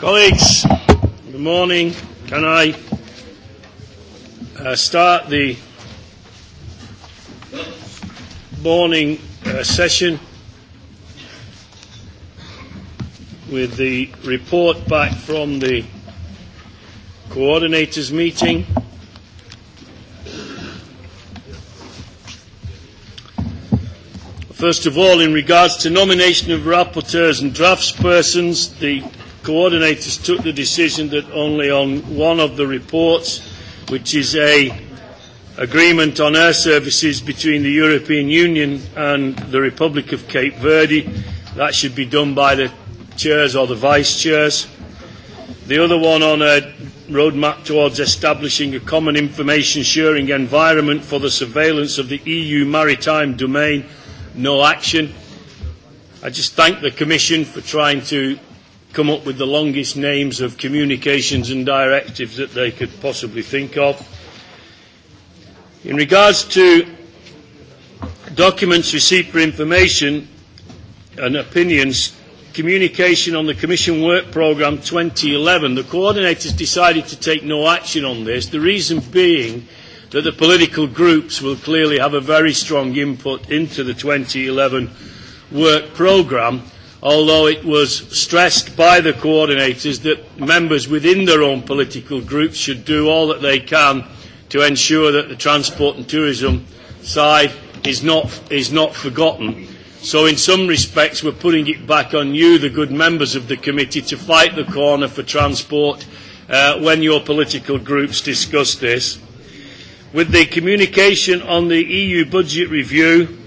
Colleagues, good morning. Can I uh, start the morning uh, session with the report back from the coordinators meeting? First of all, in regards to nomination of rapporteurs and draftspersons, the coordinators took the decision that only on one of the reports, which is a agreement on air services between the European Union and the Republic of Cape Verde, that should be done by the chairs or the vice chairs. The other one on a roadmap towards establishing a common information sharing environment for the surveillance of the EU maritime domain, no action. I just thank the Commission for trying to come up with the longest names of communications and directives that they could possibly think of. In regards to documents received for information and opinions, communication on the Commission Work Programme 2011, the coordinators decided to take no action on this, the reason being that the political groups will clearly have a very strong input into the 2011 work programme although it was stressed by the coordinators that members within their own political groups should do all that they can to ensure that the transport and tourism side is not, is not forgotten. So in some respects we're putting it back on you, the good members of the committee, to fight the corner for transport uh, when your political groups discuss this. With the communication on the EU budget review,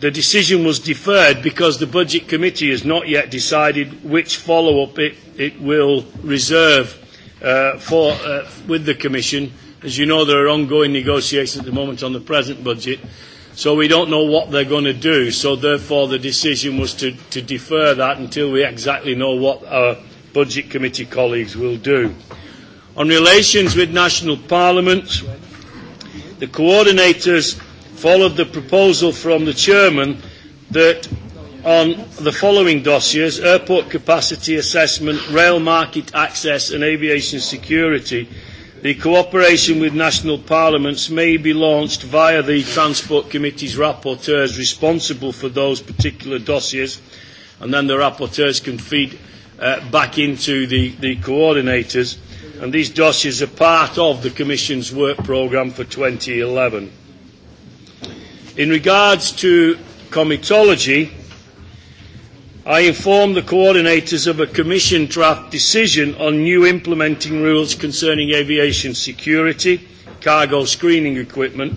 the decision was deferred because the Budget Committee has not yet decided which follow-up it, it will reserve uh, for, uh, with the Commission. As you know, there are ongoing negotiations at the moment on the present budget, so we don't know what they're going to do. So therefore, the decision was to, to defer that until we exactly know what our Budget Committee colleagues will do. On relations with national parliaments, the coordinators followed the proposal from the chairman that on the following dossiers, airport capacity assessment, rail market access and aviation security, the cooperation with national parliaments may be launched via the Transport Committee's rapporteurs responsible for those particular dossiers, and then the rapporteurs can feed uh, back into the, the coordinators. And these dossiers are part of the Commission's work programme for 2011. In regards to comitology, I informed the coordinators of a Commission draft decision on new implementing rules concerning aviation security, cargo screening equipment.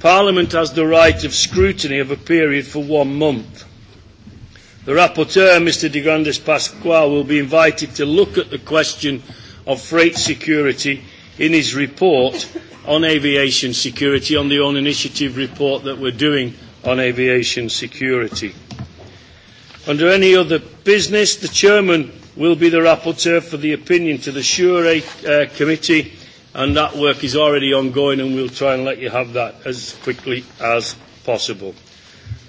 Parliament has the right of scrutiny of a period for one month. The rapporteur, Mr de Grandes Pascual, will be invited to look at the question of freight security in his report on aviation security, on the own initiative report that we're doing on aviation security. Under any other business, the chairman will be the rapporteur for the opinion to the Sure uh, Committee, and that work is already ongoing, and we'll try and let you have that as quickly as possible.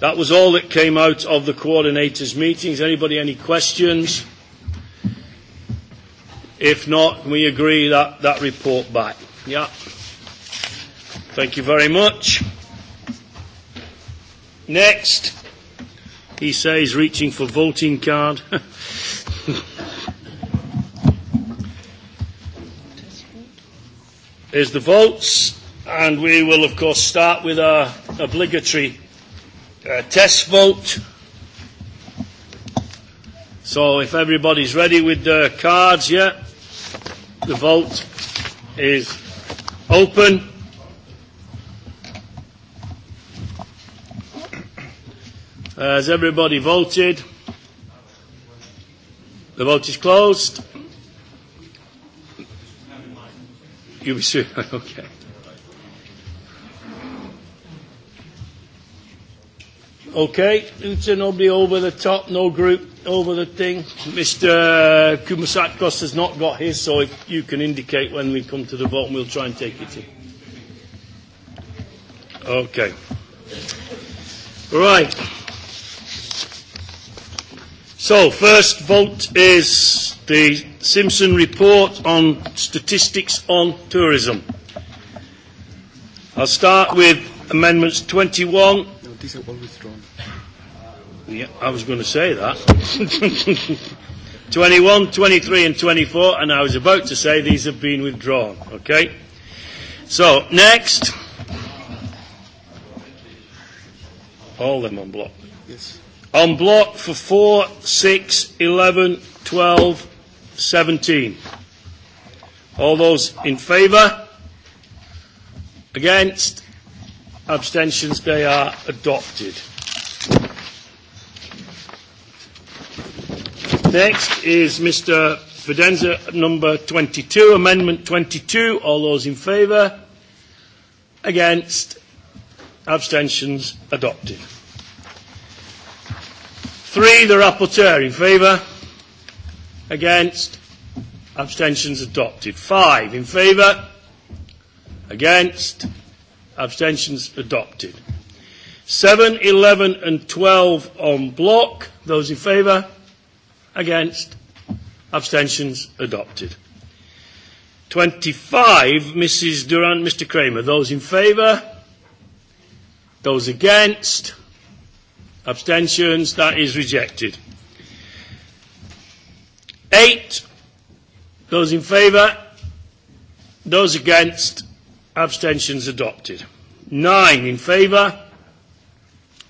That was all that came out of the coordinators' meetings. Anybody any questions? If not, we agree that, that report back. Yeah. Thank you very much. Next, he says, reaching for voting card. Is the votes, and we will, of course, start with our obligatory uh, test vote. So if everybody's ready with their cards, yet, the vote is open. Has everybody voted? The vote is closed. You be sure. okay. Okay, it's nobody over the top, no group over the thing? Mr. Kumasatkos has not got his, so if you can indicate when we come to the vote, and we'll try and take it to. Okay. Right. So, first vote is the Simpson report on statistics on tourism. I'll start with amendments 21. No, these are all withdrawn. Yeah, I was going to say that. 21, 23 and 24, and I was about to say these have been withdrawn, okay? So, next. All them on block. Yes. On block for 4, 6, 11, 12, 17. All those in favour? Against? Abstentions? They are adopted. Next is Mr. Fidenza, number 22, Amendment 22. All those in favour? Against? Abstentions? Adopted. Three, the rapporteur in favour? Against? Abstentions adopted. Five in favour? Against? Abstentions adopted. Seven, eleven and twelve on block. Those in favour? Against? Abstentions? Adopted. 25, Mrs. Durant, Mr. Kramer. Those in favour? Those against? Abstentions? That is rejected. 8. Those in favour? Those against? Abstentions adopted. 9 in favour?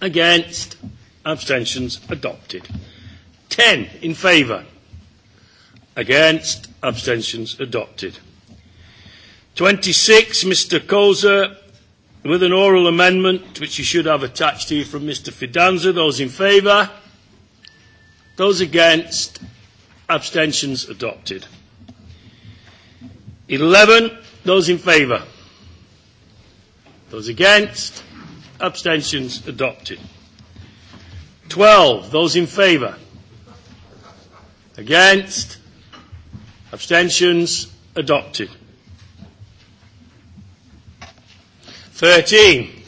Against? Abstentions adopted. 10 in favour. Against. Abstentions adopted. 26, Mr. Koza, with an oral amendment, which you should have attached to you from Mr. Fidanza. Those in favour? Those against? Abstentions adopted. 11, those in favour? Those against? Abstentions adopted. 12, those in favour? Against? Abstentions? Adopted. 13.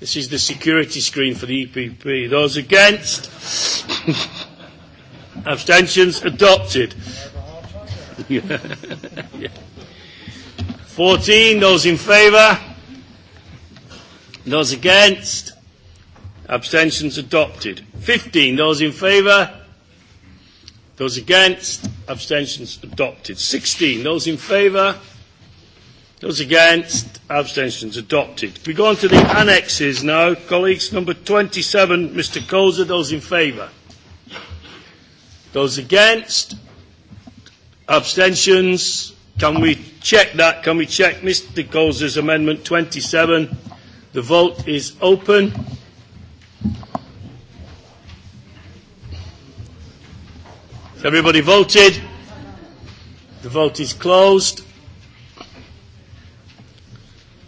This is the security screen for the EPP. Those against? Abstentions? Adopted. yeah. 14. Those in favour? Those against? Abstentions adopted. 15. Those in favour? Those against, abstentions adopted. 16. Those in favour, those against, abstentions adopted. We go on to the annexes now, colleagues. Number 27, Mr. Koza. Those in favour, those against, abstentions. Can we check that? Can we check Mr. Koza's amendment 27? The vote is open. Has everybody voted? The vote is closed.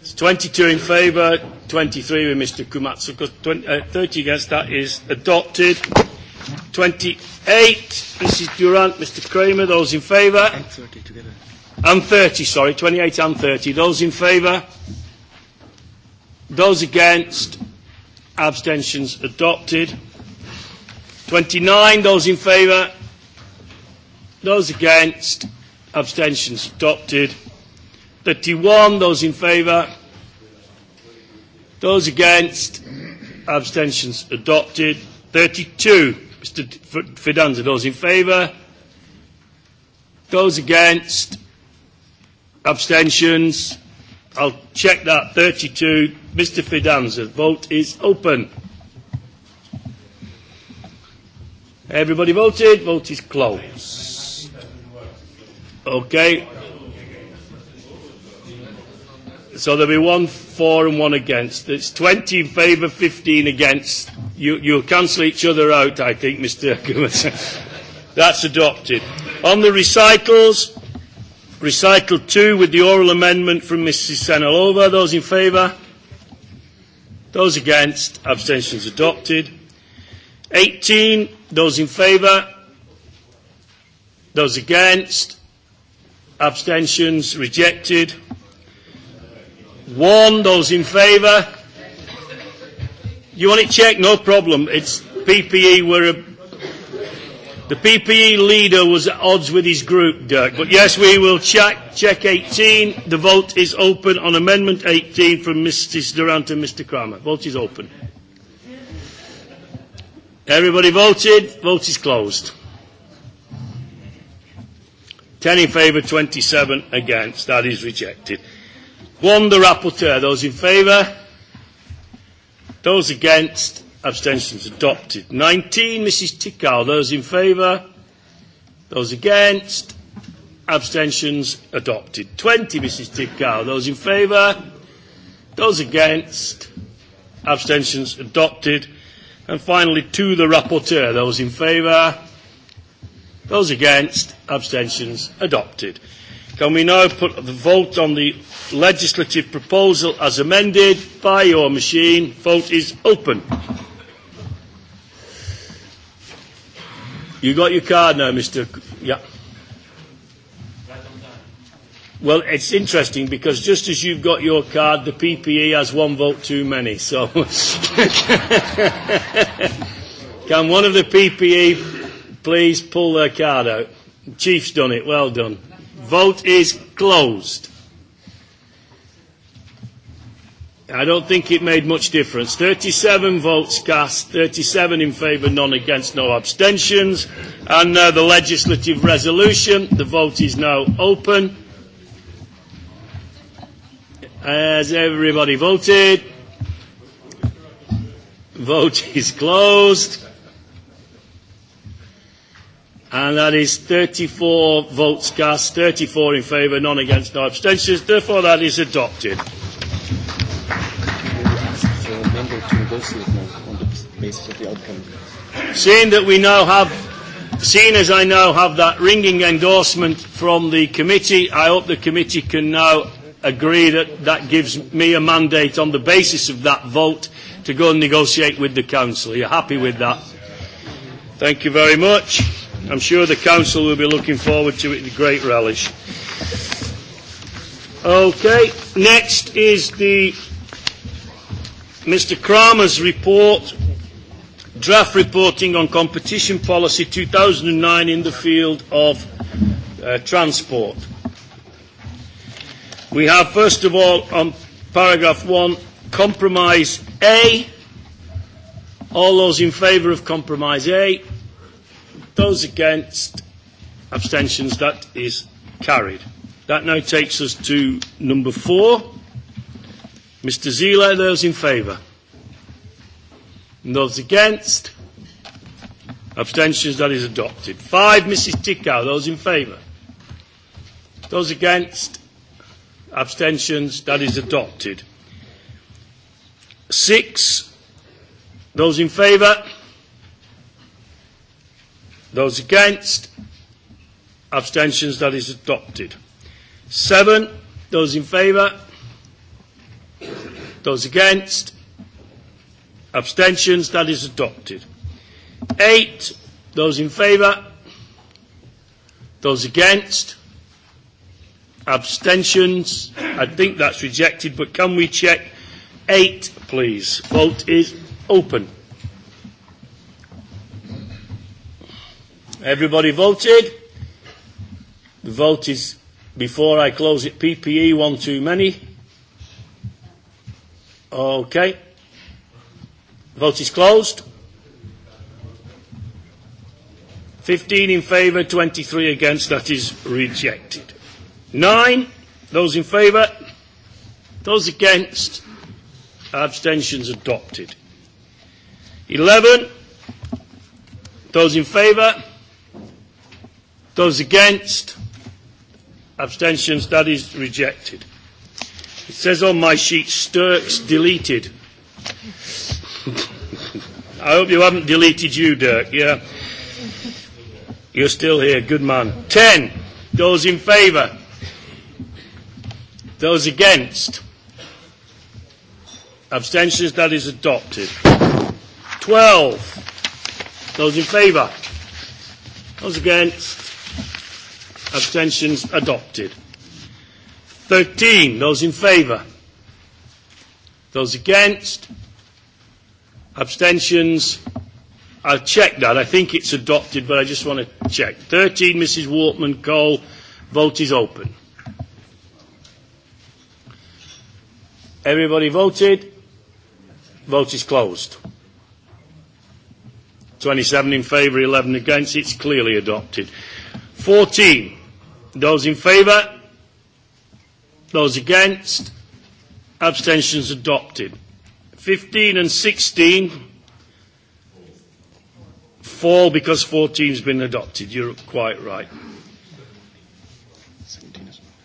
It's 22 in favour, 23 with Mr Kumatsu, 20, uh, 30 against. That is adopted. 28, Mrs Durant, Mr Kramer, those in favour? And 30 together. And 30, sorry, 28 and 30. Those in favour? Those against? Abstentions adopted. 29, those in favour? Those against, abstentions adopted. 31, those in favour. Those against, abstentions adopted. 32, Mr Fidanza, those in favour. Those against, abstentions. I'll check that, 32. Mr Fidanza, vote is open. Everybody voted, vote is closed. Okay. So there'll be one for and one against. It's 20 in favour, 15 against. You, you'll cancel each other out, I think, Mr. Kumas. That's adopted. On the recitals, recital two with the oral amendment from Mrs. Senalova. Those in favour? Those against? Abstentions adopted. 18. Those in favour? Those against? abstentions rejected. One, those in favour. You want it checked? No problem. It's PPE were a, the PPE leader was at odds with his group, Dirk. But yes, we will check, check 18. The vote is open on Amendment 18 from Mrs Durant and Mr Cramer. Vote is open. Everybody voted. Vote is closed. 10 in favour, 27 against. That is rejected. 1, the rapporteur. Those in favour? Those against? Abstentions adopted. 19, Mrs Tickow. Those in favour? Those against? Abstentions adopted. 20, Mrs Tickow. Those in favour? Those against? Abstentions adopted. And finally, to the rapporteur. Those in favour? Those against, abstentions adopted. Can we now put the vote on the legislative proposal as amended by your machine? Vote is open. You got your card now, Mr. C yeah. Well, it's interesting because just as you've got your card, the PPE has one vote too many. So, can one of the PPE Please pull their card out. Chief's done it. Well done. Vote is closed. I don't think it made much difference. 37 votes cast, 37 in favour, none against, no abstentions. And uh, the legislative resolution, the vote is now open. Has everybody voted? Vote is closed. And that is 34 votes cast, 34 in favour, none against, no abstentions. Therefore, that is adopted. Seeing that we now have, seeing as I now have that ringing endorsement from the committee, I hope the committee can now agree that that gives me a mandate on the basis of that vote to go and negotiate with the council. You're happy with that? Thank you very much. I'm sure the Council will be looking forward to it with great relish. Okay, next is the Mr. Kramer's report, draft reporting on competition policy 2009 in the field of uh, transport. We have, first of all, on paragraph one compromise A. All those in favour of compromise A? Those against, abstentions, that is carried. That now takes us to number four. Mr. Zila, those in favour. And those against, abstentions, that is adopted. Five, Mrs. Tickow, those in favour. Those against, abstentions, that is adopted. Six, those in favour. Those against? Abstentions, that is adopted. Seven, those in favour? Those against? Abstentions, that is adopted. Eight, those in favour? Those against? Abstentions, I think that's rejected, but can we check? Eight, please. Vote is open. Everybody voted? The vote is, before I close it, PPE, one too many. Okay. The vote is closed. 15 in favour, 23 against, that is rejected. Nine, those in favour, those against, abstentions adopted. 11, those in favour, Those against? Abstentions? That is rejected. It says on my sheet, Sturks deleted. I hope you haven't deleted you, Dirk. Yeah. You're still here. Good man. Ten. Those in favour? Those against? Abstentions? That is adopted. Twelve. Those in favour? Those against? Abstentions adopted. 13. Those in favour. Those against. Abstentions. I'll check that. I think it's adopted, but I just want to check. 13. Mrs. Wortman Cole. Vote is open. Everybody voted. Vote is closed. 27 in favour, 11 against. It's clearly adopted. 14. Those in favour? Those against? Abstentions adopted. 15 and 16 fall because 14 has been adopted. You're quite right.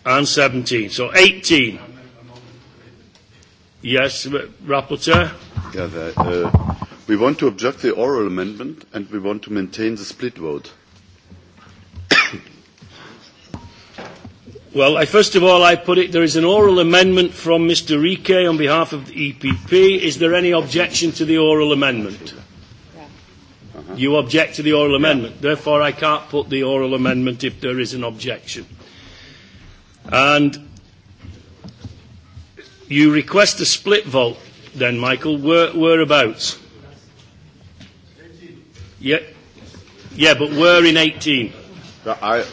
And 17. So 18. Yes, Rapporteur? Yeah, uh, we want to object the oral amendment and we want to maintain the split vote. Well, I, first of all, I put it there is an oral amendment from Mr. Rike on behalf of the EPP. Is there any objection to the oral amendment? Uh-huh. You object to the oral amendment. Therefore, I can't put the oral amendment if there is an objection. And you request a split vote, then, Michael. Where, whereabouts? Yeah, yeah, but where in 18? I,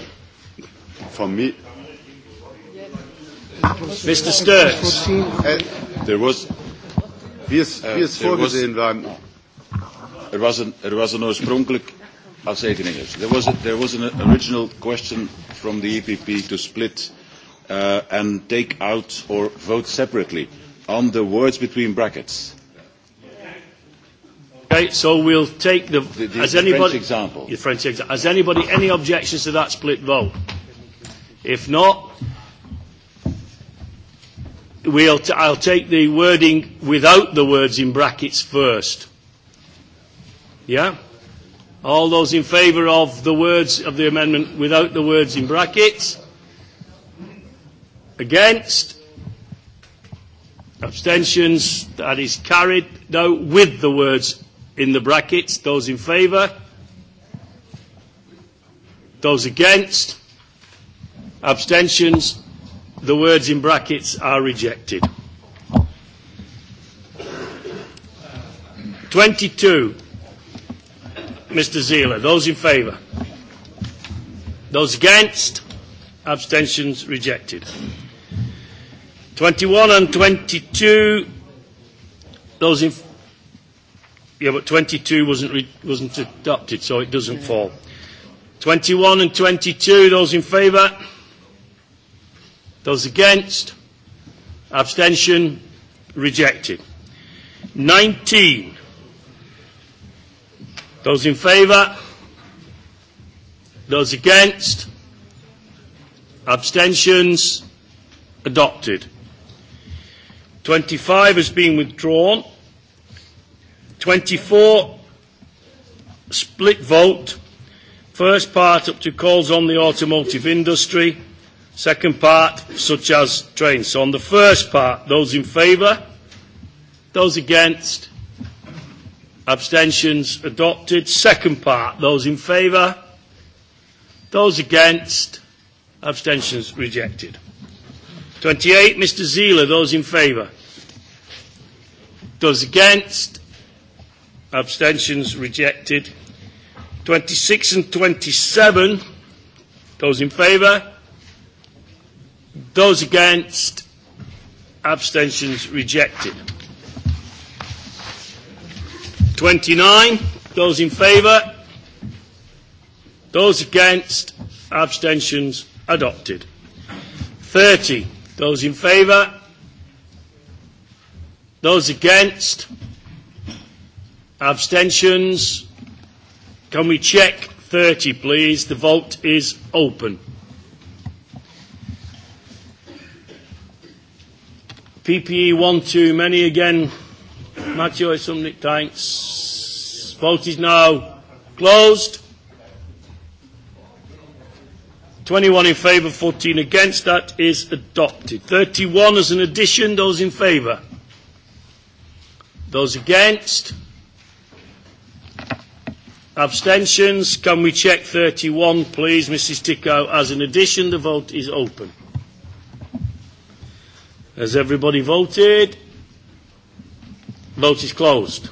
for me, Mr. Sturz, there was, wie es, eh, wie es uh, vorgesehen war. Er was een, er was een oorspronkelijk als Ekeningers. There was, a, there was an original question from the EPP to split uh, and take out or vote separately on the words between brackets. Okay, so we'll take the, the, the, has the anybody, French example. The French example. Has anybody any objections to that split vote? If not, we'll t- I'll take the wording without the words in brackets first. Yeah? All those in favour of the words of the amendment without the words in brackets? Against? Abstentions? That is carried. No, with the words in the brackets. Those in favour? Those against? Abstentions? the words in brackets are rejected. 22. Mr. Zeeler. Those in favour? Those against? Abstentions rejected. 21 and 22. Those in. Yeah, but 22 wasn't, re, wasn't adopted, so it doesn't fall. 21 and 22. Those in favour? Those against? Abstention? Rejected. 19. Those in favour? Those against? Abstentions? Adopted. 25 has been withdrawn. 24, split vote. First part up to calls on the automotive industry. Second part, such as trains. So on the first part, those in favour, those against, abstentions adopted. Second part, those in favour, those against, abstentions rejected. 28, Mr Zeeler, those in favour, those against, abstentions rejected. 26 and 27, those in favour, Those against, abstentions rejected. 29. Those in favour? Those against? Abstentions adopted. 30. Those in favour? Those against? Abstentions? Can we check 30, please? The vote is open. PPE 1-2, many again. Matteo Sumnik, thanks. Vote is now closed. 21 in favour, 14 against. That is adopted. 31 as an addition. Those in favour? Those against? Abstentions? Can we check 31, please, Mrs Tickow, as an addition? The vote is open. Has everybody voted? Vote is closed.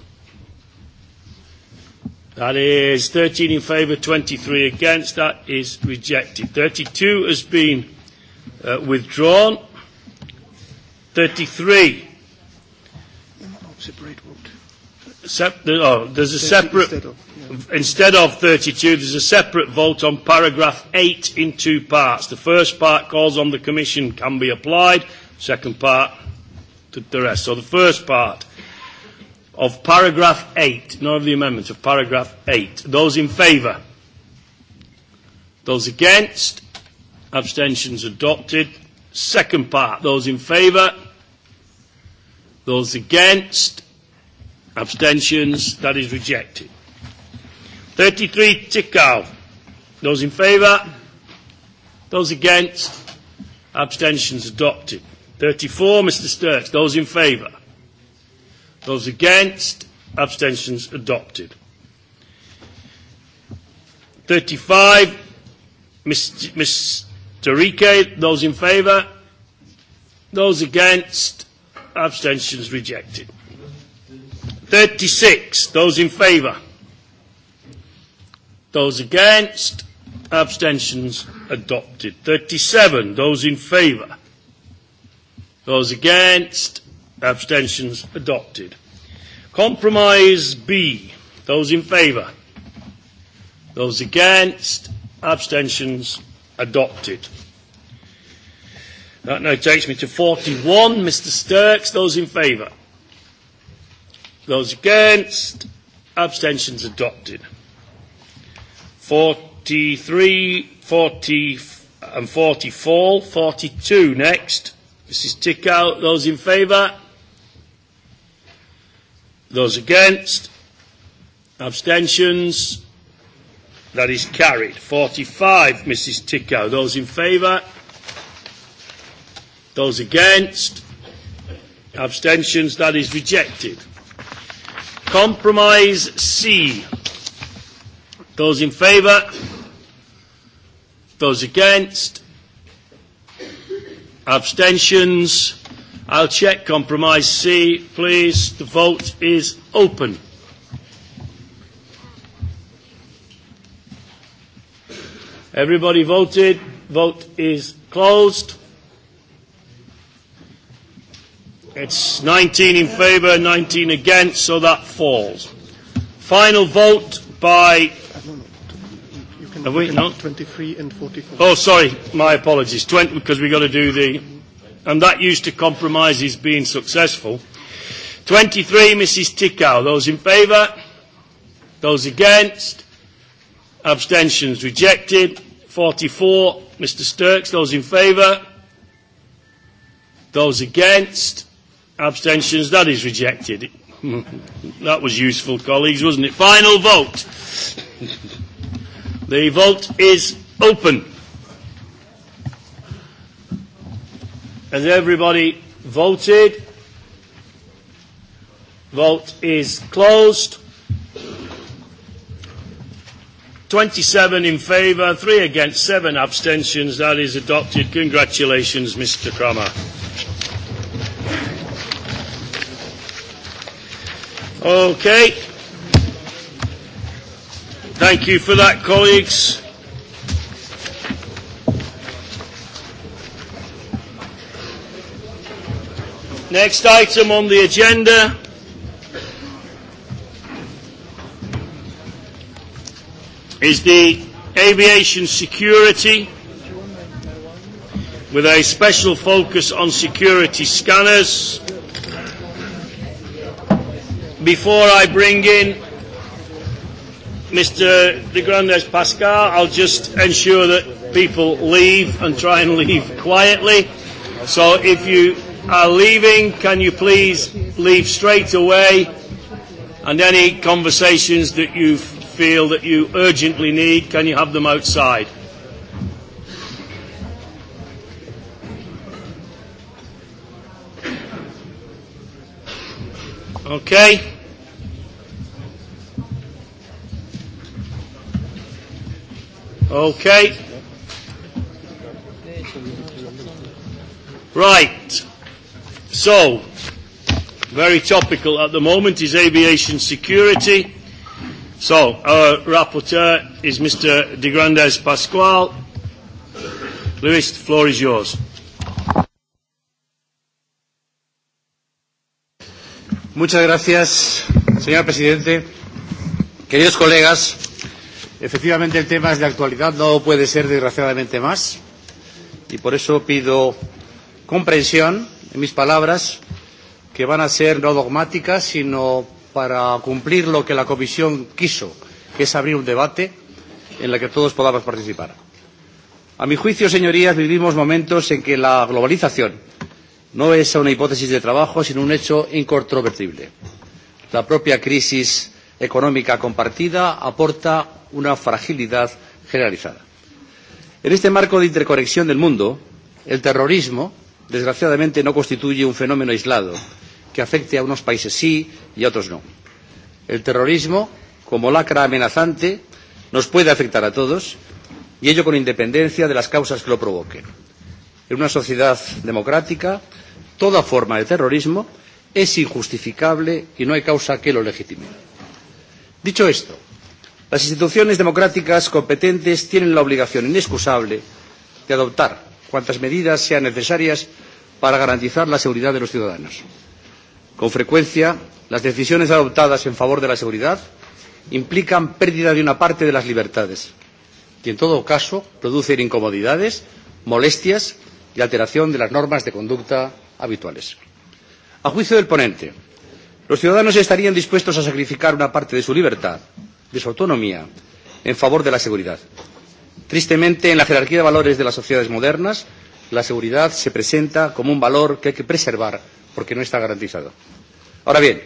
That is 13 in favour, 23 against. That is rejected. 32 has been uh, withdrawn. 33. Sep- oh, there's a separate. instead of 32, there's a separate vote on paragraph 8 in two parts. The first part calls on the Commission can be applied second part to the rest. So the first part of paragraph eight, none of the amendments, of paragraph eight. Those in favour? Those against? Abstentions adopted. Second part, those in favour? Those against? Abstentions, that is rejected. 33, Tikal. Those in favour? Those against? Abstentions adopted. 34, Mr Sturt, Those in favour? Those against? Abstentions adopted. 35, Mr Rike. Those in favour? Those against? Abstentions rejected. 36, those in favour? Those against? Abstentions adopted. 37, those in favour? Those against, abstentions adopted. Compromise B, those in favour. Those against, abstentions adopted. That now takes me to 41. Mr Sturks, those in favour. Those against, abstentions adopted. 43, 40 and 44, 42 next. Mrs. Tickow, those in favour? Those against? Abstentions? That is carried. 45, Mrs. Tickow. Those in favour? Those against? Abstentions? That is rejected. Compromise C. Those in favour? Those against? Abstentions? I'll check compromise C, please. The vote is open. Everybody voted. Vote is closed. It's 19 in favour, 19 against, so that falls. Final vote by Have we? No. 23 and 44. Oh, sorry. My apologies. 20, because we've got to do the... And that used to compromise his being successful. 23, Mrs Tickow. Those in favour? Those against? Abstentions rejected. 44, Mr Sturks. Those in favour? Those against? Abstentions. That is rejected. that was useful, colleagues, wasn't it? Final vote. The vote is open. Has everybody voted? Vote is closed. 27 in favour, 3 against, 7 abstentions. That is adopted. Congratulations, Mr Cromer. Okay. Thank you for that, colleagues. Next item on the agenda is the aviation security with a special focus on security scanners. Before I bring in Mr. De Grandes Pascal, I'll just ensure that people leave and try and leave quietly. So if you are leaving, can you please leave straight away? And any conversations that you feel that you urgently need, can you have them outside? Okay. Okay. Right. So, very topical at the moment is aviation security. So, our rapporteur is Mr. De Grandes Pascual. Luis, the floor is yours. Muchas gracias, señor presidente. Queridos colegas, Efectivamente, el tema es de actualidad, no puede ser desgraciadamente más, y por eso pido comprensión en mis palabras, que van a ser no dogmáticas, sino para cumplir lo que la Comisión quiso, que es abrir un debate en el que todos podamos participar. A mi juicio, señorías, vivimos momentos en que la globalización no es una hipótesis de trabajo, sino un hecho incontrovertible. La propia crisis económica compartida aporta una fragilidad generalizada. En este marco de interconexión del mundo, el terrorismo, desgraciadamente, no constituye un fenómeno aislado que afecte a unos países sí y a otros no. El terrorismo, como lacra amenazante, nos puede afectar a todos, y ello con independencia de las causas que lo provoquen. En una sociedad democrática, toda forma de terrorismo es injustificable y no hay causa que lo legitime. Dicho esto, las instituciones democráticas competentes tienen la obligación inexcusable de adoptar cuantas medidas sean necesarias para garantizar la seguridad de los ciudadanos. Con frecuencia, las decisiones adoptadas en favor de la seguridad implican pérdida de una parte de las libertades y, en todo caso, producen incomodidades, molestias y alteración de las normas de conducta habituales. A juicio del ponente, Los ciudadanos estarían dispuestos a sacrificar una parte de su libertad, de su autonomía, en favor de la seguridad. Tristemente, en la jerarquía de valores de las sociedades modernas, la seguridad se presenta como un valor que hay que preservar porque no está garantizado. Ahora bien,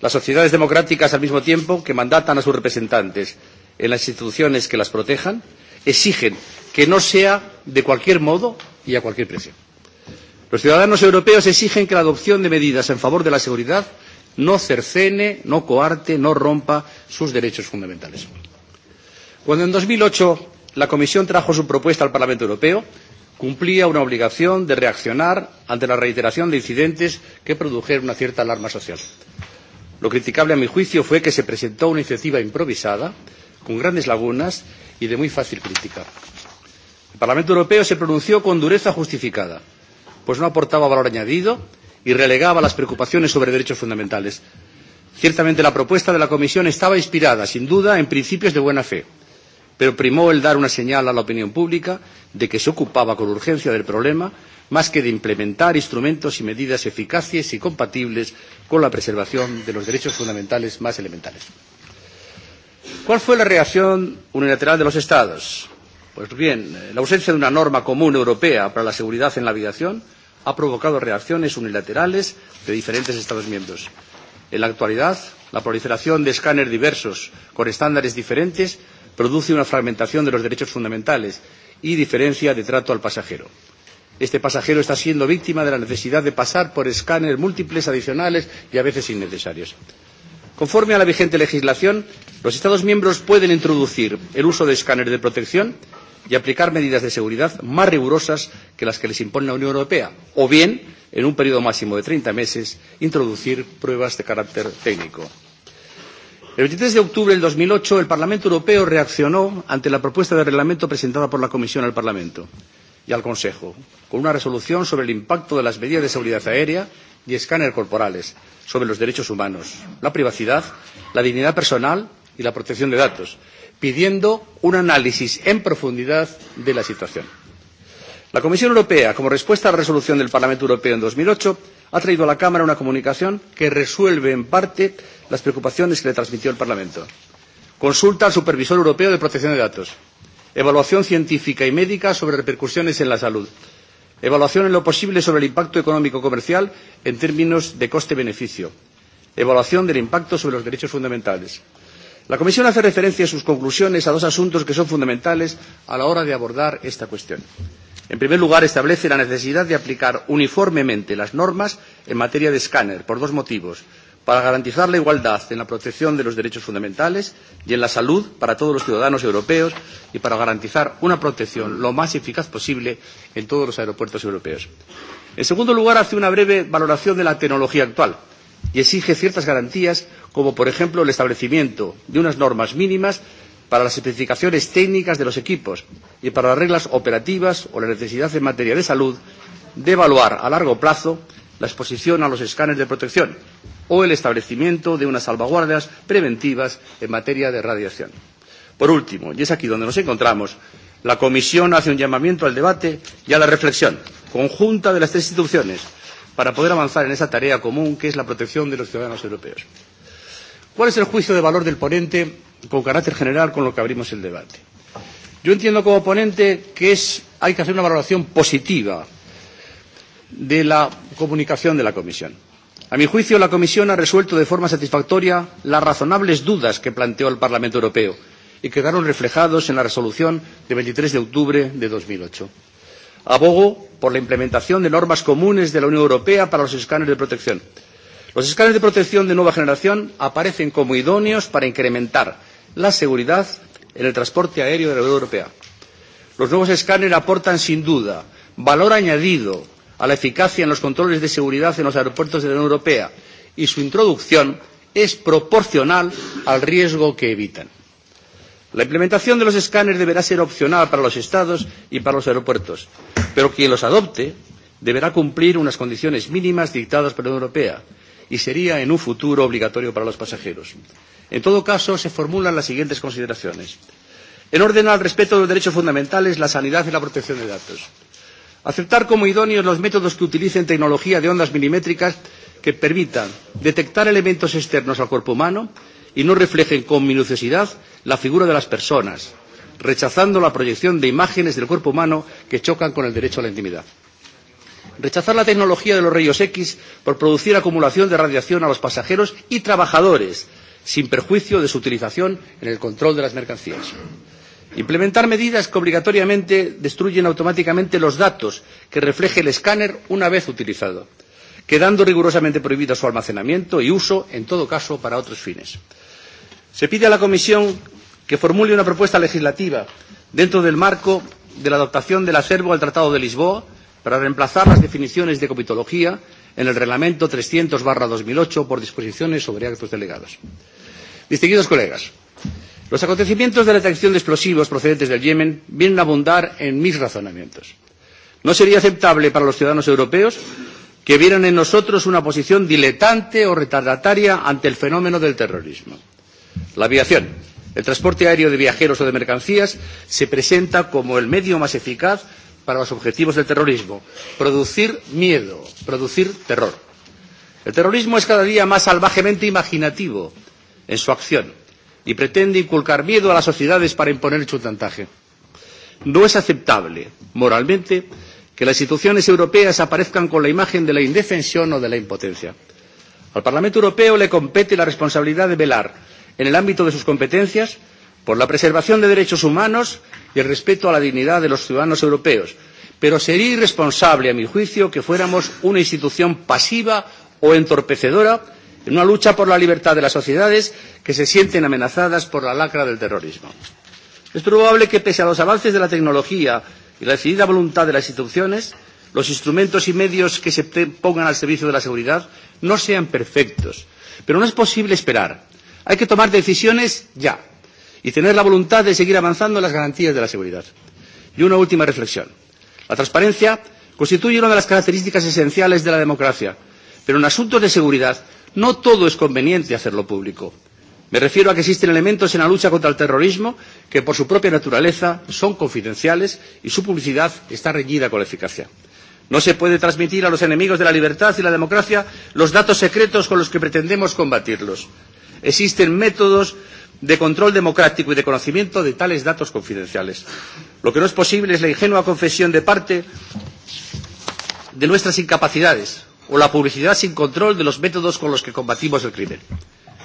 las sociedades democráticas, al mismo tiempo que mandatan a sus representantes en las instituciones que las protejan, exigen que no sea de cualquier modo y a cualquier precio. Los ciudadanos europeos exigen que la adopción de medidas en favor de la seguridad no cercene, no coarte, no rompa sus derechos fundamentales. Cuando en 2008 la Comisión trajo su propuesta al Parlamento Europeo, cumplía una obligación de reaccionar ante la reiteración de incidentes que produjeron una cierta alarma social. Lo criticable, a mi juicio, fue que se presentó una iniciativa improvisada, con grandes lagunas y de muy fácil crítica. El Parlamento Europeo se pronunció con dureza justificada, pues no aportaba valor añadido y relegaba las preocupaciones sobre derechos fundamentales. Ciertamente la propuesta de la Comisión estaba inspirada, sin duda, en principios de buena fe, pero primó el dar una señal a la opinión pública de que se ocupaba con urgencia del problema más que de implementar instrumentos y medidas eficaces y compatibles con la preservación de los derechos fundamentales más elementales. ¿Cuál fue la reacción unilateral de los Estados? Pues bien, la ausencia de una norma común europea para la seguridad en la aviación ha provocado reacciones unilaterales de diferentes Estados miembros. En la actualidad, la proliferación de escáneres diversos con estándares diferentes produce una fragmentación de los derechos fundamentales y diferencia de trato al pasajero. Este pasajero está siendo víctima de la necesidad de pasar por escáneres múltiples adicionales y a veces innecesarios. Conforme a la vigente legislación, los Estados miembros pueden introducir el uso de escáneres de protección y aplicar medidas de seguridad más rigurosas que las que les impone la Unión Europea, o bien, en un periodo máximo de 30 meses, introducir pruebas de carácter técnico. El 23 de octubre del 2008, el Parlamento Europeo reaccionó ante la propuesta de reglamento presentada por la Comisión al Parlamento y al Consejo, con una resolución sobre el impacto de las medidas de seguridad aérea y escáner corporales sobre los derechos humanos, la privacidad, la dignidad personal y la protección de datos, pidiendo un análisis en profundidad de la situación. La Comisión Europea, como respuesta a la resolución del Parlamento Europeo en 2008, ha traído a la Cámara una comunicación que resuelve en parte las preocupaciones que le transmitió el Parlamento. Consulta al Supervisor Europeo de Protección de Datos. Evaluación científica y médica sobre repercusiones en la salud. Evaluación en lo posible sobre el impacto económico comercial en términos de coste-beneficio. Evaluación del impacto sobre los derechos fundamentales. La Comisión hace referencia en sus conclusiones a dos asuntos que son fundamentales a la hora de abordar esta cuestión. En primer lugar, establece la necesidad de aplicar uniformemente las normas en materia de escáner por dos motivos para garantizar la igualdad en la protección de los derechos fundamentales y en la salud para todos los ciudadanos europeos y para garantizar una protección lo más eficaz posible en todos los aeropuertos europeos. En segundo lugar, hace una breve valoración de la tecnología actual y exige ciertas garantías, como por ejemplo el establecimiento de unas normas mínimas para las especificaciones técnicas de los equipos y para las reglas operativas o la necesidad en materia de salud de evaluar a largo plazo la exposición a los escáneres de protección o el establecimiento de unas salvaguardas preventivas en materia de radiación. Por último, y es aquí donde nos encontramos, la Comisión hace un llamamiento al debate y a la reflexión conjunta de las tres instituciones para poder avanzar en esa tarea común que es la protección de los ciudadanos europeos. ¿Cuál es el juicio de valor del ponente con carácter general con lo que abrimos el debate? Yo entiendo como ponente que es, hay que hacer una valoración positiva de la comunicación de la Comisión. A mi juicio, la Comisión ha resuelto de forma satisfactoria las razonables dudas que planteó el Parlamento Europeo y quedaron reflejados en la resolución de 23 de octubre de 2008. Abogo por la implementación de normas comunes de la Unión Europea para los escáneres de protección. Los escáneres de protección de nueva generación aparecen como idóneos para incrementar la seguridad en el transporte aéreo de la Unión Europea. Los nuevos escáneres aportan sin duda valor añadido a la eficacia en los controles de seguridad en los aeropuertos de la Unión Europea y su introducción es proporcional al riesgo que evitan. La implementación de los escáneres deberá ser opcional para los estados y para los aeropuertos, pero quien los adopte deberá cumplir unas condiciones mínimas dictadas por la Unión Europea y sería en un futuro obligatorio para los pasajeros. En todo caso, se formulan las siguientes consideraciones. En orden al respeto de los derechos fundamentales, la sanidad y la protección de datos. Aceptar como idóneos los métodos que utilicen tecnología de ondas milimétricas que permitan detectar elementos externos al cuerpo humano y no reflejen con minuciosidad la figura de las personas, rechazando la proyección de imágenes del cuerpo humano que chocan con el derecho a la intimidad. Rechazar la tecnología de los rayos X por producir acumulación de radiación a los pasajeros y trabajadores, sin perjuicio de su utilización en el control de las mercancías. Implementar medidas que obligatoriamente destruyen automáticamente los datos que refleje el escáner una vez utilizado, quedando rigurosamente prohibido su almacenamiento y uso, en todo caso, para otros fines. Se pide a la Comisión que formule una propuesta legislativa dentro del marco de la adaptación del acervo al Tratado de Lisboa para reemplazar las definiciones de comitología en el Reglamento 300-2008 por disposiciones sobre actos delegados. Distinguidos colegas, los acontecimientos de la detección de explosivos procedentes del Yemen vienen a abundar en mis razonamientos. No sería aceptable para los ciudadanos europeos que vieran en nosotros una posición diletante o retardataria ante el fenómeno del terrorismo. La aviación. El transporte aéreo de viajeros o de mercancías se presenta como el medio más eficaz para los objetivos del terrorismo. Producir miedo, producir terror. El terrorismo es cada día más salvajemente imaginativo en su acción y pretende inculcar miedo a las sociedades para imponer su chantaje. No es aceptable, moralmente, que las instituciones europeas aparezcan con la imagen de la indefensión o de la impotencia. Al Parlamento Europeo le compete la responsabilidad de velar en el ámbito de sus competencias por la preservación de derechos humanos y el respeto a la dignidad de los ciudadanos europeos. Pero sería irresponsable, a mi juicio, que fuéramos una institución pasiva o entorpecedora en una lucha por la libertad de las sociedades que se sienten amenazadas por la lacra del terrorismo. Es probable que, pese a los avances de la tecnología y la decidida voluntad de las instituciones, los instrumentos y medios que se pongan al servicio de la seguridad no sean perfectos. Pero no es posible esperar Hay que tomar decisiones ya y tener la voluntad de seguir avanzando en las garantías de la seguridad. Y una última reflexión. La transparencia constituye una de las características esenciales de la democracia, pero en asuntos de seguridad no todo es conveniente hacerlo público. Me refiero a que existen elementos en la lucha contra el terrorismo que, por su propia naturaleza, son confidenciales y su publicidad está reñida con la eficacia. No se puede transmitir a los enemigos de la libertad y la democracia los datos secretos con los que pretendemos combatirlos. Existen métodos de control democrático y de conocimiento de tales datos confidenciales. Lo que no es posible es la ingenua confesión de parte de nuestras incapacidades o la publicidad sin control de los métodos con los que combatimos el crimen.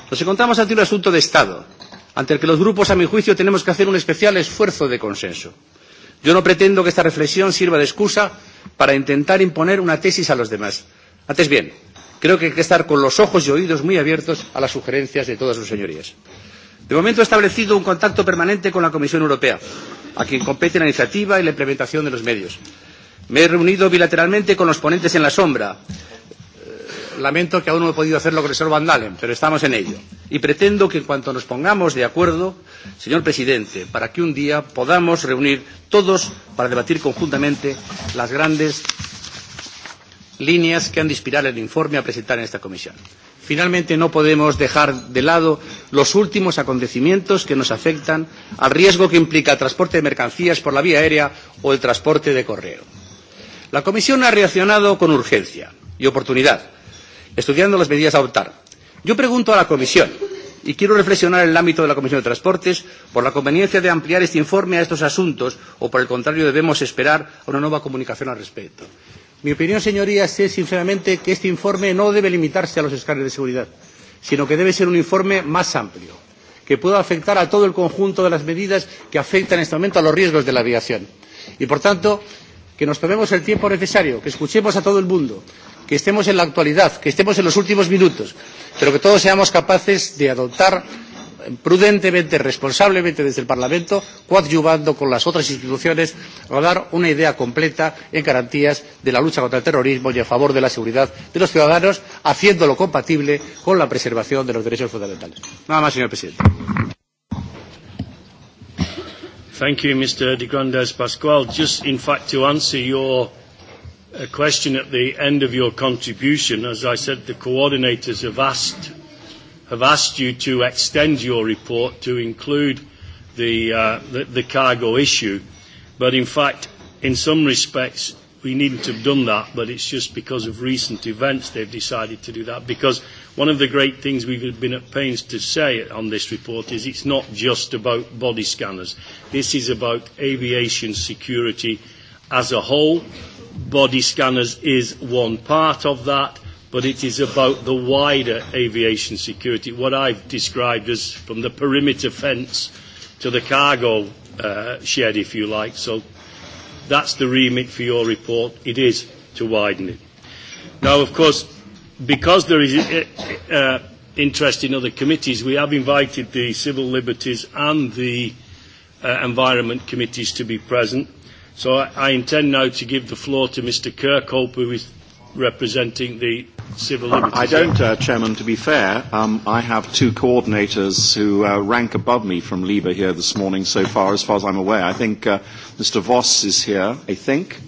Nos encontramos ante un asunto de Estado, ante el que los grupos, a mi juicio, tenemos que hacer un especial esfuerzo de consenso. Yo no pretendo que esta reflexión sirva de excusa para intentar imponer una tesis a los demás. Antes bien, Creo que hay que estar con los ojos y oídos muy abiertos a las sugerencias de todas sus señorías. De momento he establecido un contacto permanente con la Comisión Europea, a quien compete la iniciativa y la implementación de los medios. Me he reunido bilateralmente con los ponentes en la sombra. Eh, lamento que aún no he podido hacerlo con el señor Van Dalen, pero estamos en ello. Y pretendo que en cuanto nos pongamos de acuerdo, señor presidente, para que un día podamos reunir todos para debatir conjuntamente las grandes líneas que han de inspirar el informe a presentar en esta comisión. Finalmente, no podemos dejar de lado los últimos acontecimientos que nos afectan al riesgo que implica el transporte de mercancías por la vía aérea o el transporte de correo. La Comisión ha reaccionado con urgencia y oportunidad, estudiando las medidas a adoptar. Yo pregunto a la Comisión, y quiero reflexionar en el ámbito de la Comisión de Transportes por la conveniencia de ampliar este informe a estos asuntos o, por el contrario, debemos esperar a una nueva comunicación al respecto. Mi opinión, señorías, es sinceramente que este informe no debe limitarse a los escáneres de seguridad, sino que debe ser un informe más amplio, que pueda afectar a todo el conjunto de las medidas que afectan en este momento a los riesgos de la aviación. Y, por tanto, que nos tomemos el tiempo necesario, que escuchemos a todo el mundo, que estemos en la actualidad, que estemos en los últimos minutos, pero que todos seamos capaces de adoptar prudentemente, responsablemente desde el Parlamento, coadyuvando con las otras instituciones a dar una idea completa en garantías de la lucha contra el terrorismo y a favor de la seguridad de los ciudadanos, haciéndolo compatible con la preservación de los derechos fundamentales. Nada más, señor presidente. Thank you, Mr. De Grandes Pascual. Just, in fact, to answer your uh, question at the end of your contribution, as I said, the coordinators have asked have asked you to extend your report to include the, uh, the, the cargo issue. But in fact, in some respects, we needn't have done that, but it's just because of recent events they've decided to do that. Because one of the great things we've been at pains to say on this report is it's not just about body scanners. This is about aviation security as a whole. Body scanners is one part of that but it is about the wider aviation security, what I've described as from the perimeter fence to the cargo uh, shed, if you like. So that's the remit for your report. It is to widen it. Now, of course, because there is uh, uh interest in other committees, we have invited the Civil Liberties and the uh, Environment Committees to be present. So I, I intend now to give the floor to Mr Kirkhope, who is representing the civil uh, liberties? I don't, uh, Chairman, to be fair. Um, I have two coordinators who uh, rank above me from LIBA here this morning so far, as far as I'm aware. I think uh, Mr. Voss is here, I think.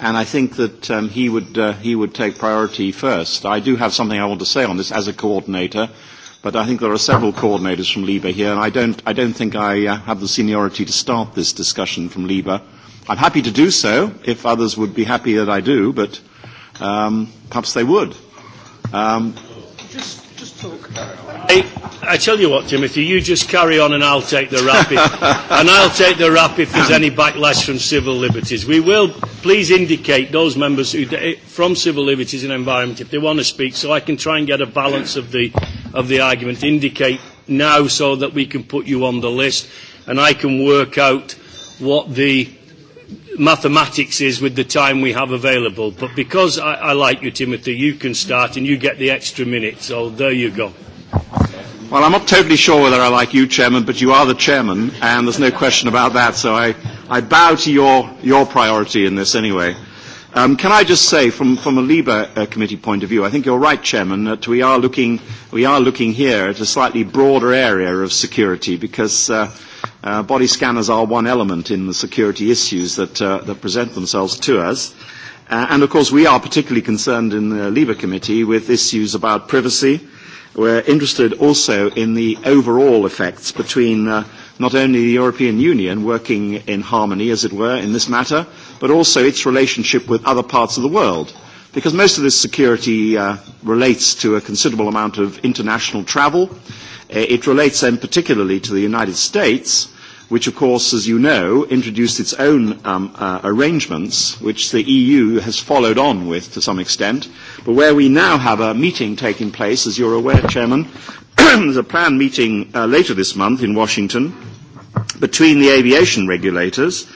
And I think that um, he, would, uh, he would take priority first. I do have something I want to say on this as a coordinator, but I think there are several coordinators from LIBA here, and I don't, I don't think I uh, have the seniority to start this discussion from LIBA. I'm happy to do so if others would be happy that I do, but um, perhaps they would. Um, just, just talk. Hey, I tell you what, Timothy, you just carry on and I'll take the rap. If, and I'll take the rap if there's any backlash from civil liberties. We will please indicate those members who, eh, from civil liberties and environment if they want to speak so I can try and get a balance of the, of the argument. Indicate now so that we can put you on the list and I can work out what the mathematics is with the time we have available. But because I, I like you, Timothy, you can start and you get the extra minute. So oh, there you go. Well, I'm not totally sure whether I like you, Chairman, but you are the Chairman, and there's no question about that. So I, I bow to your, your priority in this anyway. Um, can I just say, from, from a Labour uh, Committee point of view, I think you're right, Chairman, that we are looking, we are looking here at a slightly broader area of security because uh, Uh, body scanners are one element in the security issues that, uh, that present themselves to us. Uh, and of course, we are particularly concerned in the LIBE committee with issues about privacy. We're interested also in the overall effects between uh, not only the European Union working in harmony, as it were, in this matter, but also its relationship with other parts of the world. Because most of this security uh, relates to a considerable amount of international travel. Uh, it relates then particularly to the United States, which, of course, as you know, introduced its own um, uh, arrangements, which the EU has followed on with to some extent, but where we now have a meeting taking place, as you're aware, Chairman, there's a planned meeting uh, later this month in Washington between the aviation regulators,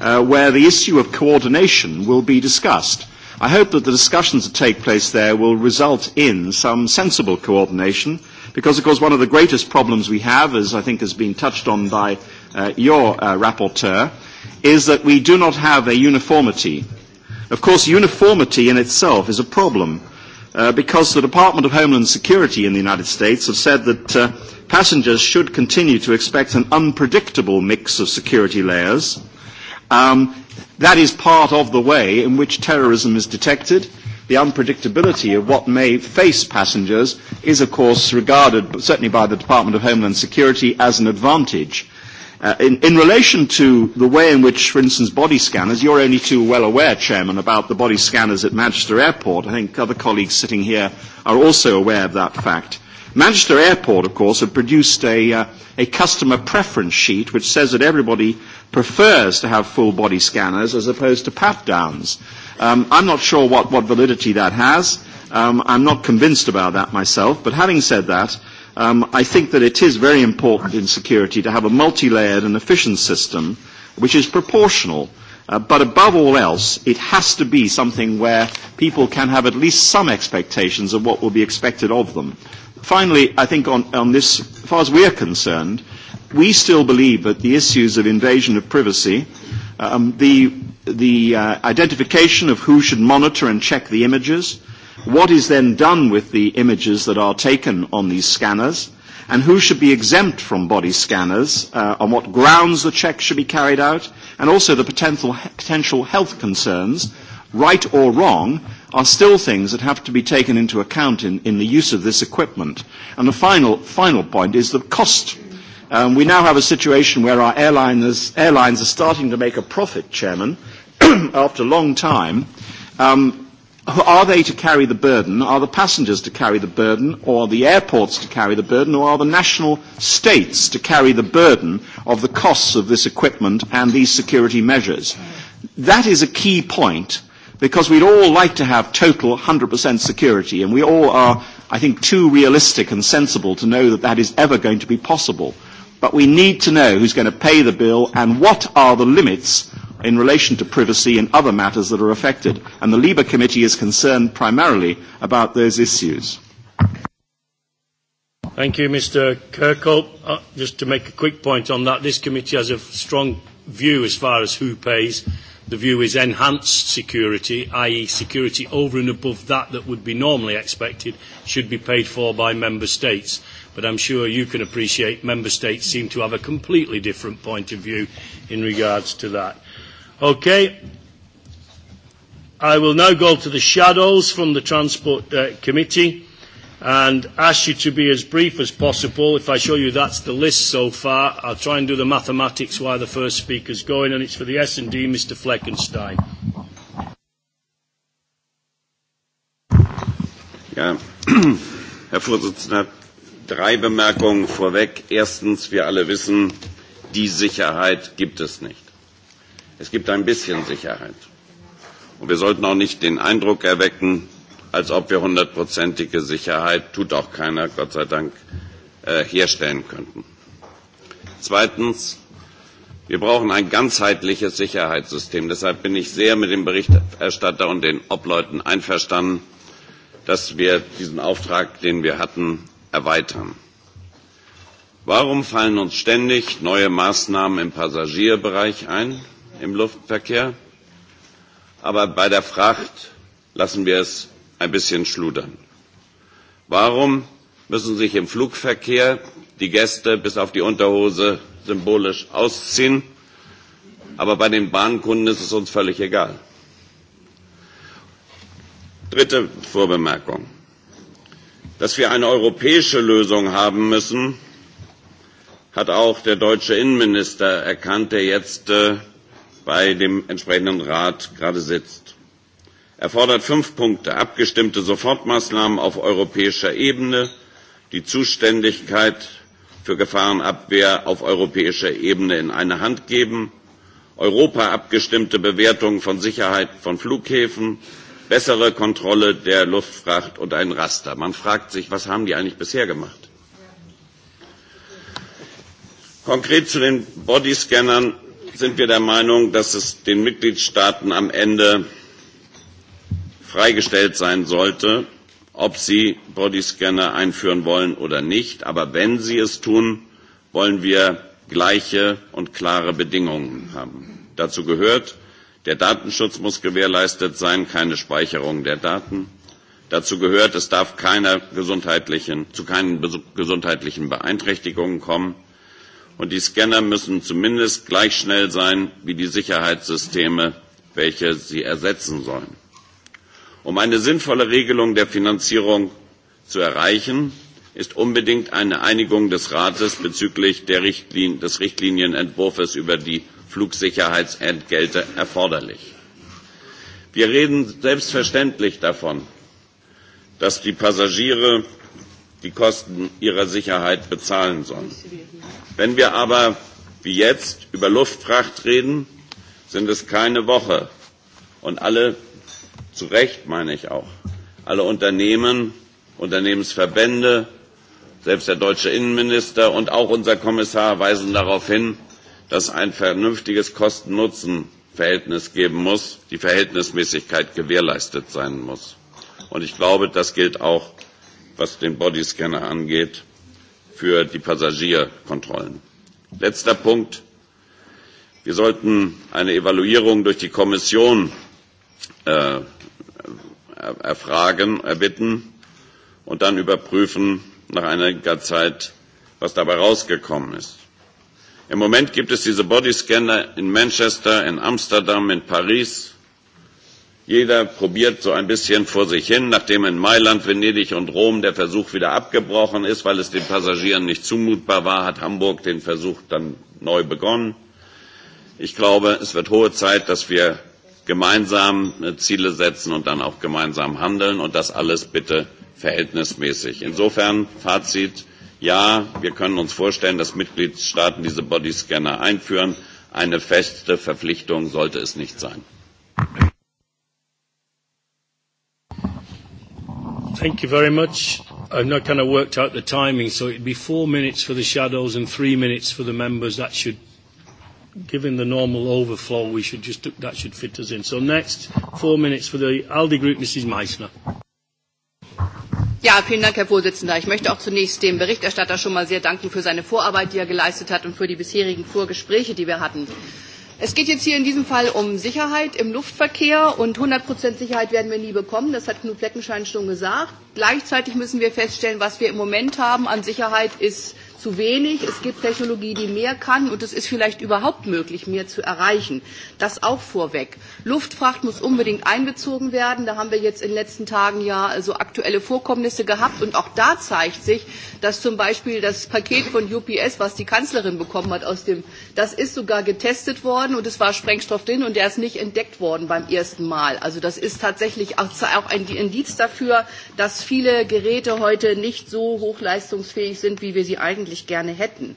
uh, where the issue of coordination will be discussed. I hope that the discussions that take place there will result in some sensible coordination, because, of course, one of the greatest problems we have, as I think has been touched on by uh, your uh, rapporteur, is that we do not have a uniformity. Of course, uniformity in itself is a problem uh, because the Department of Homeland Security in the United States have said that uh, passengers should continue to expect an unpredictable mix of security layers. Um, that is part of the way in which terrorism is detected. The unpredictability of what may face passengers is, of course, regarded, certainly by the Department of Homeland Security, as an advantage Uh, in, in relation to the way in which, for instance, body scanners, you're only too well aware, Chairman, about the body scanners at Manchester Airport. I think other colleagues sitting here are also aware of that fact. Manchester Airport, of course, have produced a, uh, a customer preference sheet which says that everybody prefers to have full body scanners as opposed to pat downs. Um, I'm not sure what, what validity that has. Um, I'm not convinced about that myself, but having said that, Um, I think that it is very important in security to have a multi-layered and efficient system which is proportional. Uh, but above all else, it has to be something where people can have at least some expectations of what will be expected of them. Finally, I think on, on this, as far as we are concerned, we still believe that the issues of invasion of privacy, um, the, the uh, identification of who should monitor and check the images, uh, what is then done with the images that are taken on these scanners, and who should be exempt from body scanners, uh, on what grounds the check should be carried out, and also the potential, potential health concerns, right or wrong, are still things that have to be taken into account in, in the use of this equipment. And the final, final point is the cost. Um, we now have a situation where our airliners, airlines are starting to make a profit, Chairman, after a long time. Um, are they to carry the burden? Are the passengers to carry the burden, or are the airports to carry the burden, or are the national states to carry the burden of the costs of this equipment and these security measures? That is a key point because we'd all like to have total 100% security, and we all are, I think, too realistic and sensible to know that that is ever going to be possible. But we need to know who's going to pay the bill and what are the limits in relation to privacy and other matters that are affected, and the Libe Committee is concerned primarily about those issues. Thank you, Mr Kirkhope. Uh, just to make a quick point on that, this committee has a strong view as far as who pays. The view is enhanced security, i.e. security over and above that that would be normally expected, should be paid for by member states. But I'm sure you can appreciate member states seem to have a completely different point of view in regards to that. Okay. I will now go to the shadows from the Transport uh, Committee and ask you to be as brief as possible. If I show you that's the list so far, I'll try and do the mathematics why the first speaker's going, and it's for the S&D, Mr Fleckenstein. Ja, Herr Vorsitzender, drei Bemerkungen vorweg. Erstens, wir alle wissen, die Sicherheit gibt es nicht. Es gibt ein bisschen Sicherheit. Und wir sollten auch nicht den Eindruck erwecken, als ob wir hundertprozentige Sicherheit, tut auch keiner, Gott sei Dank, äh, herstellen könnten. Zweitens, wir brauchen ein ganzheitliches Sicherheitssystem. Deshalb bin ich sehr mit dem Berichterstatter und den Obleuten einverstanden, dass wir diesen Auftrag, den wir hatten, erweitern. Warum fallen uns ständig neue Maßnahmen im Passagierbereich ein? im Luftverkehr. Aber bei der Fracht lassen wir es ein bisschen schludern. Warum müssen sich im Flugverkehr die Gäste bis auf die Unterhose symbolisch ausziehen? Aber bei den Bahnkunden ist es uns völlig egal. Dritte Vorbemerkung. Dass wir eine europäische Lösung haben müssen, hat auch der deutsche Innenminister erkannt, der jetzt äh, bei dem entsprechenden Rat gerade sitzt. Er fordert fünf Punkte abgestimmte Sofortmaßnahmen auf europäischer Ebene, die Zuständigkeit für Gefahrenabwehr auf europäischer Ebene in eine Hand geben, Europa abgestimmte Bewertung von Sicherheit von Flughäfen, bessere Kontrolle der Luftfracht und ein Raster. Man fragt sich, was haben die eigentlich bisher gemacht? Konkret zu den Bodyscannern sind wir der Meinung, dass es den Mitgliedstaaten am Ende freigestellt sein sollte, ob sie Bodyscanner einführen wollen oder nicht. Aber wenn sie es tun, wollen wir gleiche und klare Bedingungen haben. Dazu gehört, der Datenschutz muss gewährleistet sein, keine Speicherung der Daten. Dazu gehört, es darf keiner gesundheitlichen, zu keinen gesundheitlichen Beeinträchtigungen kommen und die Scanner müssen zumindest gleich schnell sein wie die Sicherheitssysteme, welche sie ersetzen sollen. Um eine sinnvolle Regelung der Finanzierung zu erreichen, ist unbedingt eine Einigung des Rates bezüglich der Richtlin des Richtlinienentwurfs über die Flugsicherheitsentgelte erforderlich. Wir reden selbstverständlich davon, dass die Passagiere die Kosten ihrer Sicherheit bezahlen sollen. Wenn wir aber wie jetzt über Luftfracht reden, sind es keine Woche. Und alle, zu Recht meine ich auch, alle Unternehmen, Unternehmensverbände, selbst der deutsche Innenminister und auch unser Kommissar weisen darauf hin, dass ein vernünftiges Kosten-Nutzen-Verhältnis geben muss, die Verhältnismäßigkeit gewährleistet sein muss. Und ich glaube, das gilt auch was den Bodyscanner angeht, für die Passagierkontrollen. Letzter Punkt. Wir sollten eine Evaluierung durch die Kommission äh, er-, erfragen, erbitten und dann überprüfen nach einiger Zeit, was dabei rausgekommen ist. Im Moment gibt es diese Bodyscanner in Manchester, in Amsterdam, in Paris, Jeder probiert so ein bisschen vor sich hin, nachdem in Mailand, Venedig und Rom der Versuch wieder abgebrochen ist, weil es den Passagieren nicht zumutbar war, hat Hamburg den Versuch dann neu begonnen. Ich glaube, es wird hohe Zeit, dass wir gemeinsam äh, Ziele setzen und dann auch gemeinsam handeln und das alles bitte verhältnismäßig. Insofern Fazit, ja, wir können uns vorstellen, dass Mitgliedstaaten diese Bodyscanner einführen. Eine feste Verpflichtung sollte es nicht sein. Thank you very much. I've not kind of worked out the timing, so it'd be four minutes for the shadows and three minutes for the members. That should, given the normal overflow, we should just that should fit us in. So next, four minutes for the ALDE Group, Mrs. Meissner. Ja, vielen Dank, Herr Vorsitzender. Ich möchte auch zunächst dem Berichterstatter schon mal sehr danken für seine Vorarbeit, die er geleistet hat und für die bisherigen Vorgespräche, die wir hatten. Es geht jetzt hier in diesem Fall um Sicherheit im Luftverkehr und 100% Sicherheit werden wir nie bekommen. Das hat Knut Fleckenschein schon gesagt. Gleichzeitig müssen wir feststellen, was wir im Moment haben an Sicherheit ist zu wenig. Es gibt Technologie, die mehr kann und es ist vielleicht überhaupt möglich, mehr zu erreichen. Das auch vorweg. Luftfracht muss unbedingt einbezogen werden. Da haben wir jetzt in den letzten Tagen ja so aktuelle Vorkommnisse gehabt und auch da zeigt sich, dass zum Beispiel das Paket von UPS, was die Kanzlerin bekommen hat aus dem Das ist sogar getestet worden und es war Sprengstoff drin und der ist nicht entdeckt worden beim ersten Mal. Also das ist tatsächlich auch ein Indiz dafür, dass viele Geräte heute nicht so hochleistungsfähig sind, wie wir sie eigentlich gerne hätten.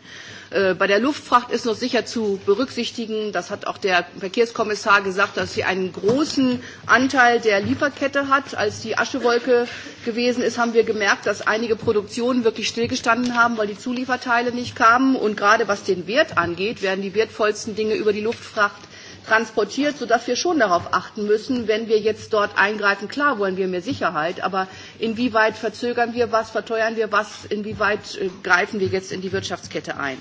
Äh, bei der Luftfracht ist noch sicher zu berücksichtigen, das hat auch der Verkehrskommissar gesagt, dass sie einen großen Anteil der Lieferkette hat. Als die Aschewolke gewesen ist, haben wir gemerkt, dass einige Produktionen wirklich stillgestanden haben, weil die Zulieferteile nicht kamen. Und gerade was den Wert angeht, werden die wertvollsten Dinge über die Luftfracht transportiert, sodass wir schon darauf achten müssen, wenn wir jetzt dort eingreifen. Klar wollen wir mehr Sicherheit, aber inwieweit verzögern wir was, verteuern wir was, inwieweit äh, greifen wir jetzt in die Wirtschaftskette ein.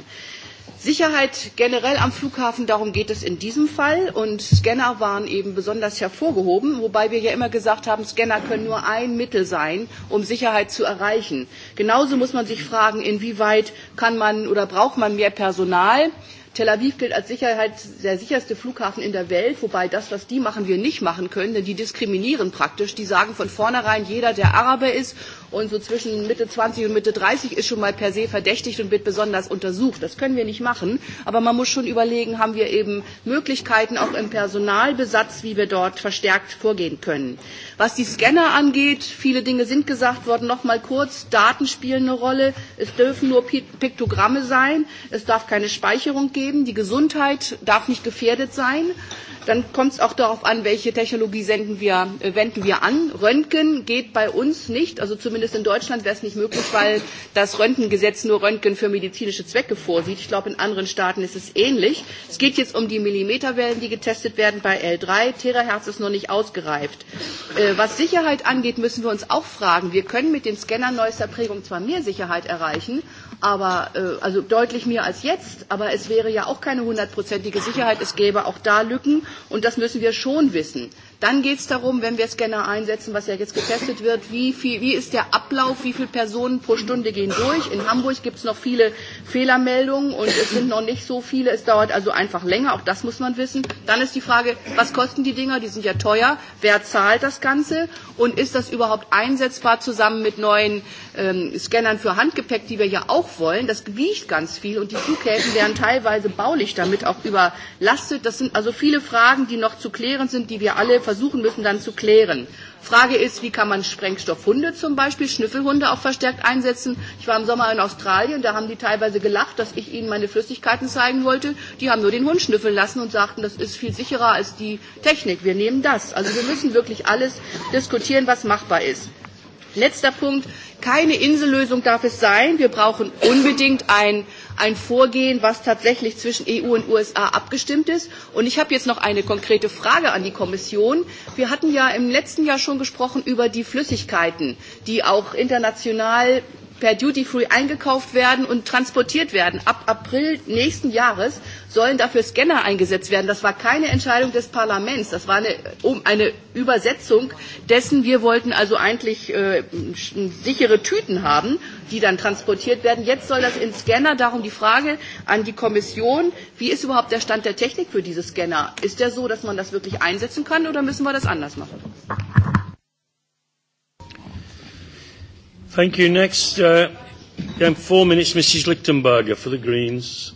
Sicherheit generell am Flughafen, darum geht es in diesem Fall. Und Scanner waren eben besonders hervorgehoben, wobei wir ja immer gesagt haben, Scanner können nur ein Mittel sein, um Sicherheit zu erreichen. Genauso muss man sich fragen, inwieweit kann man oder braucht man mehr Personal Tel Aviv gilt als Sicherheit der sicherste Flughafen in der Welt, wobei das, was die machen, wir nicht machen können, denn die diskriminieren praktisch. Die sagen von vornherein, jeder, der Araber ist und so zwischen Mitte 20 und Mitte 30 ist schon mal per se verdächtigt und wird besonders untersucht. Das können wir nicht machen, aber man muss schon überlegen, haben wir eben Möglichkeiten auch im Personalbesatz, wie wir dort verstärkt vorgehen können. Was die Scanner angeht, viele Dinge sind gesagt worden, noch mal kurz, Daten spielen eine Rolle, es dürfen nur Piktogramme sein, es darf keine Speicherung geben, die Gesundheit darf nicht gefährdet sein. Dann kommt es auch darauf an, welche Technologie senden wir, äh, wenden wir an. Röntgen geht bei uns nicht, also zumindest in Deutschland wäre es nicht möglich, weil das Röntgengesetz nur Röntgen für medizinische Zwecke vorsieht. Ich glaube, in anderen Staaten ist es ähnlich. Es geht jetzt um die Millimeterwellen, die getestet werden bei L3. Terahertz ist noch nicht ausgereift. Äh, was Sicherheit angeht, müssen wir uns auch fragen. Wir können mit den Scannern neuester Prägung zwar mehr Sicherheit erreichen, aber äh, also deutlich mehr als jetzt, aber es wäre ja auch keine hundertprozentige Sicherheit, es gäbe auch da Lücken und das müssen wir schon wissen. Dann geht es darum, wenn wir Scanner einsetzen, was ja jetzt getestet wird, wie, viel, wie ist der Ablauf, wie viele Personen pro Stunde gehen durch. In Hamburg gibt es noch viele Fehlermeldungen und es sind noch nicht so viele. Es dauert also einfach länger, auch das muss man wissen. Dann ist die Frage, was kosten die Dinger? Die sind ja teuer. Wer zahlt das Ganze? Und ist das überhaupt einsetzbar zusammen mit neuen ähm, Scannern für Handgepäck, die wir ja auch wollen. Das wiegt ganz viel und die Flughäfen werden teilweise baulich damit auch überlastet. Das sind also viele Fragen, die noch zu klären sind, die wir alle versuchen müssen dann zu klären. Frage ist, wie kann man Sprengstoffhunde zum Beispiel, Schnüffelhunde auch verstärkt einsetzen? Ich war im Sommer in Australien, da haben die teilweise gelacht, dass ich ihnen meine Flüssigkeiten zeigen wollte. Die haben nur den Hund schnüffeln lassen und sagten, das ist viel sicherer als die Technik. Wir nehmen das. Also wir müssen wirklich alles diskutieren, was machbar ist. Letzter Punkt. Keine Insellösung darf es sein. Wir brauchen unbedingt ein, ein Vorgehen, was tatsächlich zwischen EU und USA abgestimmt ist. Und ich habe jetzt noch eine konkrete Frage an die Kommission. Wir hatten ja im letzten Jahr schon gesprochen über die Flüssigkeiten, die auch international per Duty Free eingekauft werden und transportiert werden. Ab April nächsten Jahres sollen dafür Scanner eingesetzt werden. Das war keine Entscheidung des Parlaments, das war eine, um, eine Übersetzung dessen. Wir wollten also eigentlich äh, sichere Tüten haben, die dann transportiert werden. Jetzt soll das in Scanner, darum die Frage an die Kommission, wie ist überhaupt der Stand der Technik für diese Scanner? Ist der so, dass man das wirklich einsetzen kann oder müssen wir das anders machen? Thank you. Next, uh, four minutes, Mrs. Lichtenberger for the Greens.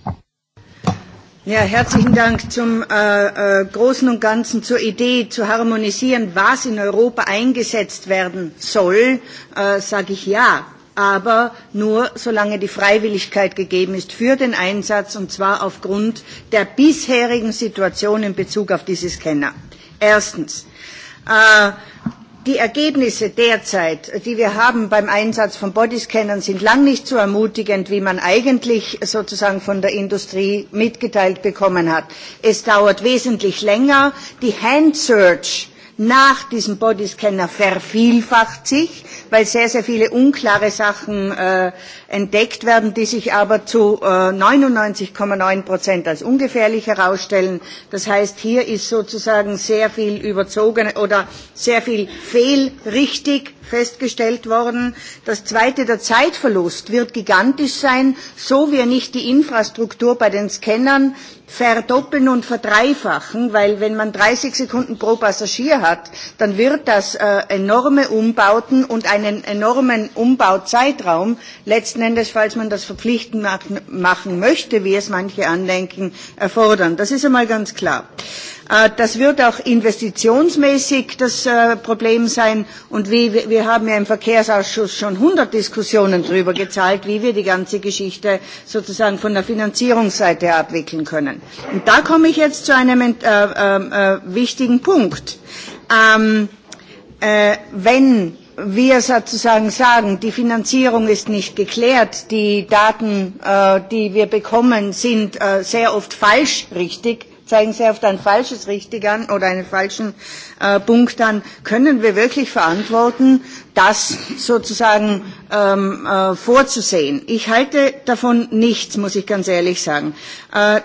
Ja, herzlichen Dank zum äh, äh, Großen und Ganzen zur Idee zu harmonisieren, was in Europa eingesetzt werden soll, äh, sage ich ja aber nur solange die Freiwilligkeit gegeben ist für den Einsatz, und zwar aufgrund der bisherigen Situation in Bezug auf diese Scanner. Erstens. Äh, die Ergebnisse derzeit, die wir haben beim Einsatz von Bodyscannern, sind lang nicht so ermutigend, wie man eigentlich sozusagen von der Industrie mitgeteilt bekommen hat. Es dauert wesentlich länger. Die Hand Search nach diesem Bodyscanner vervielfacht sich, weil sehr, sehr viele unklare Sachen äh, entdeckt werden, die sich aber zu 99,9 äh, Prozent als ungefährlich herausstellen. Das heißt, hier ist sozusagen sehr viel überzogen oder sehr viel fehlrichtig festgestellt worden. Das Zweite, der Zeitverlust wird gigantisch sein, so wir nicht die Infrastruktur bei den Scannern verdoppeln und verdreifachen, weil wenn man 30 Sekunden pro Passagier hat, dann wird das äh, enorme Umbauten und einen enormen Umbauzeitraum letzten letzten Endes, falls man das verpflichtend machen möchte, wie es manche andenken, erfordern. Das ist einmal ganz klar. Äh, das wird auch investitionsmäßig das äh, Problem sein. Und wie, wir haben ja im Verkehrsausschuss schon 100 Diskussionen darüber gezahlt, wie wir die ganze Geschichte sozusagen von der Finanzierungsseite abwickeln können. Und da komme ich jetzt zu einem äh, äh, äh wichtigen Punkt. Ähm, äh, wenn wir sozusagen sagen, die Finanzierung ist nicht geklärt, die Daten, äh, die wir bekommen, sind äh, sehr oft falsch richtig, zeigen sehr oft ein falsches Richtig an oder einen falschen äh, Punkt an, können wir wirklich verantworten, das sozusagen ähm, äh, vorzusehen. Ich halte davon nichts, muss ich ganz ehrlich sagen. Äh,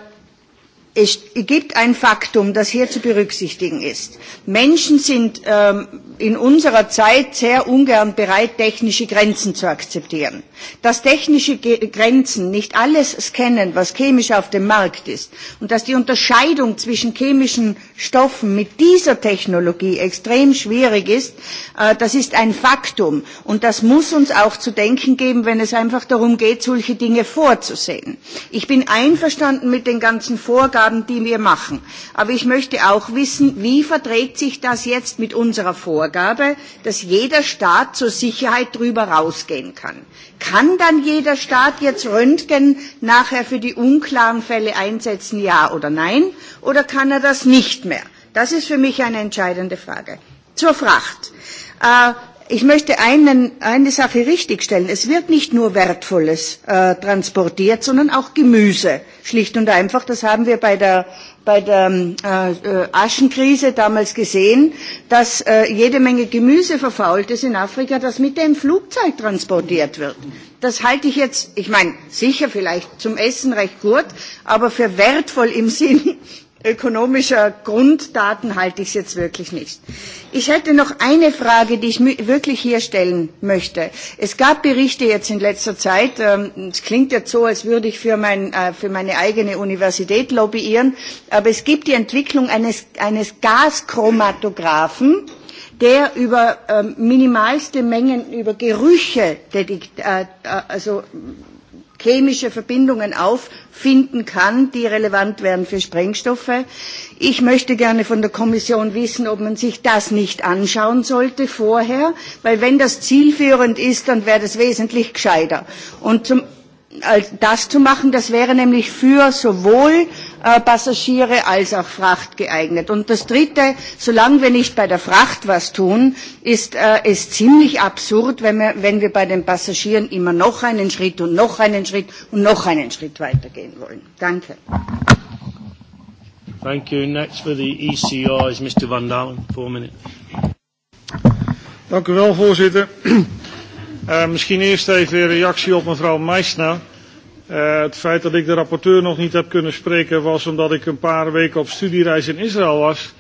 es gibt ein Faktum, das hier zu berücksichtigen ist. Menschen sind ähm, in unserer Zeit sehr ungern bereit, technische Grenzen zu akzeptieren. Dass technische Ge Grenzen nicht alles scannen, was chemisch auf dem Markt ist, und dass die Unterscheidung zwischen chemischen Stoffen mit dieser Technologie extrem schwierig ist, äh, das ist ein Faktum. Und das muss uns auch zu denken geben, wenn es einfach darum geht, solche Dinge vorzusehen. Ich bin einverstanden mit den ganzen Vorgaben, Vorgaben, die wir machen. Aber ich möchte auch wissen, wie verträgt sich das jetzt mit unserer Vorgabe, dass jeder Staat zur Sicherheit drüber rausgehen kann? Kann dann jeder Staat jetzt Röntgen nachher für die unklaren Fälle einsetzen, ja oder nein? Oder kann er das nicht mehr? Das ist für mich eine entscheidende Frage. Zur Fracht. Äh, Ich möchte einen, eine Sache richtigstellen. Es wird nicht nur Wertvolles äh, transportiert, sondern auch Gemüse. Schlicht und einfach. Das haben wir bei der, bei der ähm, äh, Aschenkrise damals gesehen, dass äh, jede Menge Gemüse verfault ist in Afrika, das mit dem Flugzeug transportiert wird. Das halte ich jetzt, ich meine, sicher vielleicht zum Essen recht gut, aber für wertvoll im Sinn ökonomischer Grunddaten halte ich es jetzt wirklich nicht. Ich hätte noch eine Frage, die ich wirklich hier stellen möchte. Es gab Berichte jetzt in letzter Zeit, ähm, es klingt jetzt so, als würde ich für, mein, äh, für meine eigene Universität lobbyieren, aber es gibt die Entwicklung eines, eines Gaschromatographen, der über ähm, minimalste Mengen, über Gerüche, dedik, äh, äh, also chemische Verbindungen auffinden kann, die relevant wären für Sprengstoffe. Ich möchte gerne von der Kommission wissen, ob man sich das nicht anschauen sollte vorher, weil wenn das zielführend ist, dann wäre das wesentlich gescheiter. Und zum, als das zu machen, das wäre nämlich für sowohl Äh, Passagiere als auch Fracht geeignet. Und das Dritte, solange wir nicht bei der Fracht was tun, ist es äh, ziemlich absurd, wenn wir, wenn wir bei den Passagieren immer noch einen Schritt und noch einen Schritt und noch einen Schritt weitergehen wollen. Danke. Thank you. Next for the ECR is Mr Van Dalen. Four minutes. Dank u wel, voorzitter. Uh, misschien eerst even een reactie op mevrouw Meisner. Uh, het feit dat ik de rapporteur nog niet heb kunnen spreken was omdat ik een paar weken op studiereis in Israël was.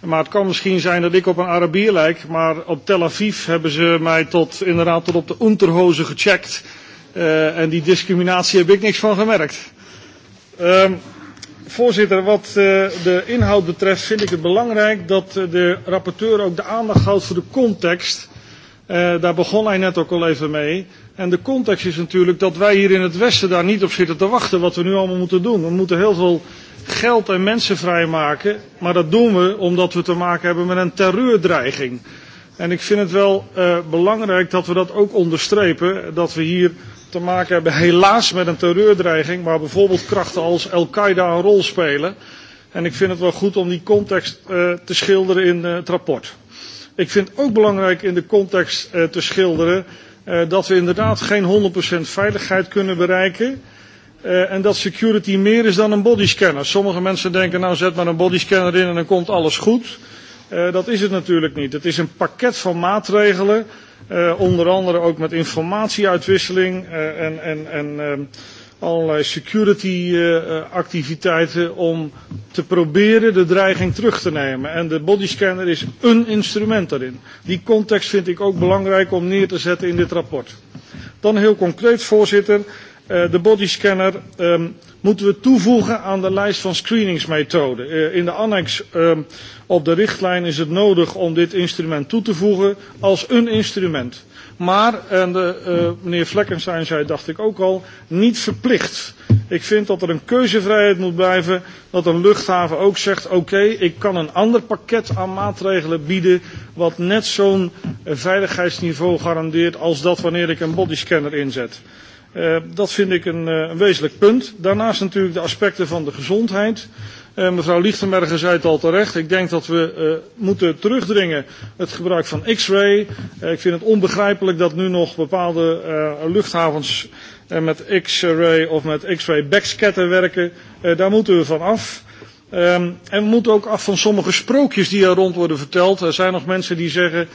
Maar het kan misschien zijn dat ik op een Arabier lijk, maar op Tel Aviv hebben ze mij tot, inderdaad tot op de unterhozen gecheckt. Uh, en die discriminatie heb ik niks van gemerkt. Um, uh, voorzitter, wat uh, de inhoud betreft vind ik het belangrijk dat uh, de rapporteur ook de aandacht houdt voor de context. Uh, daar begon hij net ook al even mee. En de context is natuurlijk dat wij hier in het Westen daar niet op zitten te wachten wat we nu allemaal moeten doen. We moeten heel veel geld en mensen vrijmaken, maar dat doen we omdat we te maken hebben met een terreurdreiging. En ik vind het wel uh, belangrijk dat we dat ook onderstrepen, dat we hier te maken hebben helaas met een terreurdreiging, waar bijvoorbeeld krachten als Al-Qaeda een rol spelen. En ik vind het wel goed om die context uh, te schilderen in uh, het rapport. Ik vind het ook belangrijk in de context uh, te schilderen uh, dat we inderdaad geen 100% veiligheid kunnen bereiken. Uh, en dat security meer is dan een bodyscanner. Sommige mensen denken, nou zet maar een bodyscanner in en dan komt alles goed. Uh, dat is het natuurlijk niet. Het is een pakket van maatregelen, uh, onder andere ook met informatieuitwisseling uh, en, en, en uh, allerlei security uh, activiteiten om te proberen de dreiging terug te nemen. En de bodyscanner is een instrument daarin. Die context vind ik ook belangrijk om neer te zetten in dit rapport. Dan heel concreet, voorzitter. Uh, de bodyscanner um, moeten we toevoegen aan de lijst van screeningsmethoden. Uh, in de annex um, op de richtlijn is het nodig om dit instrument toe te voegen als een instrument. Maar, en de, uh, eh, meneer Fleckenstein zei, dacht ik ook al, niet verplicht. Ik vind dat er een keuzevrijheid moet blijven, dat een luchthaven ook zegt, oké, okay, ik kan een ander pakket aan maatregelen bieden, wat net zo'n eh, veiligheidsniveau garandeert als dat wanneer ik een bodyscanner inzet. Uh, dat vind ik een, uh, een wezenlijk punt. Daarnaast natuurlijk de aspecten van de gezondheid. Uh, mevrouw Lichtenberger zei het al terecht. Ik denk dat we uh, moeten terugdringen het gebruik van x-ray. Uh, ik vind het onbegrijpelijk dat nu nog bepaalde uh, luchthavens uh, met x-ray of met x-ray backscatter werken. Uh, daar moeten we van af. Um, en we moeten ook af van sommige sprookjes die er rond worden verteld. Er zijn nog mensen die zeggen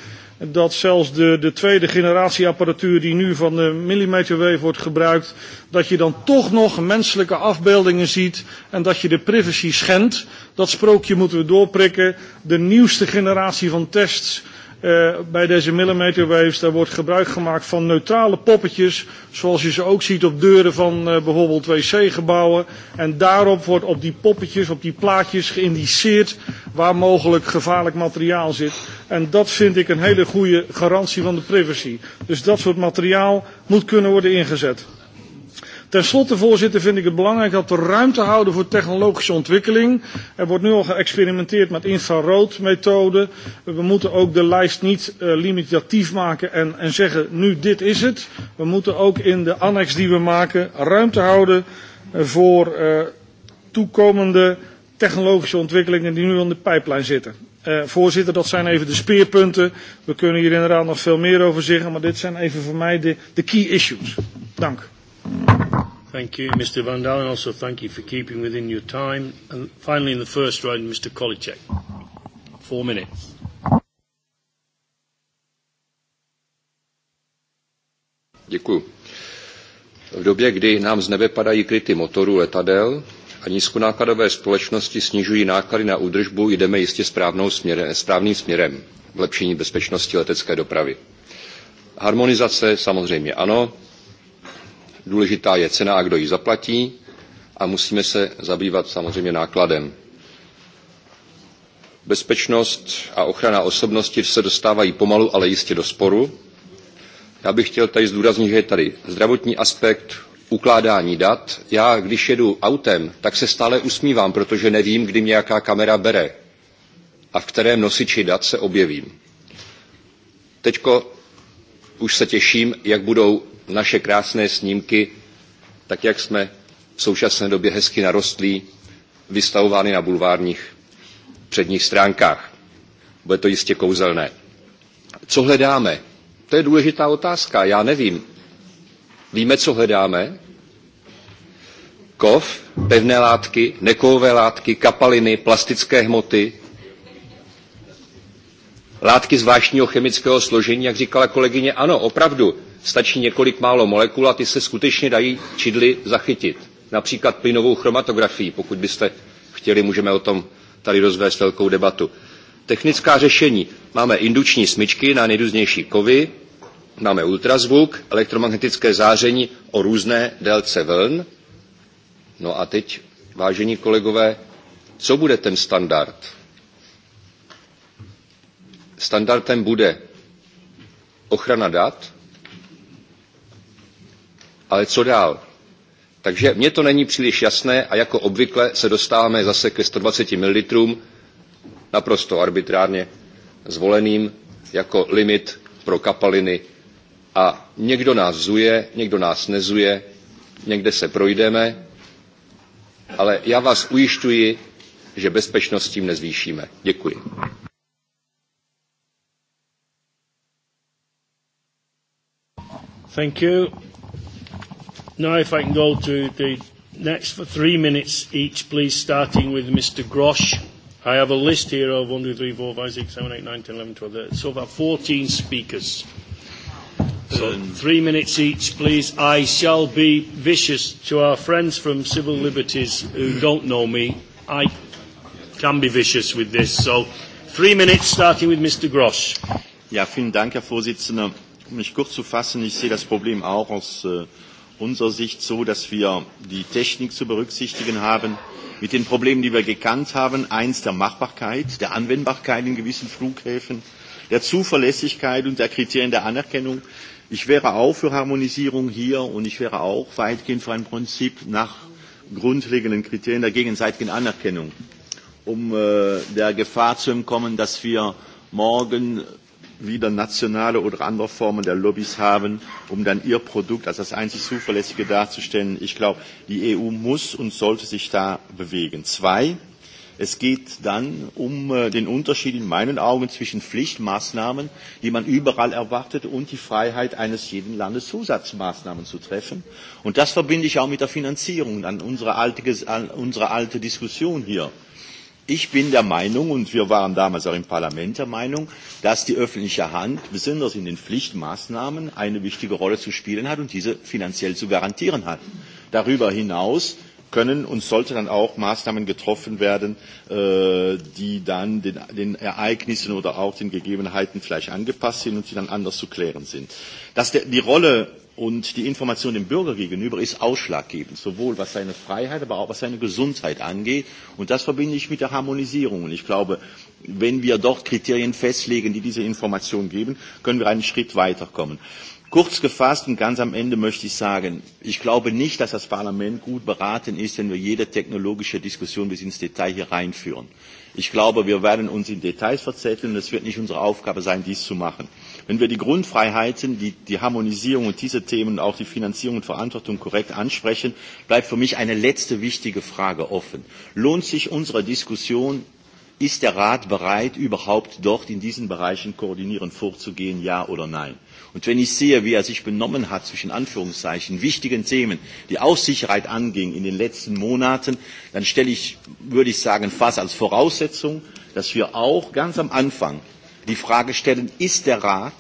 dat zelfs de, de tweede generatie apparatuur die nu van de millimeterwave wordt gebruikt, dat je dan toch nog menselijke afbeeldingen ziet en dat je de privacy schendt. Dat sprookje moeten we doorprikken. De nieuwste generatie van tests Uh, bij deze millimeter waves, daar wordt gebruik gemaakt van neutrale poppetjes, zoals je ze ook ziet op deuren van uh, bijvoorbeeld wc-gebouwen. En daarop wordt op die poppetjes, op die plaatjes geïndiceerd waar mogelijk gevaarlijk materiaal zit. En dat vind ik een hele goede garantie van de privacy. Dus dat soort materiaal moet kunnen worden ingezet. Ten slotte, voorzitter, vind ik het belangrijk dat we ruimte houden voor technologische ontwikkeling. Er wordt nu al geëxperimenteerd met infraroodmethoden. We moeten ook de lijst niet uh, limitatief maken en, en zeggen nu dit is het. We moeten ook in de annex die we maken ruimte houden eh, voor uh, toekomende technologische ontwikkelingen die nu in de pijplijn zitten. Uh, voorzitter, dat zijn even de speerpunten. We kunnen hier inderdaad nog veel meer over zeggen, maar dit zijn even voor mij de, de key issues. Dank. Thank you, Mr. Van Dalen. Also, thank you for keeping within your time. And finally, in the first round, Mr. Kolicek. Four minutes. Děkuji. V době, kdy nám z nebe padají kryty motorů letadel a nízkonákladové společnosti snižují náklady na údržbu, jdeme jistě správnou směre, správným směrem v lepšení bezpečnosti letecké dopravy. Harmonizace samozřejmě ano, důležitá je cena a kdo ji zaplatí a musíme se zabývat samozřejmě nákladem. Bezpečnost a ochrana osobnosti se dostávají pomalu, ale jistě do sporu. Já bych chtěl tady zdůraznit, že je tady zdravotní aspekt, ukládání dat. Já, když jedu autem, tak se stále usmívám, protože nevím, kdy mě jaká kamera bere a v kterém nosiči dat se objevím. Teďko už se těším, jak budou naše krásné snímky, tak jak jsme v současné době hezky narostlí, vystavovány na bulvárních předních stránkách. Bude to jistě kouzelné. Co hledáme? To je důležitá otázka, já nevím. Víme, co hledáme? Kov, pevné látky, nekovové látky, kapaliny, plastické hmoty, látky zvláštního chemického složení, jak říkala kolegyně, ano, opravdu, stačí několik málo molekul a ty se skutečně dají čidly zachytit. Například plynovou chromatografii, pokud byste chtěli, můžeme o tom tady rozvést velkou debatu. Technická řešení. Máme induční smyčky na nejrůznější kovy, máme ultrazvuk, elektromagnetické záření o různé délce vln. No a teď, vážení kolegové, co bude ten standard? Standardem bude ochrana dat, ale co dál? Takže mně to není příliš jasné a jako obvykle se dostáváme zase ke 120 ml, naprosto arbitrárně zvoleným jako limit pro kapaliny. A někdo nás zuje, někdo nás nezuje, někde se projdeme, ale já vás ujišťuji, že bezpečnost tím nezvýšíme. Děkuji. Thank you. Now, if I can go to the next for three minutes each, please, starting with Mr. Grosh. I have a list here of 1, 2, 3, 4, 5, 6, 7, 8, 9, 10, 11, 12, 13. so about 14 speakers. So um, three minutes each, please. I shall be vicious to our friends from Civil Liberties who don't know me. I can be vicious with this. So three minutes, starting with Mr. Grosch. Ja, vielen Dank, Herr Vorsitzender. Um mich kurz zu fassen, ich sehe das Problem auch aus äh, unserer Sicht so, dass wir die Technik zu berücksichtigen haben, mit den Problemen, die wir gekannt haben, eins der Machbarkeit, der Anwendbarkeit in gewissen Flughäfen, der Zuverlässigkeit und der Kriterien der Anerkennung. Ich wäre auch für Harmonisierung hier und ich wäre auch weitgehend für ein Prinzip nach grundlegenden Kriterien der gegenseitigen Anerkennung, um äh, der Gefahr zu entkommen, dass wir morgen wieder nationale oder andere Formen der Lobbys haben, um dann ihr Produkt als das einzig Zuverlässige darzustellen. Ich glaube, die EU muss und sollte sich da bewegen. Zwei, es geht dann um äh, den Unterschied in meinen Augen zwischen Pflichtmaßnahmen, die man überall erwartet, und die Freiheit eines jeden Landes, Zusatzmaßnahmen zu treffen. Und das verbinde ich auch mit der Finanzierung, an unsere alte, an unsere alte Diskussion hier Ich bin der Meinung, und wir waren damals auch im Parlament der Meinung, dass die öffentliche Hand besonders in den Pflichtmaßnahmen eine wichtige Rolle zu spielen hat und diese finanziell zu garantieren hat. Darüber hinaus können und sollte dann auch Maßnahmen getroffen werden, äh, die dann den, den Ereignissen oder auch den Gegebenheiten vielleicht angepasst sind und die dann anders zu klären sind. Dass der, die Rolle und die Information dem Bürger gegenüber ist ausschlaggebend, sowohl was seine Freiheit, aber auch was seine Gesundheit angeht. Und das verbinde ich mit der Harmonisierung. Und ich glaube, wenn wir dort Kriterien festlegen, die diese Information geben, können wir einen Schritt weiterkommen. Kurz gefasst und ganz am Ende möchte ich sagen, ich glaube nicht, dass das Parlament gut beraten ist, wenn wir jede technologische Diskussion bis ins Detail hier reinführen. Ich glaube, wir werden uns in Details verzetteln und es wird nicht unsere Aufgabe sein, dies zu machen. Wenn wir die Grundfreiheiten, die, die Harmonisierung und diese Themen, und auch die Finanzierung und Verantwortung korrekt ansprechen, bleibt für mich eine letzte wichtige Frage offen. Lohnt sich unsere Diskussion ist der Rat bereit, überhaupt dort in diesen Bereichen koordinierend vorzugehen, ja oder nein? Und wenn ich sehe, wie er sich benommen hat zwischen Anführungszeichen wichtigen Themen, die auch Sicherheit anging in den letzten Monaten, dann stelle ich, würde ich sagen, fast als Voraussetzung, dass wir auch ganz am Anfang die Frage stellen, ist der Rat,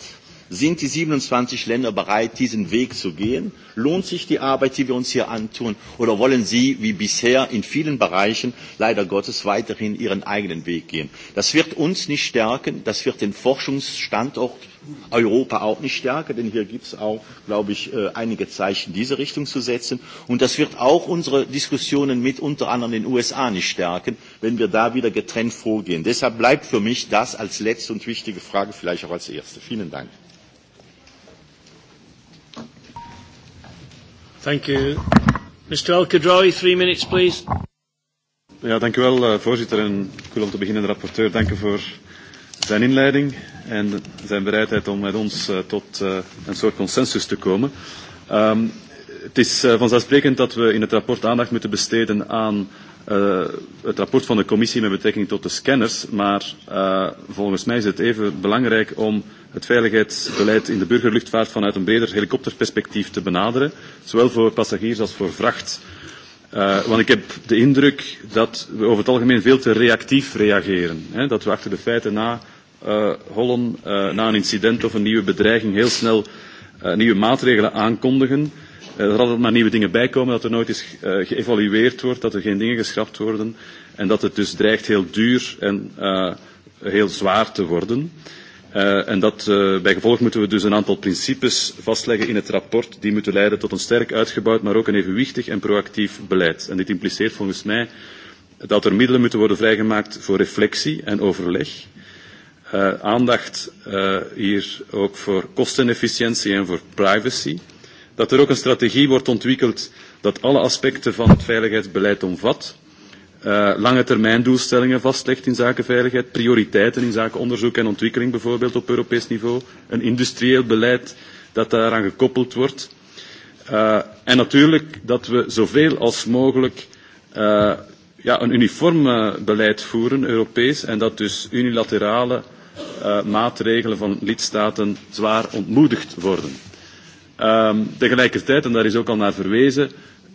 sind die 27 Länder bereit, diesen Weg zu gehen? Lohnt sich die Arbeit, die wir uns hier antun? Oder wollen sie, wie bisher in vielen Bereichen, leider Gottes, weiterhin ihren eigenen Weg gehen? Das wird uns nicht stärken. Das wird den Forschungsstandort Europa auch nicht stärker, denn hier gibt es auch, glaube ich, äh, einige Zeichen, in diese Richtung zu setzen. Und das wird auch unsere Diskussionen mit unter anderem den USA nicht stärken, wenn wir da wieder getrennt vorgehen. Deshalb bleibt für mich das als letzte und wichtige Frage, vielleicht auch als erste. Vielen Dank. Thank you. Mr. al khadraoui three minutes, please. Ja, dank u wel, eh, voorzitter. En ik wil om te beginnen de rapporteur danken voor zijn inleiding en zijn bereidheid om met ons uh, tot uh, een soort consensus te komen. Um, het is uh, vanzelfsprekend dat we in het rapport aandacht moeten besteden aan uh, het rapport van de commissie met betrekking tot de scanners. Maar uh, volgens mij is het even belangrijk om het veiligheidsbeleid in de burgerluchtvaart vanuit een breder helikopterperspectief te benaderen. Zowel voor passagiers als voor vracht. Uh, want ik heb de indruk dat we over het algemeen veel te reactief reageren. Hè? Dat we achter de feiten na uh, hollen uh, na een incident of een nieuwe bedreiging heel snel uh, nieuwe maatregelen aankondigen. Uh, er altijd maar nieuwe dingen bijkomen, dat er nooit eens uh, geëvalueerd wordt, dat er geen dingen geschrapt worden en dat het dus dreigt heel duur en uh, heel zwaar te worden. Uh, en dat, uh, bij gevolg moeten we dus een aantal principes vastleggen in het rapport die moeten leiden tot een sterk uitgebouwd, maar ook een evenwichtig en proactief beleid. En dit impliceert volgens mij dat er middelen moeten worden vrijgemaakt voor reflectie en overleg. Uh, uh, aandacht uh, hier ook voor kostenefficiëntie en voor privacy. Dat er ook een strategie wordt ontwikkeld dat alle aspecten van het veiligheidsbeleid omvat. Uh, lange termijn doelstellingen vastlegt in zaken veiligheid, prioriteiten in zaken onderzoek en ontwikkeling bijvoorbeeld op Europees niveau, een industrieel beleid dat daaraan gekoppeld wordt. Uh, en natuurlijk dat we zoveel als mogelijk uh, ja, een uniform beleid voeren, Europees, en dat dus unilaterale uh, maatregelen van lidstaten zwaar ontmoedigd worden. Um, tegelijkertijd, en daar is ook al naar verwezen,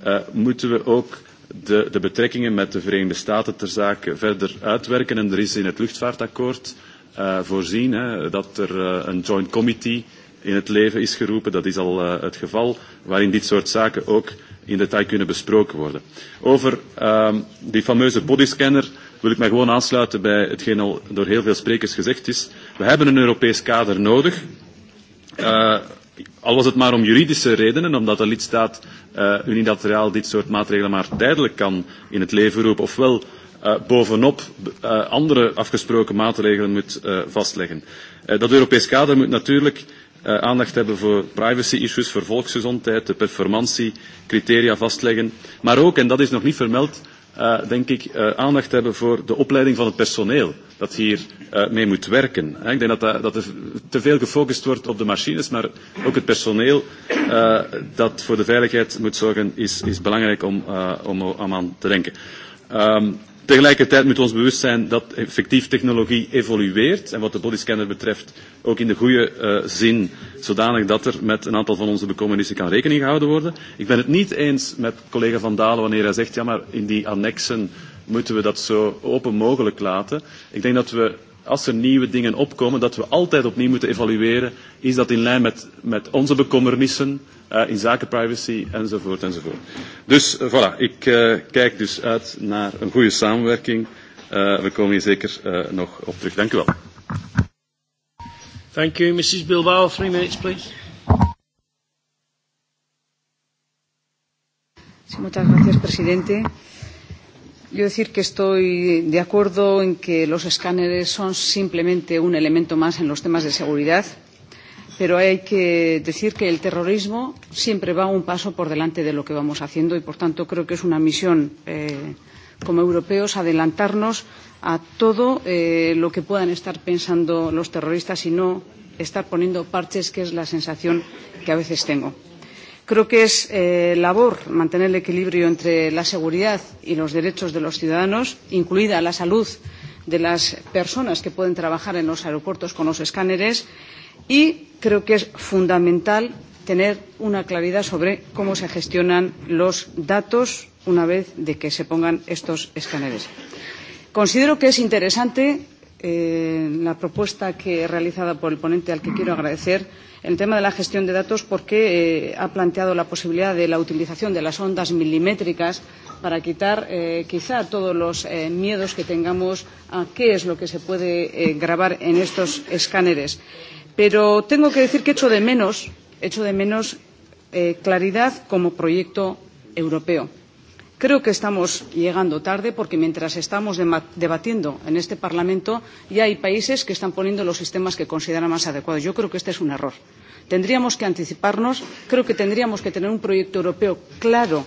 uh, moeten we ook de, de betrekkingen met de Verenigde Staten ter zake verder uitwerken. En er is in het luchtvaartakkoord uh, voorzien hè, dat er uh, een joint committee in het leven is geroepen. Dat is al uh, het geval, waarin dit soort zaken ook in detail kunnen besproken worden. Over uh, die fameuze bodyscanner wil ik mij gewoon aansluiten bij hetgeen al door heel veel sprekers gezegd is. We hebben een Europees kader nodig. Uh, al was het maar om juridische redenen, omdat de er lidstaat uh, unilateraal dit soort maatregelen maar tijdelijk kan in het leven roepen, ofwel uh, bovenop uh, andere afgesproken maatregelen moet uh, vastleggen. Uh, dat Europees kader moet natuurlijk uh, aandacht hebben voor privacy issues, voor volksgezondheid, de performantie, criteria vastleggen, maar ook, en dat is nog niet vermeld, Eh, denk ik, uh, aandacht hebben voor de opleiding van het personeel dat hier uh, mee moet werken. Hè. Ik denk dat, dat, dat er te veel gefocust wordt op de machines, maar ook het personeel uh, dat voor de veiligheid moet zorgen, is, is belangrijk om, uh, om, er- om aan te denken. Um, Tegelijkertijd moet ons bewust zijn dat effectief technologie evolueert. En wat de bodyscanner betreft ook in de goede uh, zin, zodanig dat er met een aantal van onze bekommernissen kan rekening gehouden worden. Ik ben het niet eens met collega Van Dalen wanneer hij zegt, ja maar in die annexen moeten we dat zo open mogelijk laten. Ik denk dat we als er nieuwe dingen opkomen, dat we altijd opnieuw moeten evalueren. Is dat in lijn met, met onze bekommernissen uh, in zaken privacy enzovoort enzovoort. Dus uh, voilà, ik uh, kijk dus uit naar een goede samenwerking. Uh, we komen hier zeker uh, nog op terug. Dank u wel. Thank you, Mrs. Bilbao. Three minutes, please. Sí, muchas gracias, presidente. Yo decir que estoy de acuerdo en que los escáneres son simplemente un elemento más en los temas de seguridad, pero hay que decir que el terrorismo siempre va un paso por delante de lo que vamos haciendo y, por tanto, creo que es una misión eh, como europeos adelantarnos a todo eh, lo que puedan estar pensando los terroristas y no estar poniendo parches, que es la sensación que a veces tengo. Creo que es eh, labor mantener el equilibrio entre la seguridad y los derechos de los ciudadanos, incluida la salud de las personas que pueden trabajar en los aeropuertos con los escáneres, y creo que es fundamental tener una claridad sobre cómo se gestionan los datos una vez de que se pongan estos escáneres. Considero que es interesante Eh, la propuesta que, realizada por el ponente, al que quiero agradecer, en el tema de la gestión de datos, porque eh, ha planteado la posibilidad de la utilización de las ondas milimétricas para quitar eh, quizá todos los eh, miedos que tengamos a qué es lo que se puede eh, grabar en estos escáneres. Pero tengo que decir que echo de menos, echo de menos eh, claridad como proyecto europeo Creo que estamos llegando tarde porque mientras estamos debatiendo en este Parlamento ya hay países que están poniendo los sistemas que consideran más adecuados. Yo creo que este es un error. Tendríamos que anticiparnos, creo que tendríamos que tener un proyecto europeo claro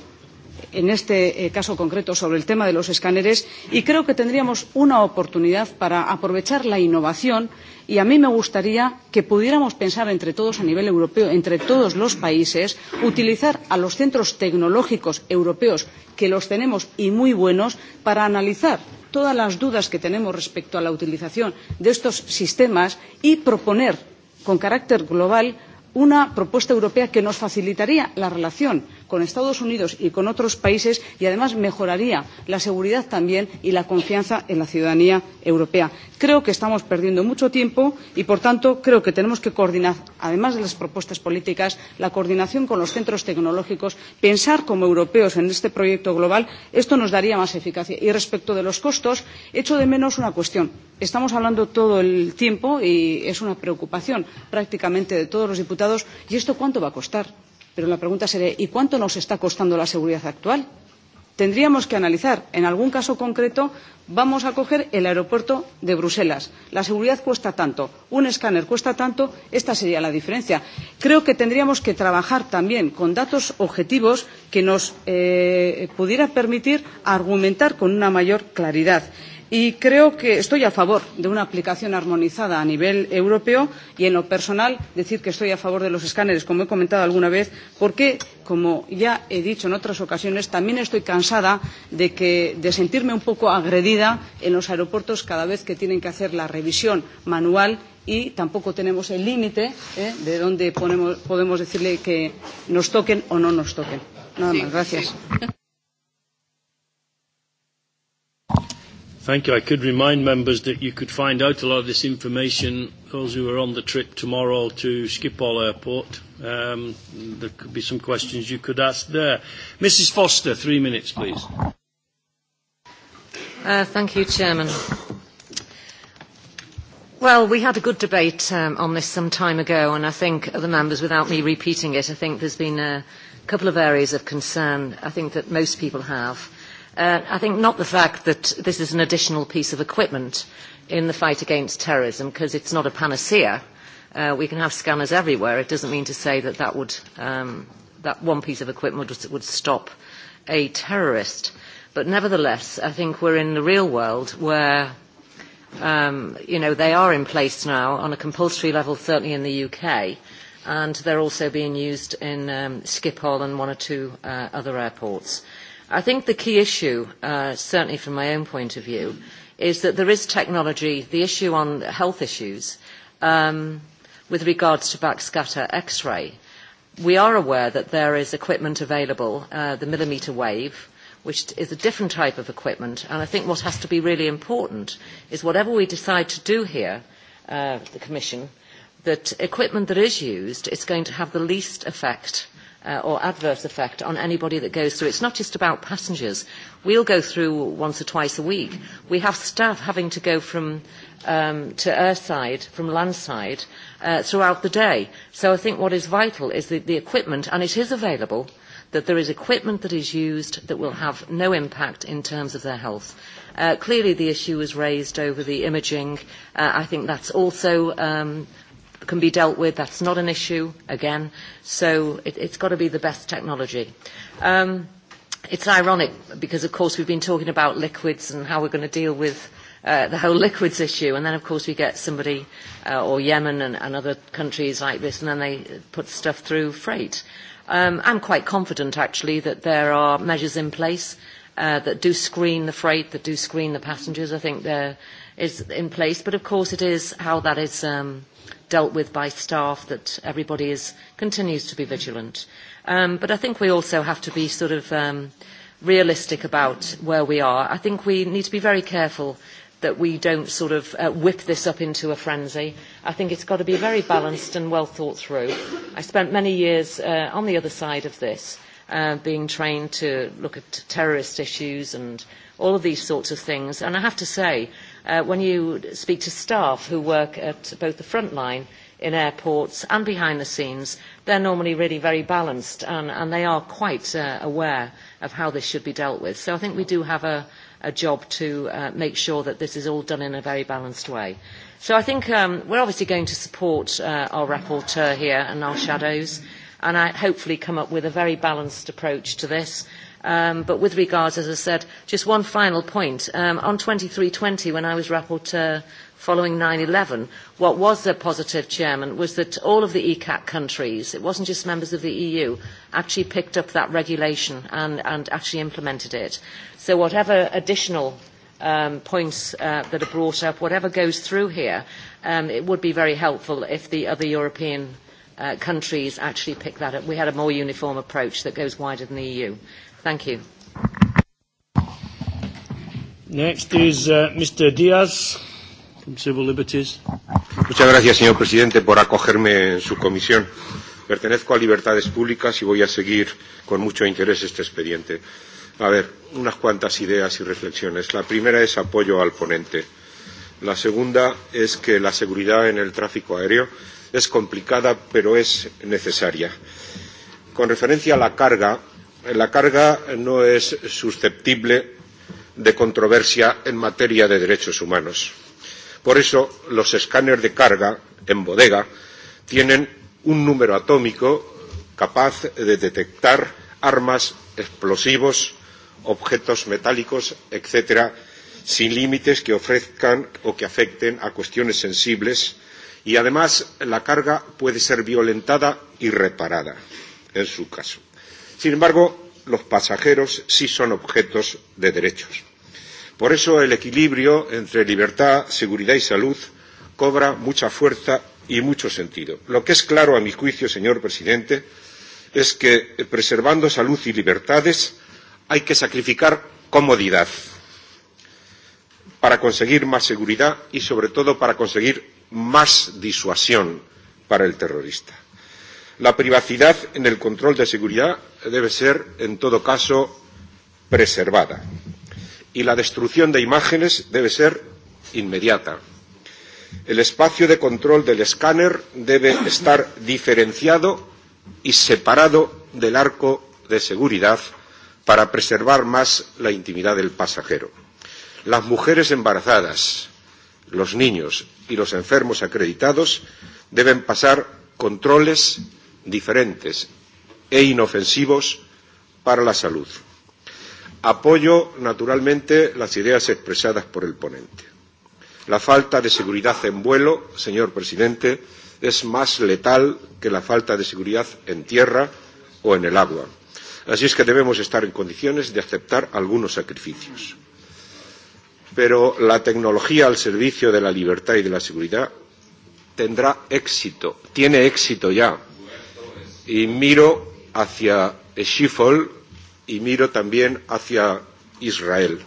en este eh, caso concreto sobre el tema de los escáneres y creo que tendríamos una oportunidad para aprovechar la innovación y a mí me gustaría que pudiéramos pensar entre todos a nivel europeo entre todos los países utilizar a los centros tecnológicos europeos que los tenemos y muy buenos para analizar todas las dudas que tenemos respecto a la utilización de estos sistemas y proponer con carácter global una propuesta europea que nos facilitaría la relación con Estados Unidos y con otros países y además mejoraría la seguridad también y la confianza en la ciudadanía europea. Creo que estamos perdiendo mucho tiempo y, por tanto, creo que tenemos que coordinar, además de las propuestas políticas, la coordinación con los centros tecnológicos, pensar como europeos en este proyecto global. Esto nos daría más eficacia. Y respecto de los costos, echo de menos una cuestión. Estamos hablando todo el tiempo y es una preocupación prácticamente de todos los diputados. ¿Y esto cuánto va a costar? pero la pregunta sería y cuánto nos está costando la seguridad actual? tendríamos que analizar en algún caso concreto vamos a coger el aeropuerto de bruselas la seguridad cuesta tanto un escáner cuesta tanto esta sería la diferencia. creo que tendríamos que trabajar también con datos objetivos que nos eh, pudieran permitir argumentar con una mayor claridad y creo que estoy a favor de una aplicación armonizada a nivel europeo y en lo personal decir que estoy a favor de los escáneres como he comentado alguna vez porque como ya he dicho en otras ocasiones también estoy cansada de, que, de sentirme un poco agredida en los aeropuertos cada vez que tienen que hacer la revisión manual y tampoco tenemos el límite ¿eh? de dónde ponemos, podemos decirle que nos toquen o no nos toquen. Nada sí, más, gracias. Sí. Thank you. I could remind members that you could find out a lot of this information, those who are on the trip tomorrow to Schiphol Airport. Um, there could be some questions you could ask there. Mrs Foster, three minutes, please. Uh, thank you, Chairman. Well, we had a good debate um, on this some time ago, and I think other members, without me repeating it, I think there's been a couple of areas of concern I think that most people have. Uh, I think not the fact that this is an additional piece of equipment in the fight against terrorism, because it's not a panacea. Uh, we can have scanners everywhere. It doesn't mean to say that that, would, um, that one piece of equipment would, would stop a terrorist. But nevertheless, I think we're in the real world where um, you know, they are in place now on a compulsory level, certainly in the UK, and they're also being used in um, Schiphol and one or two uh, other airports. I think the key issue, uh, certainly from my own point of view, is that there is technology, the issue on health issues, um, with regards to backscatter X-ray. We are aware that there is equipment available, uh, the millimetre wave, which is a different type of equipment. And I think what has to be really important is whatever we decide to do here, uh, the Commission, that equipment that is used is going to have the least effect uh, or adverse effect on anybody that goes through. It's not just about passengers. We'll go through once or twice a week. We have staff having to go from um, to airside, from landside, uh, throughout the day. So I think what is vital is that the equipment, and it is available, that there is equipment that is used that will have no impact in terms of their health. Uh, clearly, the issue was raised over the imaging. Uh, I think that's also um, can be dealt with. That's not an issue, again. So it, it's got to be the best technology. Um, it's ironic because, of course, we've been talking about liquids and how we're going to deal with uh, the whole liquids issue. And then, of course, we get somebody uh, or Yemen and, and other countries like this, and then they put stuff through freight. Um, I'm quite confident, actually, that there are measures in place uh, that do screen the freight, that do screen the passengers. I think there is in place. But, of course, it is how that is um, dealt with by staff, that everybody is, continues to be vigilant. Um, but I think we also have to be sort of um, realistic about where we are. I think we need to be very careful that we don't sort of uh, whip this up into a frenzy. I think it's got to be very balanced and well thought through. I spent many years uh, on the other side of this, uh, being trained to look at terrorist issues and all of these sorts of things. And I have to say, uh, when you speak to staff who work at both the front line in airports and behind the scenes, they're normally really very balanced and, and they are quite uh, aware of how this should be dealt with. So I think we do have a, a job to uh, make sure that this is all done in a very balanced way. So I think um, we're obviously going to support uh, our rapporteur here and our shadows and I hopefully come up with a very balanced approach to this Um, but with regards, as I said, just one final point. Um, on 2320, when I was rapporteur following 9-11, what was the positive, Chairman, was that all of the ECAC countries, it wasn't just members of the EU, actually picked up that regulation and, and actually implemented it. So whatever additional um, points uh, that are brought up, whatever goes through here, um, it would be very helpful if the other European uh, countries actually pick that up. We had a more uniform approach that goes wider than the EU. Thank you. Next is uh, Mr. Diaz from Civil Liberties. Muchas gracias, señor presidente, por acogerme en su comisión. Pertenezco a Libertades Públicas y voy a seguir con mucho interés este expediente. A ver, unas cuantas ideas y reflexiones. La primera es apoyo al ponente. La segunda es que la seguridad en el tráfico aéreo es complicada, pero es necesaria. Con referencia a la carga, Eh, la carga no es susceptible de controversia en materia de derechos humanos. Por eso, los escáneres de carga en bodega tienen un número atómico capaz de detectar armas, explosivos, objetos metálicos, etcétera, sin límites que ofrezcan o que afecten a cuestiones sensibles y además la carga puede ser violentada y reparada en su caso. Sin embargo, los pasajeros sí son objetos de derechos. Por eso el equilibrio entre libertad, seguridad y salud cobra mucha fuerza y mucho sentido. Lo que es claro, a mi juicio, señor presidente, es que preservando salud y libertades hay que sacrificar comodidad para conseguir más seguridad y, sobre todo, para conseguir más disuasión para el terrorista. La privacidad en el control de seguridad debe ser, en todo caso, preservada y la destrucción de imágenes debe ser inmediata. El espacio de control del escáner debe estar diferenciado y separado del arco de seguridad para preservar más la intimidad del pasajero. Las mujeres embarazadas, los niños y los enfermos acreditados deben pasar controles diferentes e inofensivos para la salud. Apoyo, naturalmente, las ideas expresadas por el ponente. La falta de seguridad en vuelo, señor presidente, es más letal que la falta de seguridad en tierra o en el agua. Así es que debemos estar en condiciones de aceptar algunos sacrificios. Pero la tecnología al servicio de la libertad y de la seguridad tendrá éxito, tiene éxito ya y miro hacia Eshifol y miro también hacia Israel.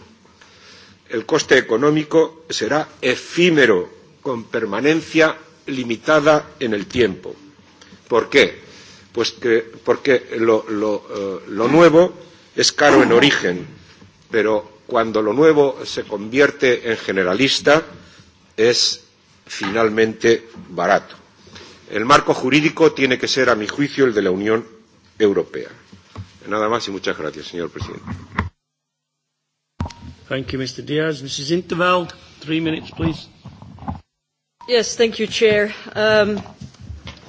El coste económico será efímero, con permanencia limitada en el tiempo. ¿Por qué? Pues que, porque lo, lo, eh, lo nuevo es caro en origen, pero cuando lo nuevo se convierte en generalista es finalmente barato. El marco jurídico tiene que ser, a mi juicio, el de la Unión Europea. Nada más y muchas gracias, señor presidente. Thank you, Mr. Diaz. Mrs. Interveld, three minutes, please. Yes, thank you, Chair. Um,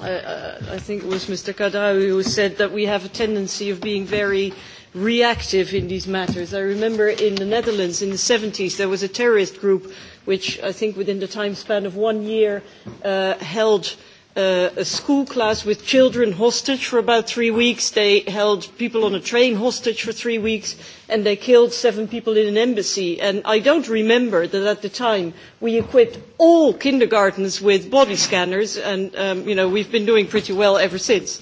I, I think it was Mr. Kadawi who said that we have a tendency of being very reactive in these matters. I remember in the Netherlands in the 70s there was a terrorist group which I think within the time span of one year uh, held uh, Uh, a school class with children hostage for about three weeks. They held people on a train hostage for three weeks, and they killed seven people in an embassy. And I don't remember that at the time we equipped all kindergartens with body scanners, and um, you know we've been doing pretty well ever since.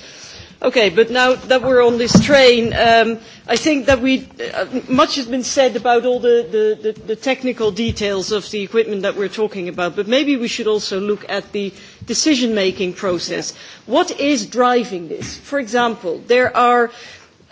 Okay, but now that we're on this train, um, I think that we, uh, much has been said about all the, the, the, the technical details of the equipment that we're talking about, but maybe we should also look at the decision-making process. What is driving this? For example, there are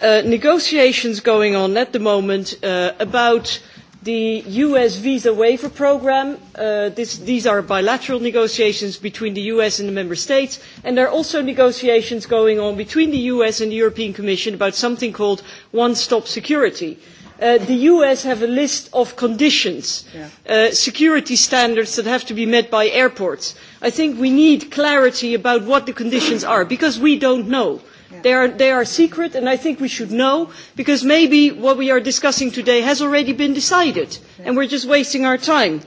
uh, negotiations going on at the moment uh, about The US visa waiver program, uh, this, these are bilateral negotiations between the US and the member states, and there are also negotiations going on between the US and the European Commission about something called one-stop security. Uh, the US have a list of conditions, yeah. uh, security standards that have to be met by airports. I think we need clarity about what the conditions are, because we don't know They, are, they are secret, and I think we should know, because maybe what we are discussing today has already been decided, yeah. and we're just wasting our time.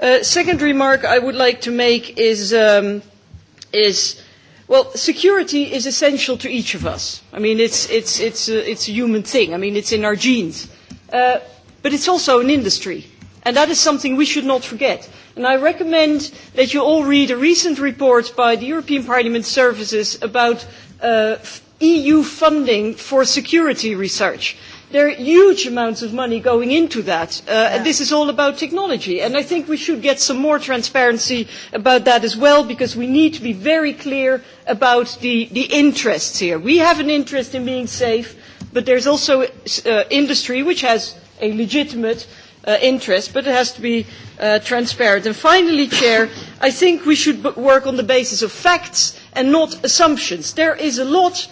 Uh, second remark I would like to make is, um, is well, security is essential to each of us. I mean, it's, it's, it's, a, uh, it's a human thing. I mean, it's in our genes. Uh, but it's also an industry. And that is something we should not forget. And I recommend that you all read a recent report by the European Parliament Services about uh, EU funding for security research. There are huge amounts of money going into that. Uh, yeah. And this is all about technology. And I think we should get some more transparency about that as well, because we need to be very clear about the, the interests here. We have an interest in being safe, but there's also uh, industry which has a legitimate Uh, interest, but it has to be uh, transparent. And finally, Chair, I think we should work on the basis of facts and not assumptions. There is a lot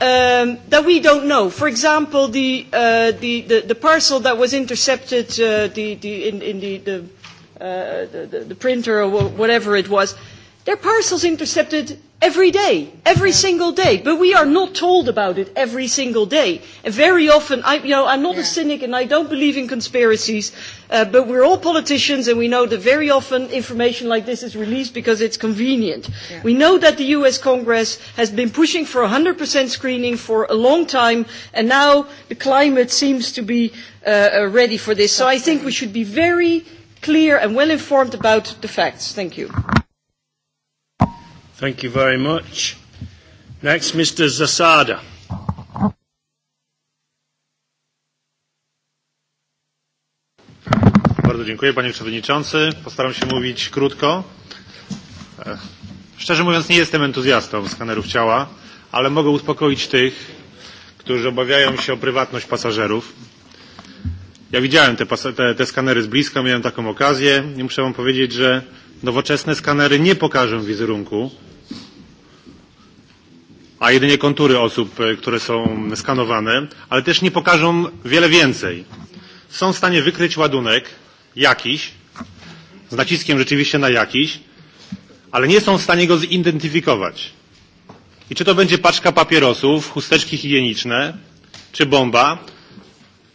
um, that we don't know. For example, the, uh, the, the, the parcel that was intercepted uh, the, the, in, in the, the, uh, the, the printer or whatever it was, Their are parcels intercepted every day, every single day, but we are not told about it every single day. And very often, I, you know, I'm not yeah. a cynic and I don't believe in conspiracies, uh, but we're all politicians and we know that very often information like this is released because it's convenient. Yeah. We know that the US Congress has been pushing for 100% screening for a long time and now the climate seems to be uh, uh, ready for this. So I think we should be very clear and well informed about the facts. Thank you. Thank you very much. Next, Mr. Zasada. Bardzo dziękuję panie przewodniczący. Postaram się mówić krótko. E, szczerze mówiąc nie jestem entuzjastą skanerów ciała, ale mogę uspokoić tych, którzy obawiają się o prywatność pasażerów. Ja widziałem te, te, te skanery z bliska, miałem taką okazję i muszę wam powiedzieć, że nowoczesne skanery nie pokażą wizerunku a jedynie kontury osób, e, które są skanowane, ale też nie pokażą wiele więcej. Są w stanie wykryć ładunek jakiś, z naciskiem rzeczywiście na jakiś, ale nie są w stanie go zidentyfikować. I czy to będzie paczka papierosów, chusteczki higieniczne, czy bomba,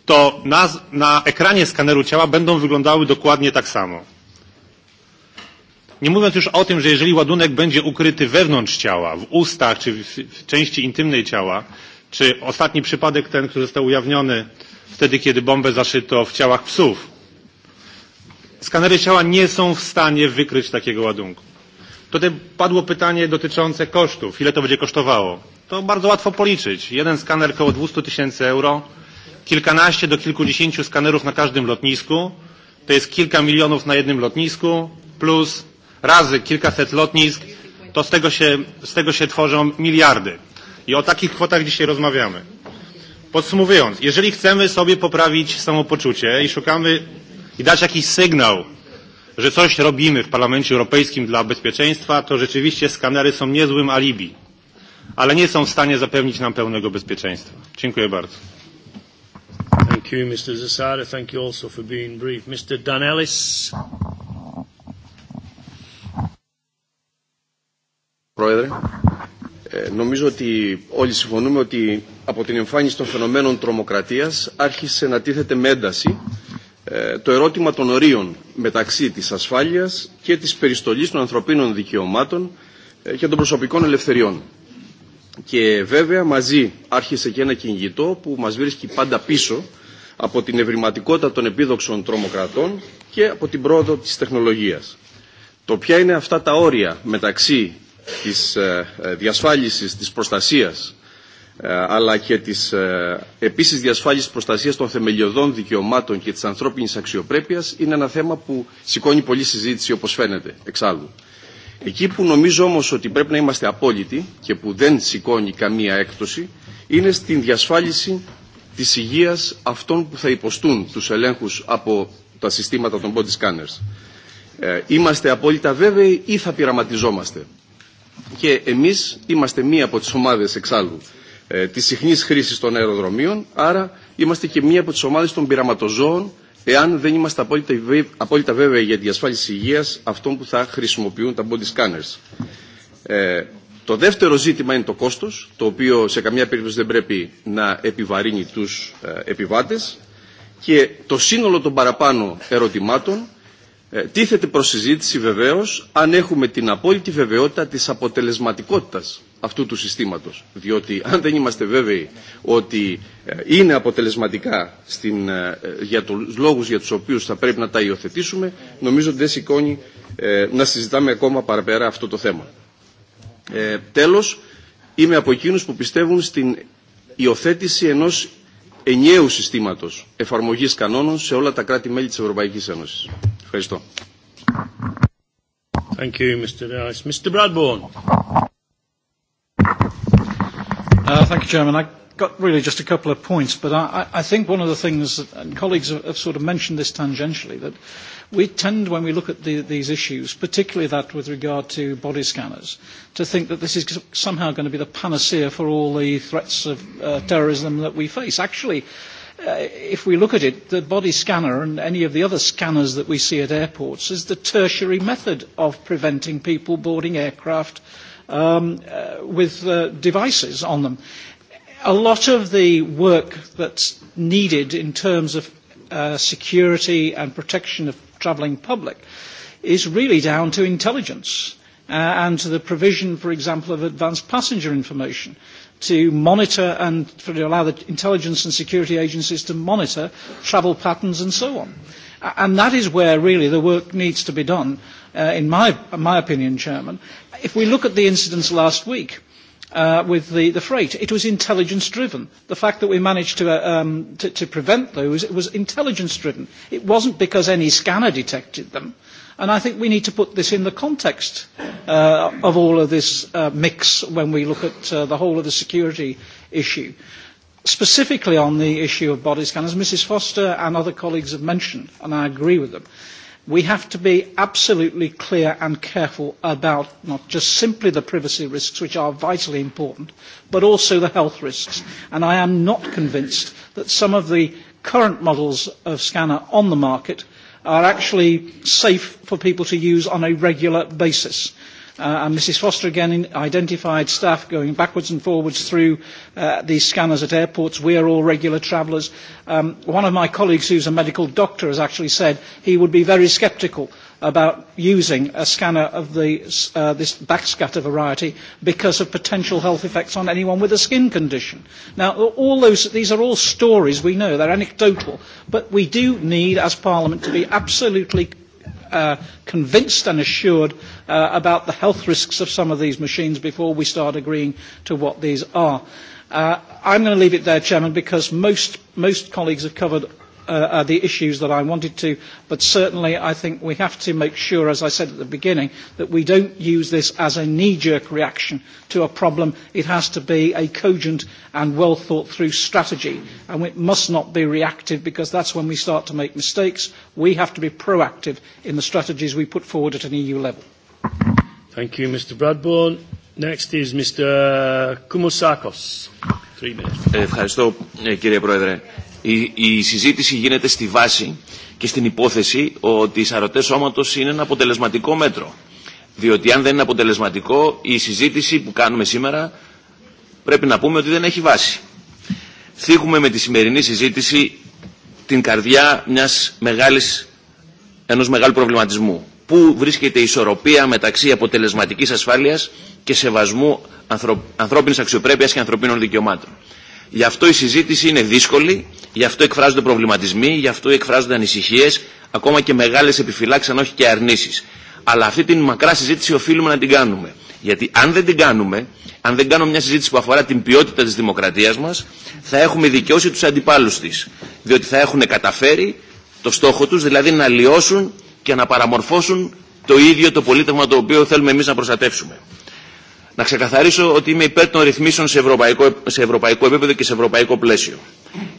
to na, na ekranie skaneru ciała będą wyglądały dokładnie tak samo. Nie mówiąc już o tym, że jeżeli ładunek będzie ukryty wewnątrz ciała, w ustach czy w, w części intymnej ciała, czy ostatni przypadek ten, który został ujawniony wtedy, kiedy bombę zaszyto w ciałach psów, skanery ciała nie są w stanie wykryć takiego ładunku. Tutaj padło pytanie dotyczące kosztów. Ile to będzie kosztowało? To bardzo łatwo policzyć. Jeden skaner około 200 tysięcy euro, kilkanaście do kilkudziesięciu skanerów na każdym lotnisku, to jest kilka milionów na jednym lotnisku, plus razy kilkaset lotnisk, to z tego się, z tego się tworzą miliardy. I o takich kwotach dzisiaj rozmawiamy. Podsumowując, jeżeli chcemy sobie poprawić samopoczucie i szukamy i dać jakiś sygnał, że coś robimy w Parlamencie Europejskim dla bezpieczeństwa, to rzeczywiście skanery są niezłym alibi, ale nie są w stanie zapewnić nam pełnego bezpieczeństwa. Dziękuję bardzo. Thank you, Mr. Zasada. Thank you also for being brief. Mr. Danelis. Πρόεδρε, ε, νομίζω ότι όλοι συμφωνούμε ότι από την εμφάνιση των φαινομένων τρομοκρατίας άρχισε να τίθεται με ένταση ε, το ερώτημα των ορίων μεταξύ της ασφάλειας και της περιστολής των ανθρωπίνων δικαιωμάτων ε, και των προσωπικών ελευθεριών. Και βέβαια μαζί άρχισε και ένα κυνηγητό που μας βρίσκει πάντα πίσω από την ευρηματικότητα των επίδοξων τρομοκρατών και από την πρόοδο της τεχνολογίας. Το ποια είναι αυτά τα όρια μεταξύ της διασφάλισης της προστασίας αλλά και της επίσης διασφάλισης προστασίας των θεμελιωδών δικαιωμάτων και της ανθρώπινης αξιοπρέπειας είναι ένα θέμα που σηκώνει πολλή συζήτηση όπως φαίνεται εξάλλου. Εκεί που νομίζω όμως ότι πρέπει να είμαστε απόλυτοι και που δεν σηκώνει καμία έκπτωση είναι στην διασφάλιση της υγείας αυτών που θα υποστούν τους ελέγχους από τα συστήματα των body scanners. Είμαστε απόλυτα βέβαιοι ή θα πειραματιζόμαστε και εμείς είμαστε μία από τις ομάδες εξάλλου ε, της συχνής χρήσης των αεροδρομίων, άρα είμαστε και μία από τις ομάδες των πειραματοζώων, εάν δεν είμαστε απόλυτα, απόλυτα βέβαια για τη διασφάλιση υγείας αυτών που θα χρησιμοποιούν τα body scanners. Ε, το δεύτερο ζήτημα είναι το κόστος, το οποίο σε καμία περίπτωση δεν πρέπει να επιβαρύνει τους ε, επιβάτες και το σύνολο των παραπάνω ερωτημάτων Τίθεται προς συζήτηση βεβαίως αν έχουμε την απόλυτη βεβαιότητα της αποτελεσματικότητας αυτού του συστήματος. Διότι αν δεν είμαστε βέβαιοι ότι είναι αποτελεσματικά στην, για τους λόγους για τους οποίους θα πρέπει να τα υιοθετήσουμε, νομίζω ότι δεν σηκώνει ε, να συζητάμε ακόμα παραπέρα αυτό το θέμα. Ε, τέλος, είμαι από εκείνου που πιστεύουν στην υιοθέτηση ενός ενιαίου συστήματος εφαρμογής κανόνων σε όλα τα κράτη-μέλη της Ευρωπαϊκής Ένωσης. Ευχαριστώ. Thank you, Mr. Rice. Mr. Bradbourne. Uh, thank you, Chairman. I got really just a couple of points, but I, I think one of the things, and colleagues have, have sort of mentioned this tangentially, that we tend, when we look at the, these issues, particularly that with regard to body scanners, to think that this is somehow going to be the panacea for all the threats of uh, terrorism that we face. Actually, uh, Uh, if we look at it, the body scanner and any of the other scanners that we see at airports is the tertiary method of preventing people boarding aircraft um, uh, with uh, devices on them. A lot of the work that's needed in terms of uh, security and protection of travelling public is really down to intelligence uh, and to the provision, for example, of advanced passenger information. Uh, to monitor and to allow the intelligence and security agencies to monitor travel patterns and so on. And that is where really the work needs to be done, uh, in my, in my opinion, Chairman. If we look at the incidents last week, uh, with the, the freight. It was intelligence driven. The fact that we managed to, uh, um, to, to prevent those, it was intelligence driven. It wasn't because any scanner detected them. And I think we need to put this in the context uh, of all of this uh, mix when we look at uh, the whole of the security issue. Specifically on the issue of body scanners, Mrs Foster and other colleagues have mentioned, and I agree with them, we have to be absolutely clear and careful about not just simply the privacy risks, which are vitally important, but also the health risks. And I am not convinced that some of the current models of scanner on the market are actually safe for people to use on a regular basis. Uh, and Mrs Foster again identified staff going backwards and forwards through uh, these scanners at airports. We are all regular travellers. Um, one of my colleagues who's a medical doctor has actually said he would be very sceptical about using a scanner of the, uh, this backscatter variety because of potential health effects on anyone with a skin condition. Now, all those, these are all stories we know, they're anecdotal, but we do need, as Parliament, to be absolutely uh, convinced and assured uh, about the health risks of some of these machines before we start agreeing to what these are. Uh, I'm going to leave it there, Chairman, because most, most colleagues have covered uh, are the issues that I wanted to, but certainly I think we have to make sure, as I said at the beginning, that we don't use this as a knee-jerk reaction to a problem. It has to be a cogent and well thought through strategy, and it must not be reactive because that's when we start to make mistakes. We have to be proactive in the strategies we put forward at an EU level. Thank you, Mr. Bradbourne. Next is Mr. Koumoutsakos. Three minutes. Ευχαριστώ, κύριε Πρόεδρε. Η, η συζήτηση γίνεται στη βάση και στην υπόθεση ότι οι σαρωτέ σώματος είναι ένα αποτελεσματικό μέτρο. Διότι αν δεν είναι αποτελεσματικό, η συζήτηση που κάνουμε σήμερα πρέπει να πούμε ότι δεν έχει βάση. Θύχουμε με τη σημερινή συζήτηση την καρδιά μιας μεγάλης, ενός μεγάλου προβληματισμού. Πού βρίσκεται η ισορροπία μεταξύ αποτελεσματικής ασφάλειας και σεβασμού ανθρω... ανθρώπινης αξιοπρέπειας και ανθρωπίνων δικαιωμάτων. Γι' αυτό η συζήτηση είναι δύσκολη, γι' αυτό εκφράζονται προβληματισμοί, γι' αυτό εκφράζονται ανησυχίε, ακόμα και μεγάλε επιφυλάξει, αν όχι και αρνήσει. Αλλά αυτή την μακρά συζήτηση οφείλουμε να την κάνουμε. Γιατί αν δεν την κάνουμε, αν δεν κάνουμε μια συζήτηση που αφορά την ποιότητα τη δημοκρατία μα, θα έχουμε δικαιώσει του αντιπάλου τη. Διότι θα έχουν καταφέρει το στόχο του, δηλαδή να λιώσουν και να παραμορφώσουν το ίδιο το πολίτευμα το οποίο θέλουμε εμεί να προστατεύσουμε. Να ξεκαθαρίσω ότι είμαι υπέρ των ρυθμίσεων σε ευρωπαϊκό, σε ευρωπαϊκό επίπεδο και σε ευρωπαϊκό πλαίσιο.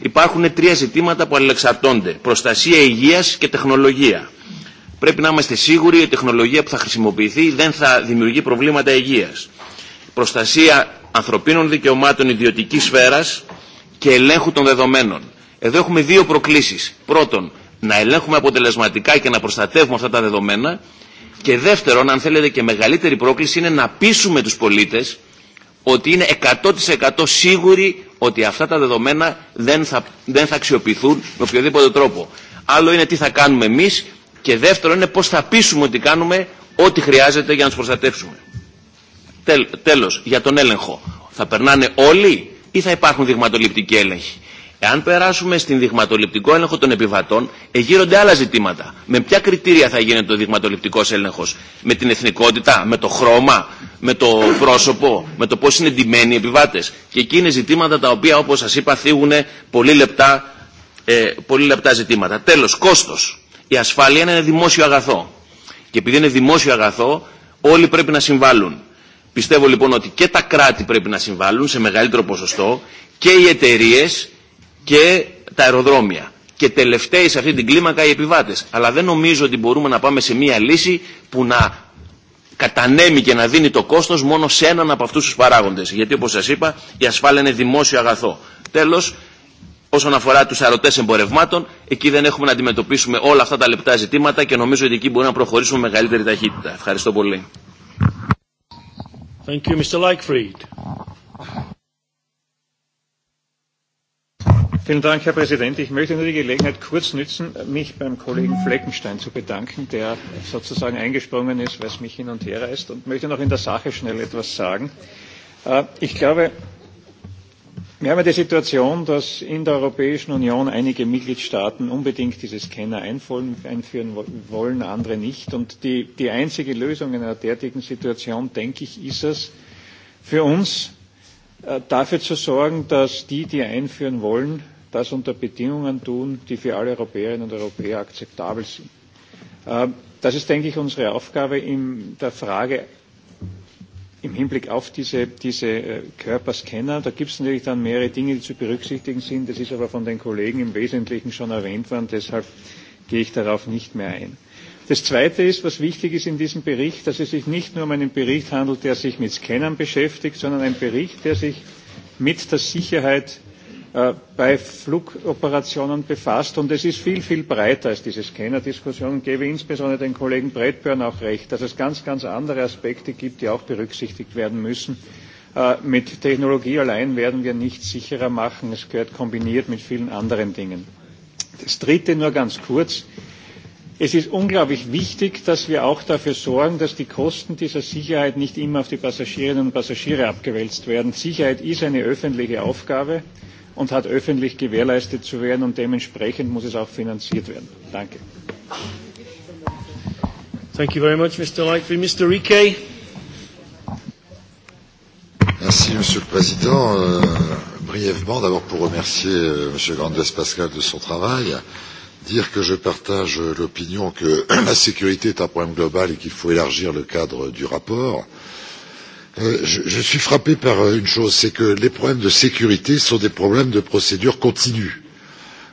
Υπάρχουν τρία ζητήματα που αλληλεξαρτώνται. Προστασία υγείας και τεχνολογία. Πρέπει να είμαστε σίγουροι ότι η τεχνολογία που θα χρησιμοποιηθεί δεν θα δημιουργεί προβλήματα υγείας. Προστασία ανθρωπίνων δικαιωμάτων ιδιωτικής σφαίρας και ελέγχου των δεδομένων. Εδώ έχουμε δύο προκλήσεις. Πρώτον, να ελέγχουμε αποτελεσματικά και να προστατεύουμε αυτά τα δεδομένα Και δεύτερον, αν θέλετε και μεγαλύτερη πρόκληση είναι να πείσουμε τους πολίτες ότι είναι 100% σίγουροι ότι αυτά τα δεδομένα δεν θα, δεν θα αξιοποιηθούν με οποιοδήποτε τρόπο. Άλλο είναι τι θα κάνουμε εμείς και δεύτερον είναι πώς θα πείσουμε ότι κάνουμε ό,τι χρειάζεται για να τους προστατεύσουμε. τέλος, για τον έλεγχο. Θα περνάνε όλοι ή θα υπάρχουν δειγματοληπτικοί έλεγχοι. Εάν περάσουμε στην δειγματοληπτικό έλεγχο των επιβατών, εγείρονται άλλα ζητήματα. Με ποια κριτήρια θα γίνεται ο δειγματοληπτικό έλεγχο, με την εθνικότητα, με το χρώμα, με το πρόσωπο, με το πώ είναι εντυμένοι οι επιβάτε. Και εκεί είναι ζητήματα τα οποία, όπω σα είπα, θίγουν πολύ ε, πολύ λεπτά ζητήματα. Τέλο, κόστο. Η ασφάλεια είναι ένα δημόσιο αγαθό. Και επειδή είναι δημόσιο αγαθό, όλοι πρέπει να συμβάλλουν. Πιστεύω λοιπόν ότι και τα κράτη πρέπει να συμβάλλουν σε μεγαλύτερο ποσοστό και οι εταιρείε και τα αεροδρόμια. Και τελευταίοι σε αυτή την κλίμακα οι επιβάτες. Αλλά δεν νομίζω ότι μπορούμε να πάμε σε μία λύση που να κατανέμει και να δίνει το κόστος μόνο σε έναν από αυτούς τους παράγοντες. Γιατί όπως σας είπα η ασφάλεια είναι δημόσιο αγαθό. Τέλος, όσον αφορά τους αρωτές εμπορευμάτων, εκεί δεν έχουμε να αντιμετωπίσουμε όλα αυτά τα λεπτά ζητήματα και νομίζω ότι εκεί μπορούμε να προχωρήσουμε μεγαλύτερη ταχύτητα. Ευχαριστώ πολύ. Thank you, Mr. Leichfried. Vielen Dank, Herr Präsident. Ich möchte nur die Gelegenheit kurz nutzen, mich beim Kollegen Fleckenstein zu bedanken, der sozusagen eingesprungen ist, weil es mich hin und her reißt, und möchte noch in der Sache schnell etwas sagen. Äh, ich glaube, wir haben ja die Situation, dass in der Europäischen Union einige Mitgliedstaaten unbedingt diese Scanner einführen wollen, andere nicht. Und die, die einzige Lösung in einer derartigen Situation, denke ich, ist es, für uns äh, dafür zu sorgen, dass die, die einführen wollen, das unter Bedingungen tun, die für alle Europäerinnen und Europäer akzeptabel sind. Das ist, denke ich, unsere Aufgabe in der Frage im Hinblick auf diese, diese Körperscanner. Da gibt es natürlich dann mehrere Dinge, die zu berücksichtigen sind. Das ist aber von den Kollegen im Wesentlichen schon erwähnt worden. Deshalb gehe ich darauf nicht mehr ein. Das Zweite ist, was wichtig ist in diesem Bericht, dass es sich nicht nur um einen Bericht handelt, der sich mit Scannern beschäftigt, sondern ein Bericht, der sich mit der Sicherheit Äh, bei Flugoperationen befasst. Und es ist viel, viel breiter als diese Scanner-Diskussion. und ich Gebe insbesondere dem Kollegen bradbourn auch recht, dass es ganz, ganz andere Aspekte gibt, die auch berücksichtigt werden müssen. Äh, mit Technologie allein werden wir nichts sicherer machen. Es gehört kombiniert mit vielen anderen Dingen. Das Dritte nur ganz kurz. Es ist unglaublich wichtig, dass wir auch dafür sorgen, dass die Kosten dieser Sicherheit nicht immer auf die Passagierinnen und Passagiere abgewälzt werden. Sicherheit ist eine öffentliche Aufgabe und hat öffentlich gewährleistet zu werden und dementsprechend muss es auch finanziert werden. Danke. Thank you very much, Mr. Lightfield. Mr. Rike. Merci, Monsieur le Président. Euh, brièvement, d'abord pour remercier euh, Monsieur Grandes Pascal de son travail, dire que je partage l'opinion que la sécurité est un problème global et qu'il faut élargir le cadre du rapport. Euh, Euh, je, je suis frappé par euh, une chose, c'est que les problèmes de sécurité sont des problèmes de procédure continue.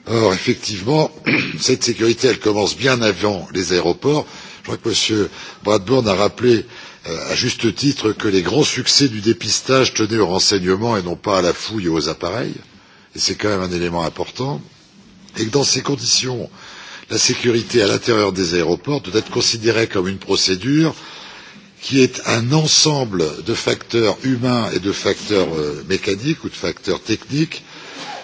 Or, effectivement, cette sécurité, elle commence bien avant les aéroports. Je crois que M. Bradbourne a rappelé euh, à juste titre que les grands succès du dépistage tenaient au renseignement et non pas à la fouille et aux appareils. Et c'est quand même un élément important. Et que dans ces conditions, la sécurité à l'intérieur des aéroports doit être considérée comme une procédure euh, qui est un ensemble de facteurs humains et de facteurs euh, mécaniques ou de facteurs techniques.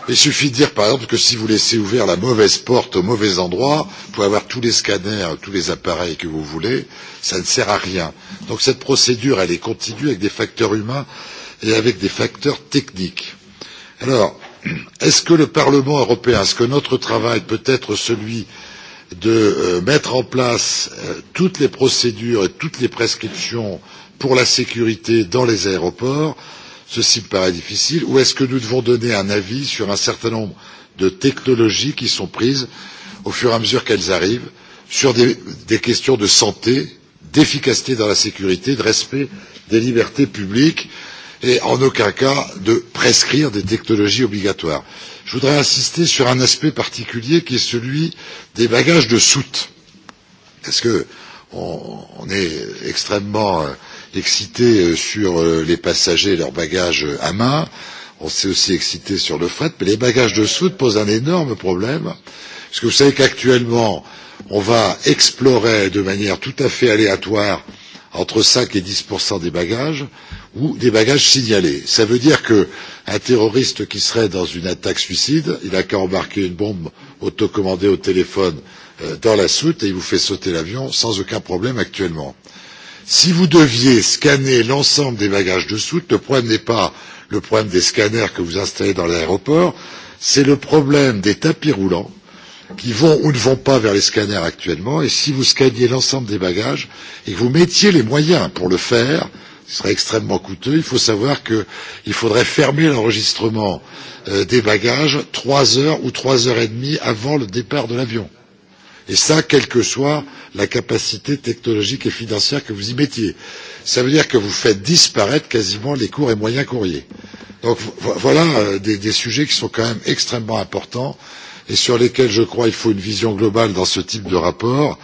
Il suffit de dire, par exemple, que si vous laissez ouvert la mauvaise porte au mauvais endroit, vous pouvez avoir tous les scanners, tous les appareils que vous voulez, ça ne sert à rien. Donc cette procédure, elle est continue avec des facteurs humains et avec des facteurs techniques. Alors, est-ce que le Parlement européen, est-ce que notre travail peut être celui euh, de euh, mettre en place euh, toutes les procédures et toutes les prescriptions pour la sécurité dans les aéroports, ceci me paraît difficile, ou est-ce que nous devons donner un avis sur un certain nombre de technologies qui sont prises au fur et à mesure qu'elles arrivent sur des, des questions de santé, d'efficacité dans la sécurité, de respect des libertés publiques et en aucun cas de prescrire des technologies obligatoires. Je voudrais insister sur un aspect particulier qui est celui des bagages de soute. Parce que on, on est extrêmement euh, excité euh, sur euh, les passagers et leurs bagages à main. On s'est aussi excité sur le fret, mais les bagages de soute posent un énorme problème, Parce que vous savez qu'actuellement, on va explorer de manière tout à fait aléatoire entre 5 et 10 des bagages ou des bagages signalés. Ça veut dire qu'un terroriste qui serait dans une attaque suicide, il n'a qu'à embarquer une bombe autocommandée au téléphone euh, dans la soute et il vous fait sauter l'avion sans aucun problème actuellement. Si vous deviez scanner l'ensemble des bagages de soute, le problème n'est pas le problème des scanners que vous installez dans l'aéroport, c'est le problème des tapis roulants qui vont ou ne vont pas vers les scanners actuellement, et si vous scanniez l'ensemble des bagages et que vous mettiez les moyens pour le faire, ce serait extrêmement coûteux. Il faut savoir qu'il faudrait fermer l'enregistrement euh, des bagages trois heures ou trois heures et demie avant le départ de l'avion. Et ça, quelle que soit la capacité technologique et financière que vous y mettiez. Ça veut dire que vous faites disparaître quasiment les cours et moyens courriers. Donc voilà euh, des, des sujets qui sont quand même extrêmement importants et sur lesquels, je crois, qu'il faut une vision globale dans ce type de rapport.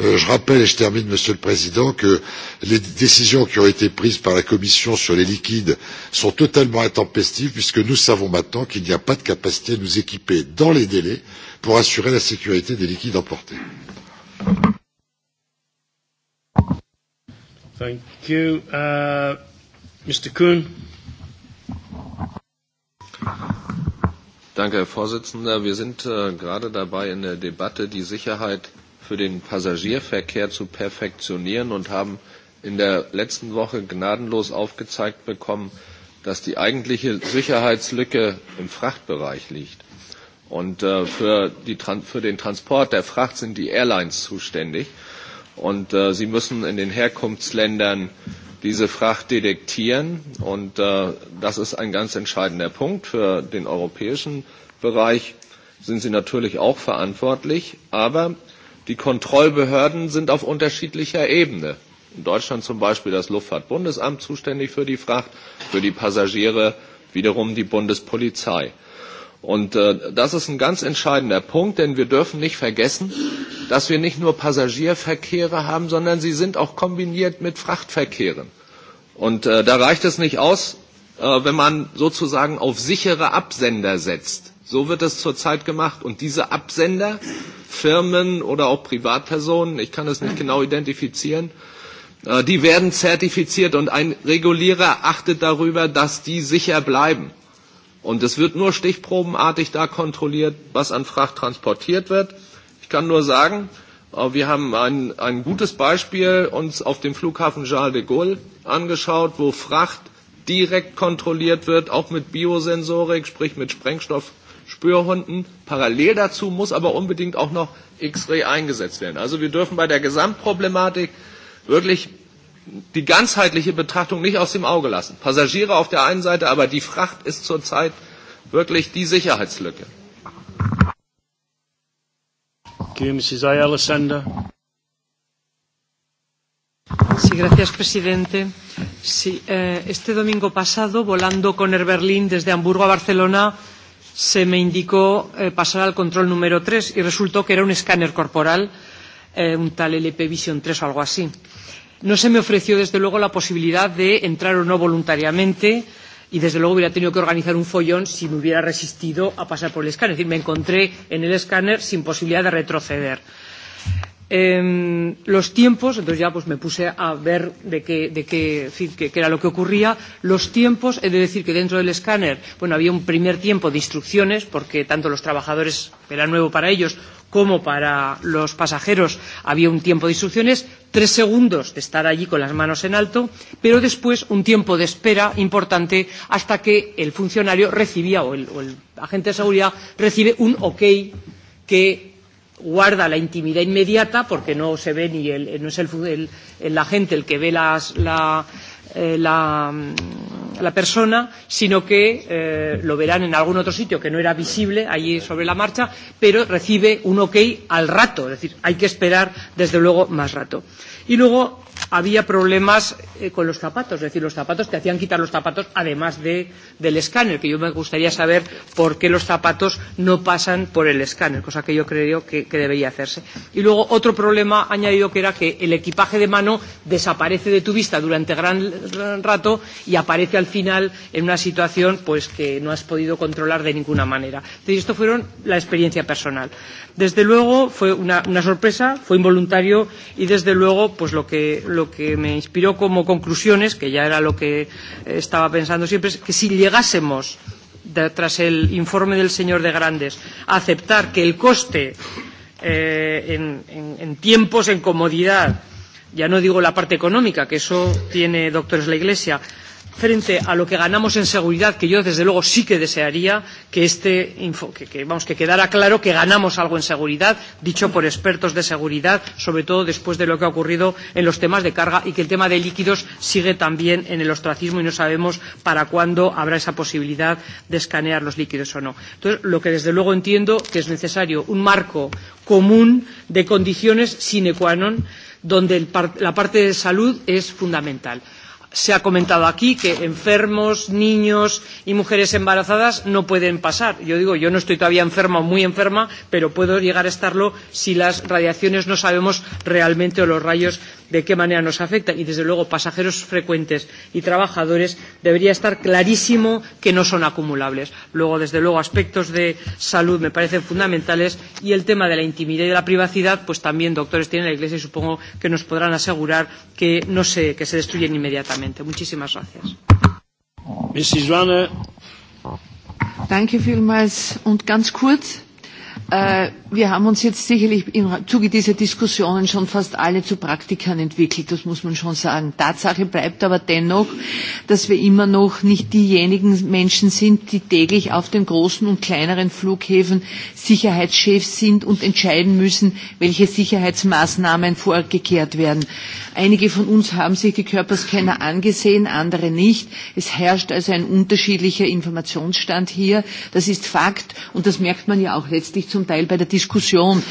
Euh, je rappelle, et je termine, Monsieur le Président, que les décisions qui ont été prises par la Commission sur les liquides sont totalement intempestives, puisque nous savons maintenant qu'il n'y a pas de capacité à nous équiper dans les délais pour assurer la sécurité des liquides emportés. Thank you. Uh, Mr. Kuhn. Danke, Herr Vorsitzender. Wir sind äh, gerade dabei, in der Debatte die Sicherheit für den Passagierverkehr zu perfektionieren und haben in der letzten Woche gnadenlos aufgezeigt bekommen, dass die eigentliche Sicherheitslücke im Frachtbereich liegt. Und äh, für, die, für den Transport der Fracht sind die Airlines zuständig. Und äh, sie müssen in den Herkunftsländern äh, diese Fracht detektieren. Und äh, das ist ein ganz entscheidender Punkt für den europäischen Bereich. Sind sie natürlich auch verantwortlich, aber die Kontrollbehörden sind auf unterschiedlicher Ebene. In Deutschland zum Beispiel das Luftfahrtbundesamt zuständig für die Fracht, für die Passagiere wiederum die Bundespolizei. Und äh, das ist ein ganz entscheidender Punkt, denn wir dürfen nicht vergessen, dass wir nicht nur Passagierverkehre haben, sondern sie sind auch kombiniert mit Frachtverkehren. Und äh, da reicht es nicht aus, äh, wenn man sozusagen auf sichere Absender setzt. So wird es zurzeit gemacht. Und diese Absender, Firmen oder auch Privatpersonen, ich kann es nicht genau identifizieren, äh, die werden zertifiziert und ein Regulierer achtet darüber, dass die sicher bleiben. Und es wird nur stichprobenartig da kontrolliert, was an Fracht transportiert wird. Ich kann nur sagen, äh, wir haben ein, ein gutes Beispiel uns auf dem Flughafen Charles de Gaulle angeschaut, wo Fracht direkt kontrolliert wird, auch mit Biosensorik, sprich mit Sprengstoffspürhunden. Parallel dazu muss aber unbedingt auch noch X-Ray eingesetzt werden. Also wir dürfen bei der Gesamtproblematik wirklich die ganzheitliche Betrachtung nicht aus dem Auge lassen. Passagiere auf der einen Seite, aber die Fracht ist zurzeit wirklich die Sicherheitslücke. Sí, gracias, presidente. Sí, eh, este domingo pasado, volando con Air Berlin desde Hamburgo a Barcelona, se me indicó eh, pasar al control número 3 y resultó que era un escáner corporal, eh, un tal LP Vision 3 o algo así. Eh, No se me ofreció, desde luego, la posibilidad de entrar o no voluntariamente y, desde luego, hubiera tenido que organizar un follón si me hubiera resistido a pasar por el escáner. Es decir, me encontré en el escáner sin posibilidad de retroceder. Eh, los tiempos, entonces ya pues me puse a ver de qué, de qué, en fin, qué, qué era lo que ocurría. Los tiempos, he de decir que dentro del escáner, bueno, había un primer tiempo de instrucciones, porque tanto los trabajadores, era nuevo para ellos, como para los pasajeros había un tiempo de instrucciones, tres segundos de estar allí con las manos en alto, pero después un tiempo de espera importante hasta que el funcionario recibía o el, o el agente de seguridad recibe un ok que guarda la intimidad inmediata porque no se ve ni el, no es el, el, el agente el que ve las, la, eh, la, la persona, sino que eh, lo verán en algún otro sitio que no era visible allí sobre la marcha, pero recibe un ok al rato, es decir, hay que esperar desde luego más rato. Y luego había problemas eh, con los zapatos, es decir, los zapatos te hacían quitar los zapatos además de, del escáner, que yo me gustaría saber por qué los zapatos no pasan por el escáner, cosa que yo creo que, que debería hacerse. Y luego otro problema añadido que era que el equipaje de mano desaparece de tu vista durante gran, gran rato y aparece al final en una situación pues que no has podido controlar de ninguna manera. Entonces, esto fueron la experiencia personal. Desde luego fue una, una sorpresa, fue involuntario y desde luego pues lo que lo lo que me inspiró como conclusiones, que ya era lo que estaba pensando siempre, es que si llegásemos, de, tras el informe del señor de Grandes, a aceptar que el coste eh, en, en, en tiempos, en comodidad, ya no digo la parte económica, que eso tiene doctores la Iglesia, frente a lo que ganamos en seguridad, que yo desde luego sí que desearía que este que, vamos, que quedara claro que ganamos algo en seguridad, dicho por expertos de seguridad, sobre todo después de lo que ha ocurrido en los temas de carga y que el tema de líquidos sigue también en el ostracismo y no sabemos para cuándo habrá esa posibilidad de escanear los líquidos o no. Entonces, lo que desde luego entiendo que es necesario un marco común de condiciones sine qua non donde el la parte de salud es fundamental Se ha comentado aquí que enfermos, niños y mujeres embarazadas no pueden pasar. Yo digo, yo no estoy todavía enferma o muy enferma, pero puedo llegar a estarlo si las radiaciones no sabemos realmente o los rayos de qué manera nos afectan. Y desde luego, pasajeros frecuentes y trabajadores debería estar clarísimo que no son acumulables. Luego, desde luego, aspectos de salud me parecen fundamentales y el tema de la intimidad y de la privacidad, pues también doctores tienen la Iglesia y supongo que nos podrán asegurar que no se, que se destruyen inmediatamente rápidamente. Muchísimas gracias. Mrs. Danke vielmals und ganz kurz. Äh, wir haben uns jetzt sicherlich im Zuge dieser Diskussionen schon fast alle zu Praktikern entwickelt, das muss man schon sagen. Tatsache bleibt aber dennoch, dass wir immer noch nicht diejenigen Menschen sind, die täglich auf den großen und kleineren Flughäfen Sicherheitschefs sind und entscheiden müssen, welche Sicherheitsmaßnahmen vorgekehrt werden. Einige von uns haben sich die Körperscanner angesehen, andere nicht. Es herrscht also ein unterschiedlicher Informationsstand hier. Das ist Fakt und das merkt man ja auch letztlich zum Teil bei der Diskussion Diskussion.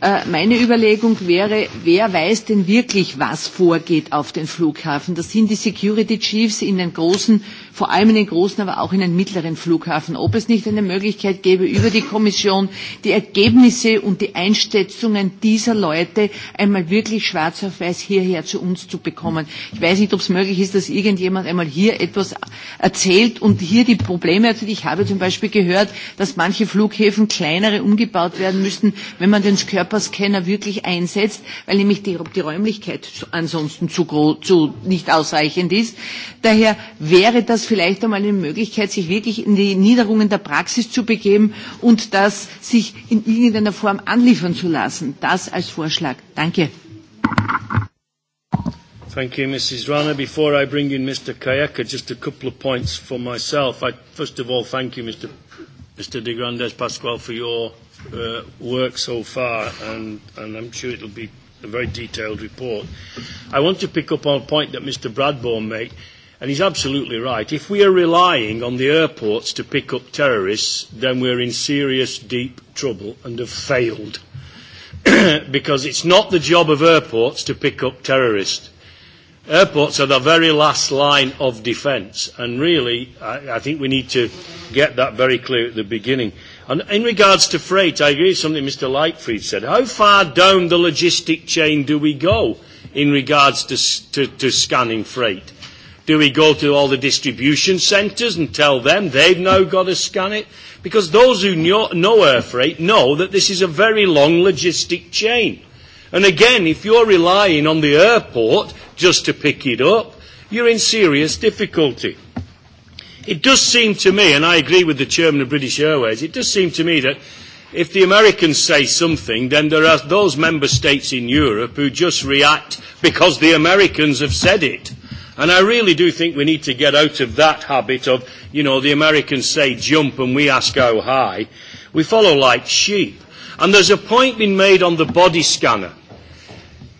Äh, meine Überlegung wäre, wer weiß denn wirklich, was vorgeht auf dem Flughafen? Das sind die Security Chiefs in den großen vor allem in den großen, aber auch in den mittleren Flughafen, ob es nicht eine Möglichkeit gäbe, über die Kommission die Ergebnisse und die Einschätzungen dieser Leute einmal wirklich schwarz auf weiß hierher zu uns zu bekommen. Ich weiß nicht, ob es möglich ist, dass irgendjemand einmal hier etwas erzählt und hier die Probleme erzählt. Ich habe zum Beispiel gehört, dass manche Flughäfen kleinere umgebaut werden müssen, wenn man den Körperscanner wirklich einsetzt, weil nämlich die, die Räumlichkeit ansonsten zu, zu nicht ausreichend ist. Daher wäre das vielleicht einmal eine Möglichkeit, sich wirklich in die Niederungen der Praxis zu begeben und das sich in irgendeiner Form anliefern zu lassen. Das als Vorschlag. Danke. Thank you, Mrs. Rana. Before I bring in Mr. Kayaka, just a couple of points for myself. I, first of all, thank you, Mr. Mr. De Grandes Pascual, for your uh, work so far, and, and I'm sure it'll be a very detailed report. I want to pick up on a point that Mr. Bradbourne made And he's absolutely right. If we are relying on the airports to pick up terrorists, then we're in serious, deep trouble and have failed. because it's not the job of airports to pick up terrorists. Airports are the very last line of defence. And really, I, I think we need to get that very clear at the beginning. And in regards to freight, I agree with something Mr. Lightfried said. How far down the logistic chain do we go in regards to, to, to scanning freight? Do we go to all the distribution centres and tell them they've now got to scan it? Because those who know, know air freight know that this is a very long logistic chain. And again, if you're relying on the airport just to pick it up, you're in serious difficulty. It does seem to me, and I agree with the chairman of British Airways, it does seem to me that if the Americans say something, then there are those member states in Europe who just react because the Americans have said it. And I really do think we need to get out of that habit of, you know, the Americans say jump and we ask how high. We follow like sheep. And there's a point being made on the body scanner.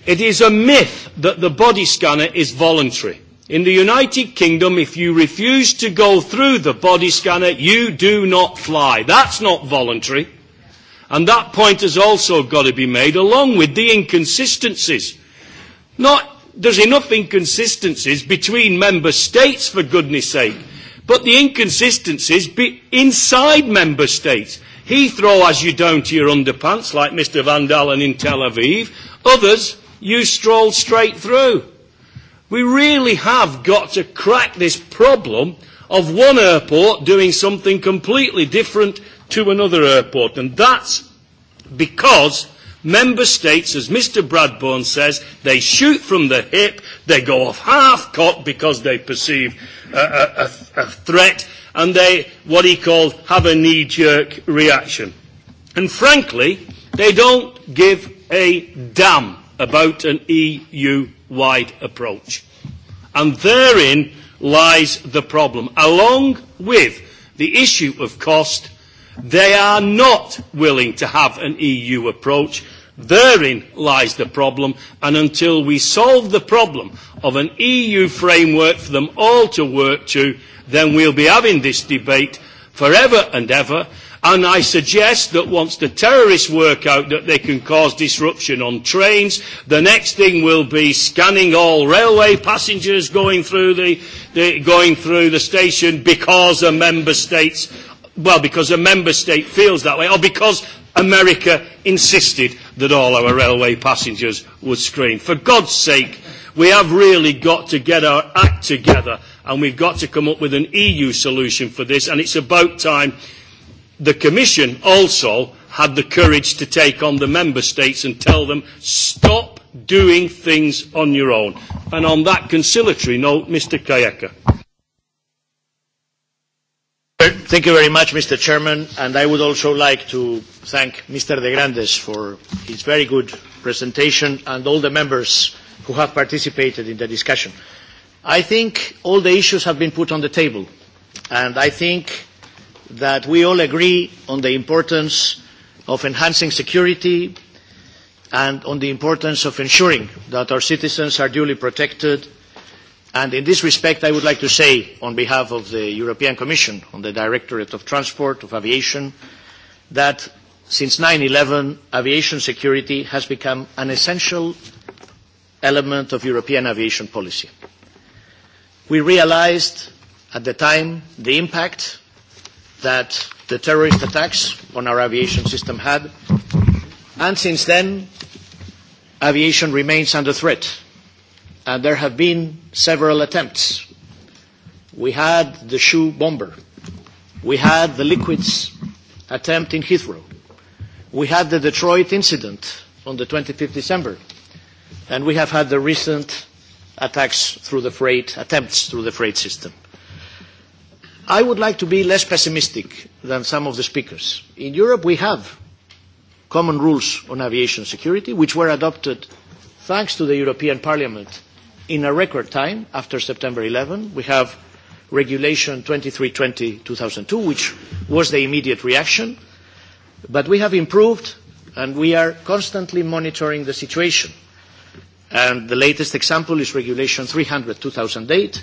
It is a myth that the body scanner is voluntary. In the United Kingdom, if you refuse to go through the body scanner, you do not fly. That's not voluntary. And that point has also got to be made along with the inconsistencies. Not there's enough inconsistencies between member states, for goodness sake. But the inconsistencies be inside member states. Heathrow has you down to your underpants, like Mr. Van Dalen in Tel Aviv. Others, you stroll straight through. We really have got to crack this problem of one airport doing something completely different to another airport. And that's because Member states, as Mr. Bradbourne says, they shoot from the hip, they go off half cocked because they perceive a, a, a, a threat, and they, what he called, have a knee jerk reaction. And frankly, they don't give a damn about an EU wide approach. And therein lies the problem, along with the issue of cost They are not willing to have an EU approach. Therein lies the problem, and until we solve the problem of an EU framework for them all to work to, then we'll be having this debate forever and ever. And I suggest that once the terrorists work out that they can cause disruption on trains, the next thing will be scanning all railway passengers going through the, the, going through the station because the member state's well, because a member state feels that way, or because America insisted that all our railway passengers would screen. For God's sake, we have really got to get our act together and we've got to come up with an EU solution for this and it's about time the Commission also had the courage to take on the Member States and tell them, stop doing things on your own. And on that conciliatory note, Mr Kayeka. Thank you very much, Mr. Chairman, and I would also like to thank Mr. De Grandes for his very good presentation and all the members who have participated in the discussion. I think all the issues have been put on the table, and I think that we all agree on the importance of enhancing security and on the importance of ensuring that our citizens are duly protected And in this respect, I would like to say, on behalf of the European Commission, on the Directorate of Transport, of Aviation, that since 9-11, aviation security has become an essential element of European aviation policy. We realized at the time the impact that the terrorist attacks on our aviation system had, and since then, aviation remains under threat And there have been several attempts. We had the shoe bomber. We had the liquids attempt in Heathrow. We had the Detroit incident on the 25th December. And we have had the recent attacks through the freight, attempts through the freight system. I would like to be less pessimistic than some of the speakers. In Europe, we have common rules on aviation security, which were adopted thanks to the European Parliament in a record time after September 11. We have Regulation 2320-2002, which was the immediate reaction. But we have improved, and we are constantly monitoring the situation. And the latest example is Regulation 300-2008,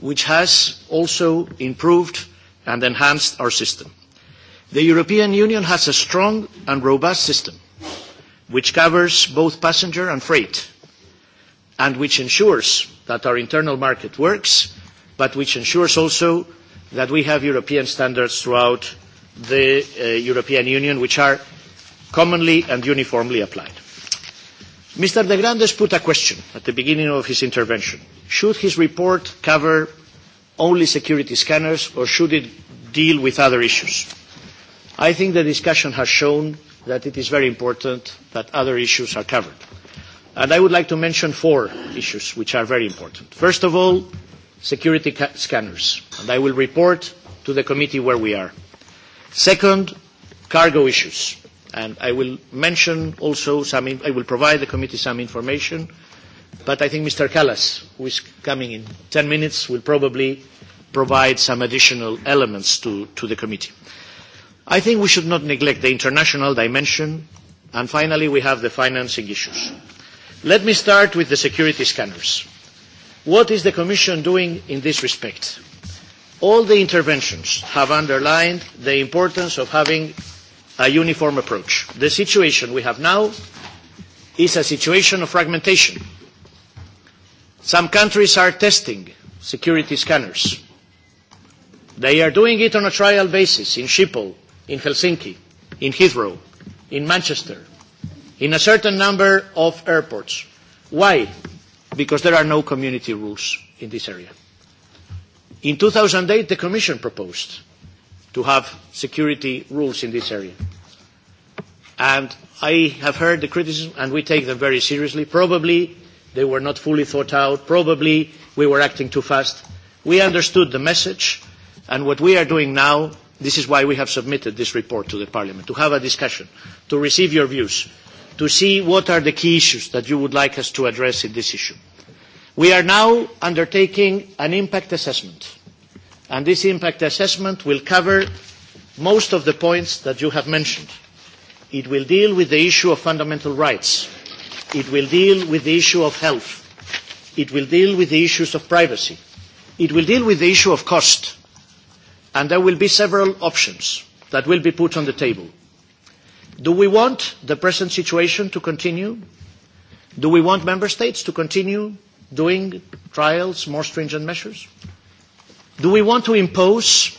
which has also improved and enhanced our system. The European Union has a strong and robust system, which covers both passenger and freight and which ensures that our internal market works, but which ensures also that we have European standards throughout the uh, European Union, which are commonly and uniformly applied. Mr. De Grandes put a question at the beginning of his intervention. Should his report cover only security scanners or should it deal with other issues? I think the discussion has shown that it is very important that other issues are covered. And I would like to mention four issues which are very important. First of all, security scanners. And I will report to the committee where we are. Second, cargo issues. And I will mention also some, I will provide the committee some information, but I think Mr. Callas, who is coming in 10 minutes, will probably provide some additional elements to, to the committee. I think we should not neglect the international dimension, and finally we have the financing issues. Let me start with the security scanners. What is the Commission doing in this respect? All the interventions have underlined the importance of having a uniform approach. The situation we have now is a situation of fragmentation. Some countries are testing security scanners. They are doing it on a trial basis in Schiphol, in Helsinki, in Heathrow, in Manchester, in a certain number of airports. Why? Because there are no community rules in this area. In 2008, the Commission proposed to have security rules in this area. And I have heard the criticism, and we take them very seriously. Probably they were not fully thought out. Probably we were acting too fast. We understood the message, and what we are doing now, this is why we have submitted this report to the Parliament, to have a discussion, to receive your views to see what are the key issues that you would like us to address in this issue. We are now undertaking an impact assessment, and this impact assessment will cover most of the points that you have mentioned. It will deal with the issue of fundamental rights. It will deal with the issue of health. It will deal with the issues of privacy. It will deal with the issue of cost. And there will be several options that will be put on the table. Do we want the present situation to continue? Do we want member states to continue doing trials, more stringent measures? Do we want to impose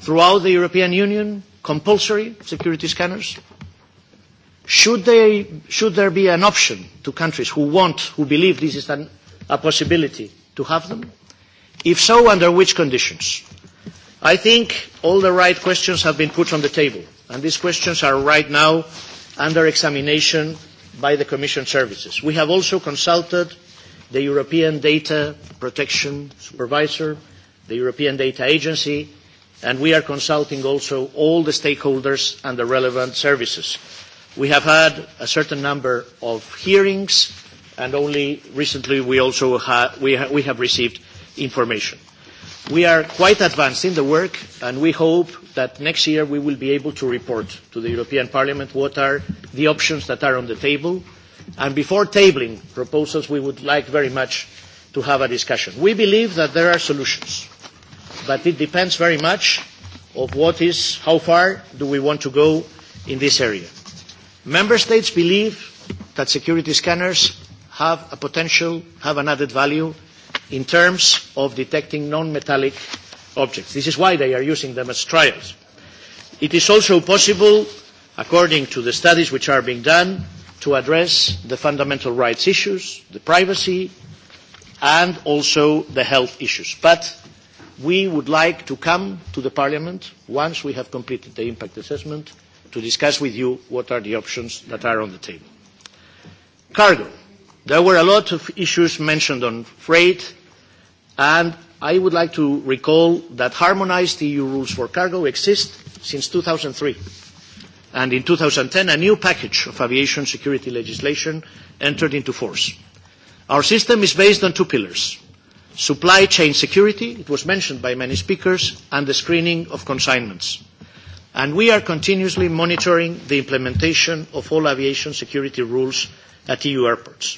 throughout the European Union compulsory security scanners? Should, they, should there be an option to countries who want, who believe this is an, a possibility to have them? If so, under which conditions? I think all the right questions have been put on the table. And these questions are right now under examination by the Commission services. We have also consulted the European Data Protection Supervisor, the European Data Agency, and we are consulting also all the stakeholders and the relevant services. We have had a certain number of hearings, and only recently we also ha we, ha we have received information. We are quite advanced in the work, and we hope that next year we will be able to report to the European Parliament what are the options that are on the table. And before tabling proposals, we would like very much to have a discussion. We believe that there are solutions, but it depends very much of what is, how far do we want to go in this area. Member states believe that security scanners have a potential, have an added value in terms of detecting non-metallic objects. This is why they are using them as trials. It is also possible, according to the studies which are being done, to address the fundamental rights issues, the privacy, and also the health issues. But we would like to come to the Parliament, once we have completed the impact assessment, to discuss with you what are the options that are on the table. Cargo. There were a lot of issues mentioned on freight, And I would like to recall that harmonized EU rules for cargo exist since 2003. And in 2010, a new package of aviation security legislation entered into force. Our system is based on two pillars. Supply chain security, it was mentioned by many speakers, and the screening of consignments. And we are continuously monitoring the implementation of all aviation security rules at EU airports.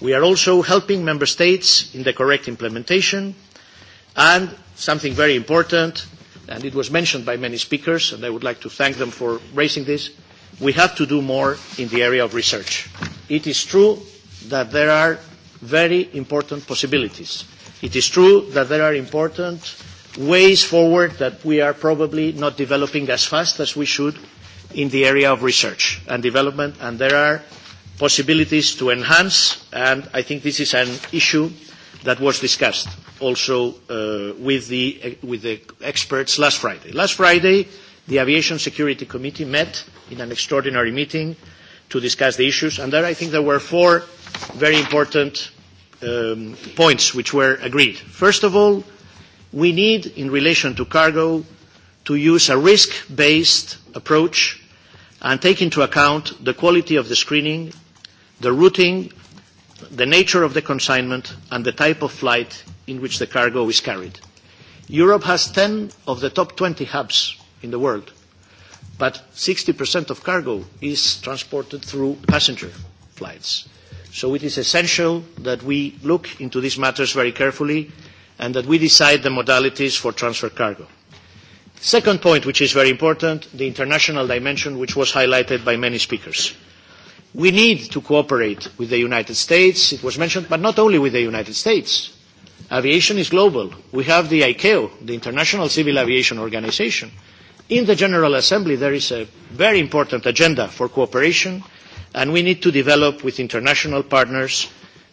We are also helping member states in the correct implementation and something very important, and it was mentioned by many speakers, and I would like to thank them for raising this, we have to do more in the area of research. It is true that there are very important possibilities. It is true that there are important ways forward that we are probably not developing as fast as we should in the area of research and development, and there are possibilities to enhance, and I think this is an issue that was discussed also uh, with, the, uh, with the experts last Friday. Last Friday, the Aviation Security Committee met in an extraordinary meeting to discuss the issues, and there I think there were four very important um, points which were agreed. First of all, we need, in relation to cargo, to use a risk-based approach and take into account the quality of the screening the routing, the nature of the consignment, and the type of flight in which the cargo is carried. Europe has 10 of the top 20 hubs in the world, but 60% of cargo is transported through passenger flights. So it is essential that we look into these matters very carefully and that we decide the modalities for transfer cargo. Second point, which is very important, the international dimension, which was highlighted by many speakers. We need to cooperate with the United States, it was mentioned, but not only with the United States. Aviation is global. We have the ICAO, the International Civil Aviation Organization. In the General Assembly, there is a very important agenda for cooperation, and we need to develop with international partners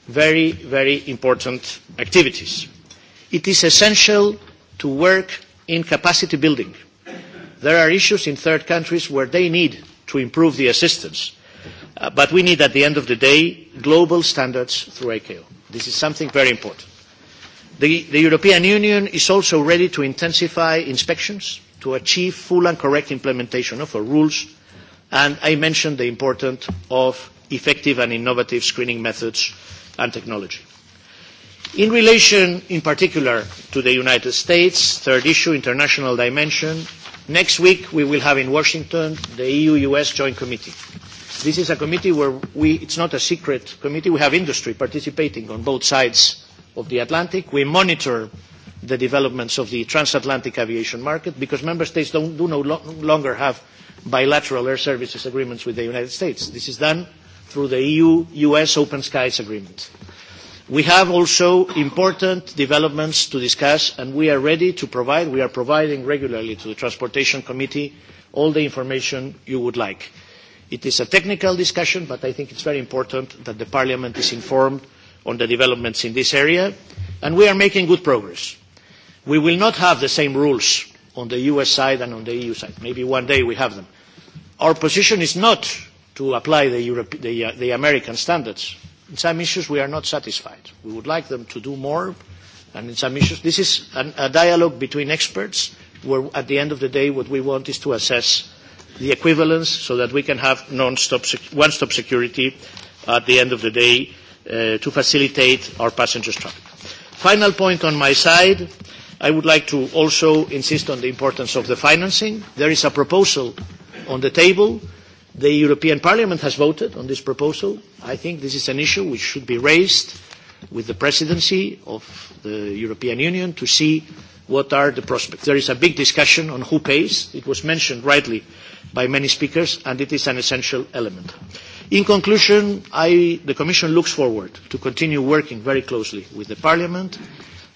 very, very important activities. It is essential to work in capacity building. There are issues in third countries where they need to improve the assistance Uh, but we need, at the end of the day, global standards through ICAO. This is something very important. The, the European Union is also ready to intensify inspections to achieve full and correct implementation of our rules, and I mentioned the importance of effective and innovative screening methods and technology. In relation, in particular, to the United States, third issue, international dimension, next week we will have in Washington the EU-US Joint Committee This is a committee where we, it's not a secret committee, we have industry participating on both sides of the Atlantic. We monitor the developments of the transatlantic aviation market because member states don't, do no lo longer have bilateral air services agreements with the United States. This is done through the EU-US Open Skies Agreement. We have also important developments to discuss and we are ready to provide, we are providing regularly to the Transportation Committee all the information you would like. It is a technical discussion, but I think it's very important that the Parliament is informed on the developments in this area, and we are making good progress. We will not have the same rules on the US side and on the EU side. Maybe one day we have them. Our position is not to apply the, Europe, the, uh, the American standards. In some issues, we are not satisfied. We would like them to do more, and in some issues, this is an, a dialogue between experts where at the end of the day, what we want is to assess the equivalence so that we can have non-stop sec- one-stop security at the end of the day uh, to facilitate our passengers' traffic. Final point on my side, I would like to also insist on the importance of the financing. There is a proposal on the table. The European Parliament has voted on this proposal. I think this is an issue which should be raised with the presidency of the European Union to see what are the prospects. There is a big discussion on who pays. It was mentioned rightly by many speakers, and it is an essential element. In conclusion, I, the Commission looks forward to continue working very closely with the Parliament,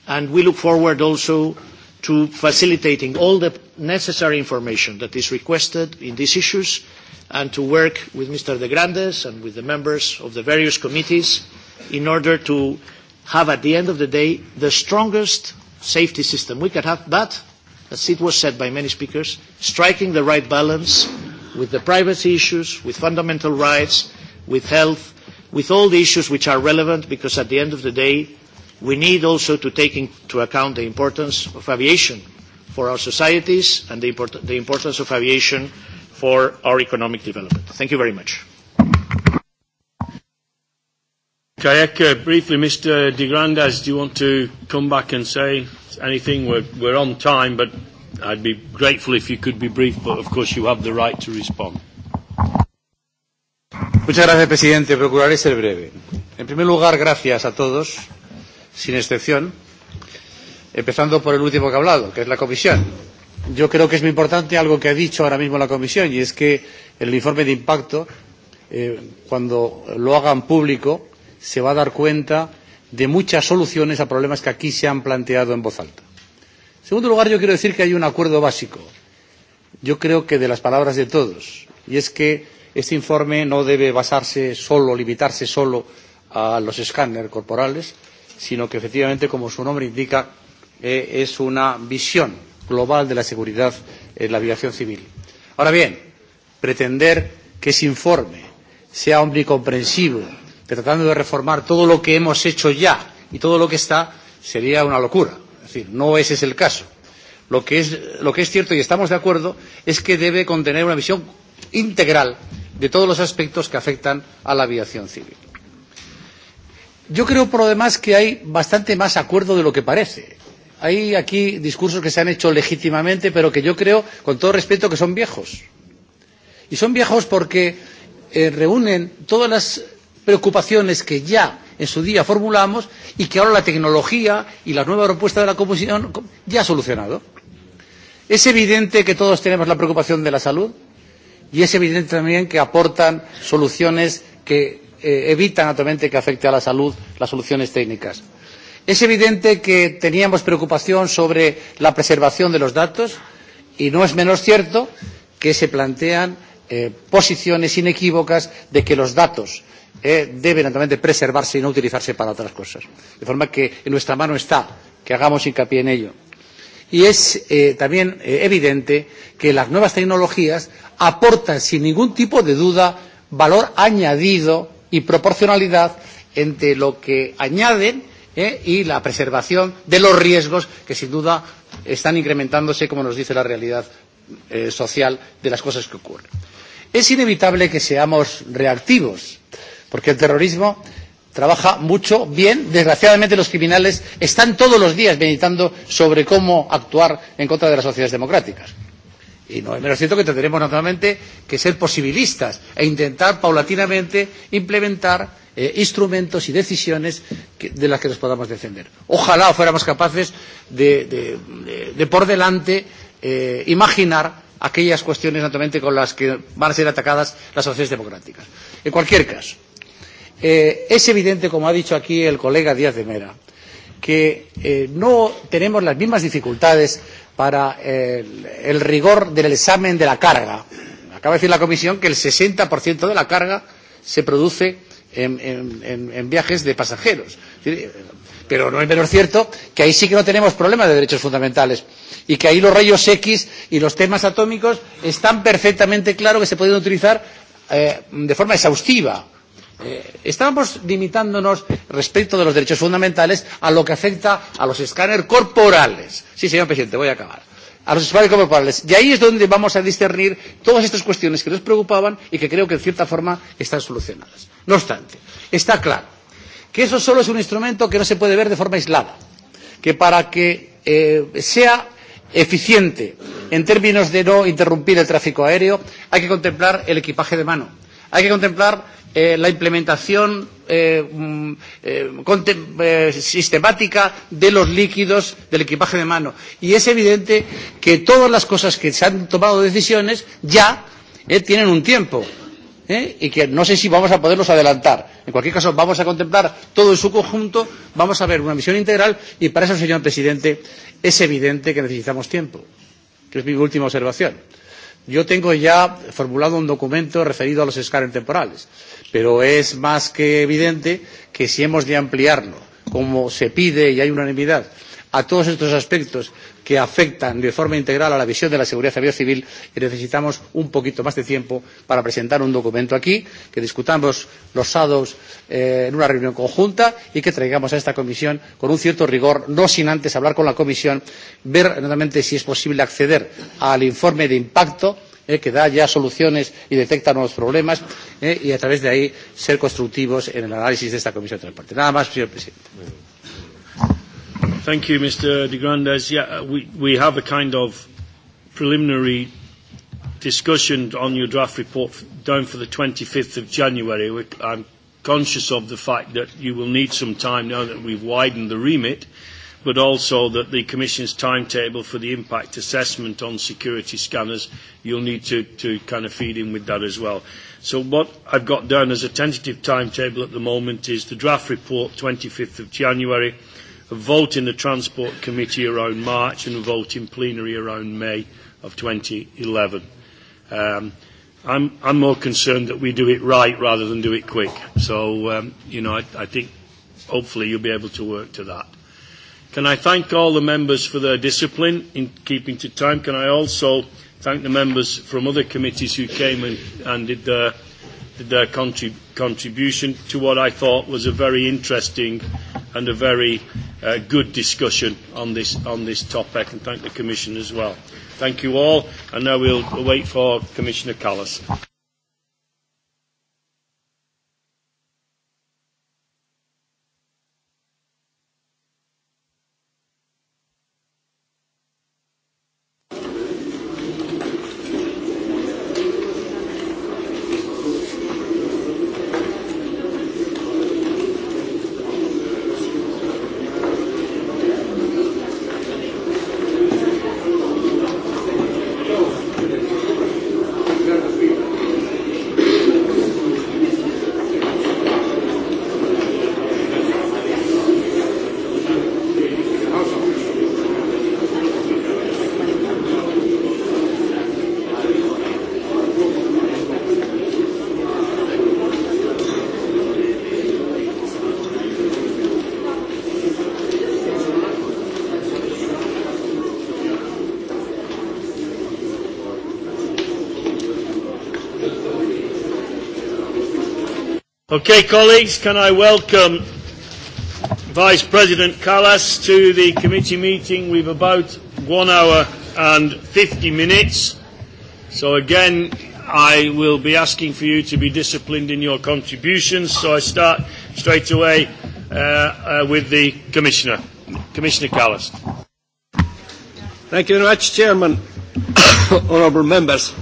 and we look forward also to facilitating all the necessary information that is requested in these issues, and to work with Mr. De Grandes and with the members of the various committees in order to have, at the end of the day, the strongest safety system we can have, but as it was said by many speakers, striking the right balance with the privacy issues, with fundamental rights, with health, with all the issues which are relevant, because at the end of the day, we need also to take into account the importance of aviation for our societies and the, import the importance of aviation for our economic development. Thank you very much. Kayak, uh, briefly, Mr. De Grandes, do you want to come back and say anything. We're, we're on time, but I'd be grateful if you could be brief, but of course you have the right to respond. Muchas gracias, presidente. Procuraré ser breve. En primer lugar, gracias a todos, sin excepción, empezando por el último que ha hablado, que es la Comisión. Yo creo que es muy importante algo que ha dicho ahora mismo la Comisión, y es que el informe de impacto, eh, cuando lo hagan público, se va a dar cuenta de muchas soluciones a problemas que aquí se han planteado en voz alta. En segundo lugar, yo quiero decir que hay un acuerdo básico, yo creo que de las palabras de todos, y es que este informe no debe basarse solo, limitarse solo a los escáneres corporales, sino que efectivamente, como su nombre indica, eh, es una visión global de la seguridad en la aviación civil. Ahora bien, pretender que ese informe sea omnicomprensivo que tratando de reformar todo lo que hemos hecho ya y todo lo que está sería una locura. Es decir, no ese es el caso. Lo que es, lo que es cierto y estamos de acuerdo es que debe contener una visión integral de todos los aspectos que afectan a la aviación civil. Yo creo, por lo demás, que hay bastante más acuerdo de lo que parece. Hay aquí discursos que se han hecho legítimamente, pero que yo creo, con todo respeto, que son viejos. Y son viejos porque eh, reúnen todas las preocupaciones que ya en su día formulamos y que ahora la tecnología y la nueva propuesta de la Comisión ya ha solucionado. Es evidente que todos tenemos la preocupación de la salud y es evidente también que aportan soluciones que eh, evitan naturalmente que afecte a la salud las soluciones técnicas. Es evidente que teníamos preocupación sobre la preservación de los datos y no es menos cierto que se plantean eh, posiciones inequívocas de que los datos eh, debe naturalmente preservarse y no utilizarse para otras cosas. De forma que en nuestra mano está que hagamos hincapié en ello. Y es eh, también eh, evidente que las nuevas tecnologías aportan sin ningún tipo de duda valor añadido y proporcionalidad entre lo que añaden eh, y la preservación de los riesgos que sin duda están incrementándose, como nos dice la realidad eh, social de las cosas que ocurren. Es inevitable que seamos reactivos. Eh, porque el terrorismo trabaja mucho, bien. Desgraciadamente los criminales están todos los días meditando sobre cómo actuar en contra de las sociedades democráticas. Y no es menos cierto que tendremos naturalmente que ser posibilistas e intentar paulatinamente implementar eh, instrumentos y decisiones que, de las que nos podamos defender. Ojalá fuéramos capaces de, de, de, de por delante eh, imaginar aquellas cuestiones naturalmente con las que van a ser atacadas las sociedades democráticas. En cualquier caso, Eh, es evidente, como ha dicho aquí el colega Díaz de Mera, que eh, no tenemos las mismas dificultades para eh, el, rigor del examen de la carga. Acaba de decir la Comisión que el 60% de la carga se produce en, en, en, en viajes de pasajeros. Eh, pero no es menos cierto que ahí sí que no tenemos problemas de derechos fundamentales y que ahí los rayos X y los temas atómicos están perfectamente claros que se pueden utilizar eh, de forma exhaustiva Eh, estábamos limitándonos respecto de los derechos fundamentales a lo que afecta a los escáneres corporales. Sí, señor presidente, voy a acabar. A los escáneres corporales. Y ahí es donde vamos a discernir todas estas cuestiones que nos preocupaban y que creo que, en cierta forma, están solucionadas. No obstante, está claro que eso solo es un instrumento que no se puede ver de forma aislada, que para que eh, sea eficiente en términos de no interrumpir el tráfico aéreo hay que contemplar el equipaje de mano, hay que contemplar eh, la implementación eh, mm, eh, eh, sistemática de los líquidos del equipaje de mano. Y es evidente que todas las cosas que se han tomado decisiones ya eh, tienen un tiempo. ¿eh? y que no sé si vamos a poderlos adelantar. En cualquier caso, vamos a contemplar todo en su conjunto, vamos a ver una visión integral y para eso, señor presidente, es evidente que necesitamos tiempo, que es mi última observación. Yo tengo ya formulado un documento referido a los escáneres temporales pero es más que evidente que si hemos de ampliarlo, como se pide y hay unanimidad, a todos estos aspectos que afectan de forma integral a la visión de la seguridad aérea civil necesitamos un poquito más de tiempo para presentar un documento aquí, que discutamos los sábados eh, en una reunión conjunta y que traigamos a esta comisión con un cierto rigor, no sin antes hablar con la comisión, ver realmente si es posible acceder al informe de impacto eh, que da ya soluciones y detecta nuevos problemas eh, y a través de ahí ser constructivos en el análisis de esta comisión de transporte. Nada más, señor presidente. Thank you, Mr. De Grandes. Yeah, we, we have a kind of preliminary discussion on your draft report down for the 25th of January. We, I'm conscious of the fact that you will need some time now that we've widened the remit but also that the Commission's timetable for the impact assessment on security scanners, you'll need to, to kind of feed in with that as well. So what I've got done as a tentative timetable at the moment is the draft report 25th of January, a vote in the Transport Committee around March and a vote in plenary around May of 2011. Um, I'm, I'm more concerned that we do it right rather than do it quick. So, um, you know, I, I think hopefully you'll be able to work to that. Can I thank all the members for their discipline in keeping to time? Can I also thank the members from other committees who came and, and did their, did their contrib- contribution to what I thought was a very interesting and a very uh, good discussion on this, on this topic, and thank the Commission as well. Thank you all, and now we'll wait for Commissioner Callas. Okay, colleagues, can I welcome Vice President Callas to the committee meeting? We've about one hour and 50 minutes. So again, I will be asking for you to be disciplined in your contributions. So I start straight away uh, uh, with the Commissioner. Commissioner Callas. Thank you very much, Chairman. Honourable members,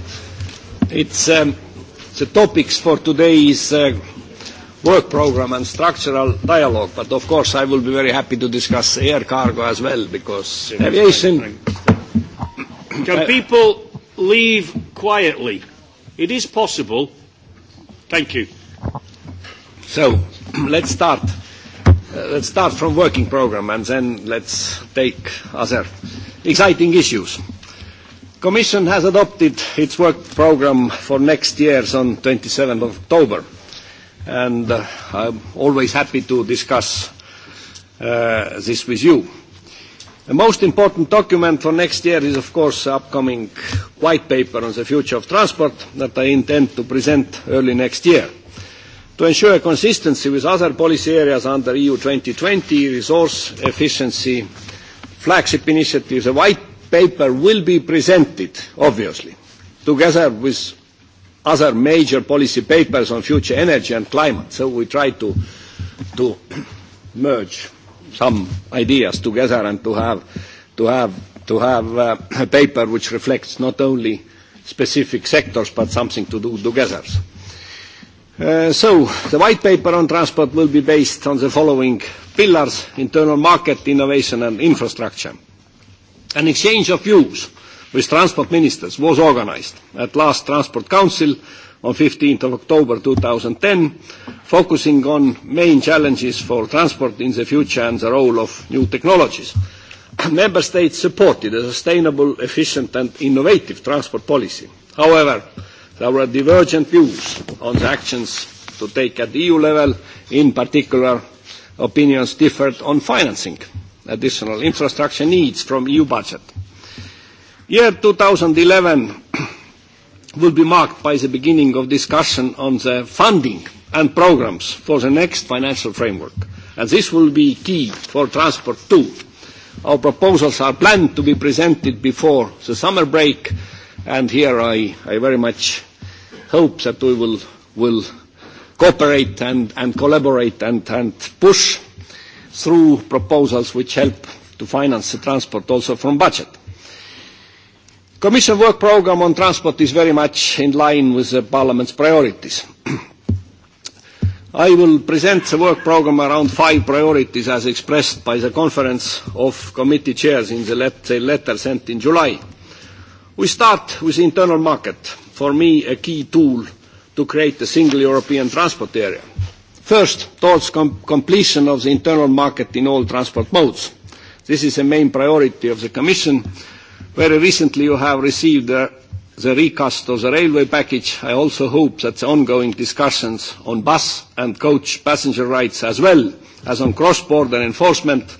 it's, um, the topics for today is uh, work program and structural dialogue. But of course, I will be very happy to discuss air cargo as well, because aviation. Can uh, people leave quietly? It is possible. Thank you. So, let's start. Uh, let's start from working program and then let's take other exciting issues. Commission has adopted its work program for next years on 27 October and uh, I'm always happy to discuss uh, this with you. The most important document for next year is, of course, the upcoming white paper on the future of transport that I intend to present early next year. To ensure consistency with other policy areas under EU 2020, resource efficiency, flagship initiatives, the white paper will be presented, obviously, together with other major policy papers on future energy and climate. So we try to, to merge some ideas together and to have, to have, to have uh, a paper which reflects not only specific sectors but something to do together. Uh, so the white paper on transport will be based on the following pillars: internal market, innovation, and infrastructure. An exchange of views with transport ministers was organized at last Transport Council on 15th of October 2010, focusing on main challenges for transport in the future and the role of new technologies. Member States supported a sustainable, efficient and innovative transport policy. However, there were divergent views on the actions to take at the EU level. In particular, opinions differed on financing additional infrastructure needs from EU budget Year 2011 will be marked by the beginning of discussion on the funding and programs for the next financial framework, and this will be key for transport too. Our proposals are planned to be presented before the summer break, and here I, I very much hope that we will, will cooperate and, and collaborate and, and push through proposals which help to finance the transport also from budget. Commission work programme on transport is very much in line with the Parliament's priorities. I will present the work programme around five priorities as expressed by the Conference of Committee Chairs in the let letter sent in July. We start with the internal market, for me a key tool to create a single European transport area. First, towards com completion of the internal market in all transport modes. This is the main priority of the Commission Very recently you have received the, the recast of the railway package. I also hope that the ongoing discussions on bus and coach passenger rights as well as on cross-border enforcement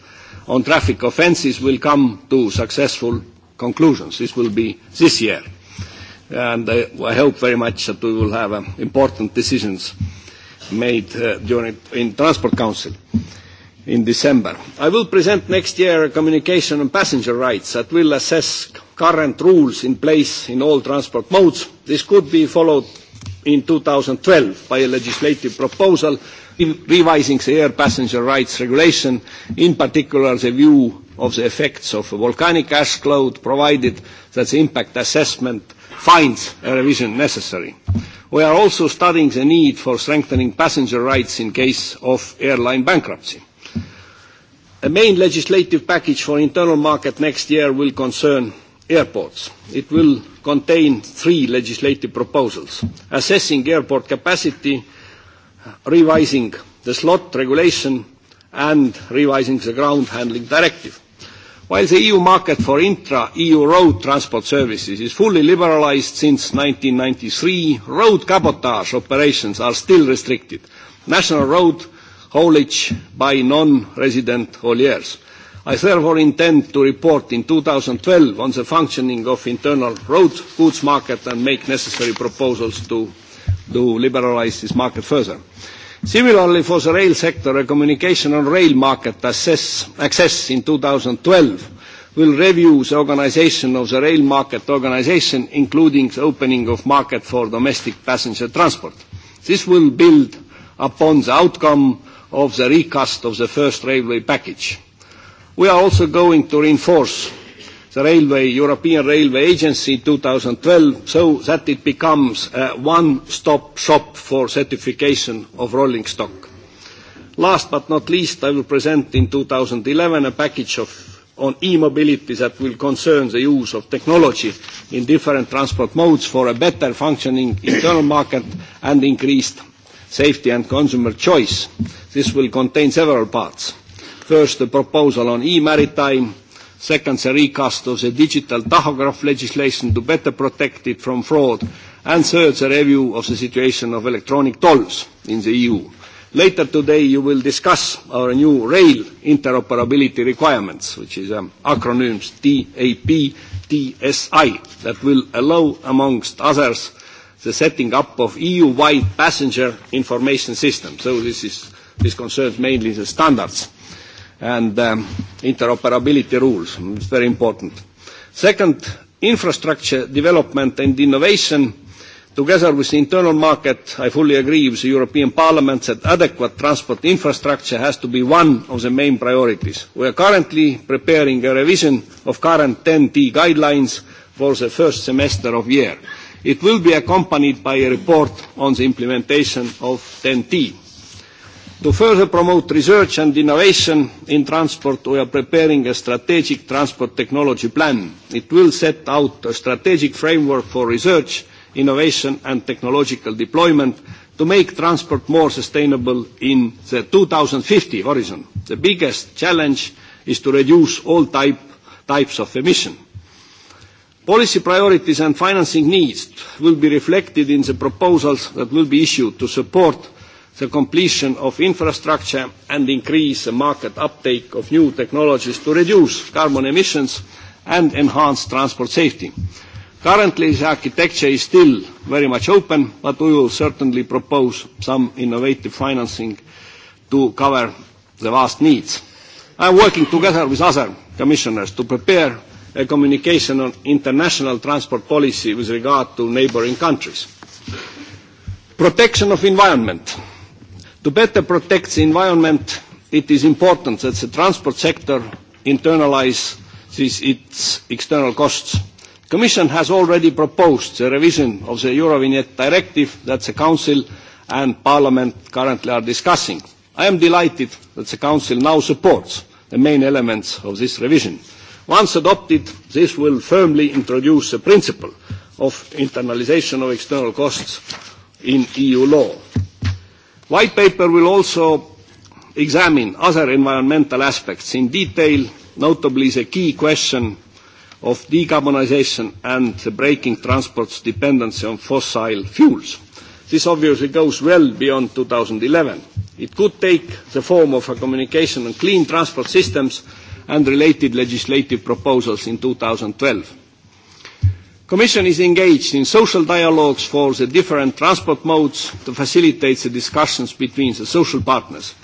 on traffic offences will come to successful conclusions. This will be this year. And I, I hope very much that we will have uh, important decisions made uh, during in Transport Council. Uh, in December. I will present next year a communication on passenger rights that will assess current rules in place in all transport modes. This could be followed in 2012 by a legislative proposal revising the air passenger rights regulation, in particular the view of the effects of a volcanic ash cloud, provided that the impact assessment finds a revision necessary. We are also studying the need for strengthening passenger rights in case of airline bankruptcy. A main legislative package for internal market next year will concern airports. It will contain three legislative proposals, assessing airport capacity, revising the slot regulation, and revising the ground handling directive. While the EU market for intra-EU road transport services is fully liberalised since 1993, road cabotage operations are still restricted. National road haulage by non-resident hauliers. I therefore intend to report in 2012 on the functioning of internal road goods market and make necessary proposals to, to liberalise this market further. Similarly, for the rail sector, a communication on rail market access, access in 2012 will review the organisation of the rail market organisation, including the opening of market for domestic passenger transport. This will build upon the outcome of the recast of the first railway package. We are also going to reinforce the railway, European Railway Agency 2012 so that it becomes a one-stop shop for certification of rolling stock. Last but not least, I will present in 2011 a package of, on e-mobility that will concern the use of technology in different transport modes for a better functioning internal market and increased safety and consumer choice. This will contain several parts. First, the proposal on e-maritime. Second, the recast of the digital tachograph legislation to better protect it from fraud. And third, the review of the situation of electronic tolls in the EU. Later today you will discuss our new rail interoperability requirements, which is um, acronyms TAP, TSI, that will allow, amongst others, the setting up of EU-wide passenger information system. So this, is, this concerns mainly the standards and um, interoperability rules. It's very important. Second, infrastructure development and innovation. Together with the internal market, I fully agree with the European Parliament that adequate transport infrastructure has to be one of the main priorities. We are currently preparing a revision of current 10T guidelines for the first semester of year. It will be accompanied by a report on the implementation of TEN-T. To further promote research and innovation in transport, we are preparing a strategic transport technology plan. It will set out a strategic framework for research, innovation and technological deployment to make transport more sustainable in the 2050 horizon. The biggest challenge is to reduce all type, types of emission. Policy priorities and financing needs will be reflected in the proposals that will be issued to support the completion of infrastructure and increase the market uptake of new technologies to reduce carbon emissions and enhance transport safety. Currently, the architecture is still very much open, but we will certainly propose some innovative financing to cover the vast needs. I am working together with other commissioners to prepare a communication on international transport policy with regard to neighboring countries. Protection of environment. To better protect the environment, it is important that the transport sector internalize these, its external costs. The Commission has already proposed the revision of the Eurovignette directive that the Council and Parliament currently are discussing. I am delighted that the Council now supports the main elements of this revision. Once adopted, this will firmly introduce the principle of internalization of external costs in EU law. White paper will also examine other environmental aspects in detail, notably the key question of decarbonization and the breaking transport's dependency on fossil fuels. This obviously goes well beyond 2011. It could take the form of a communication on clean transport systems and related legislative proposals in 2012. Commission is engaged in social dialogues for the different transport modes to facilitate the discussions between the social partners,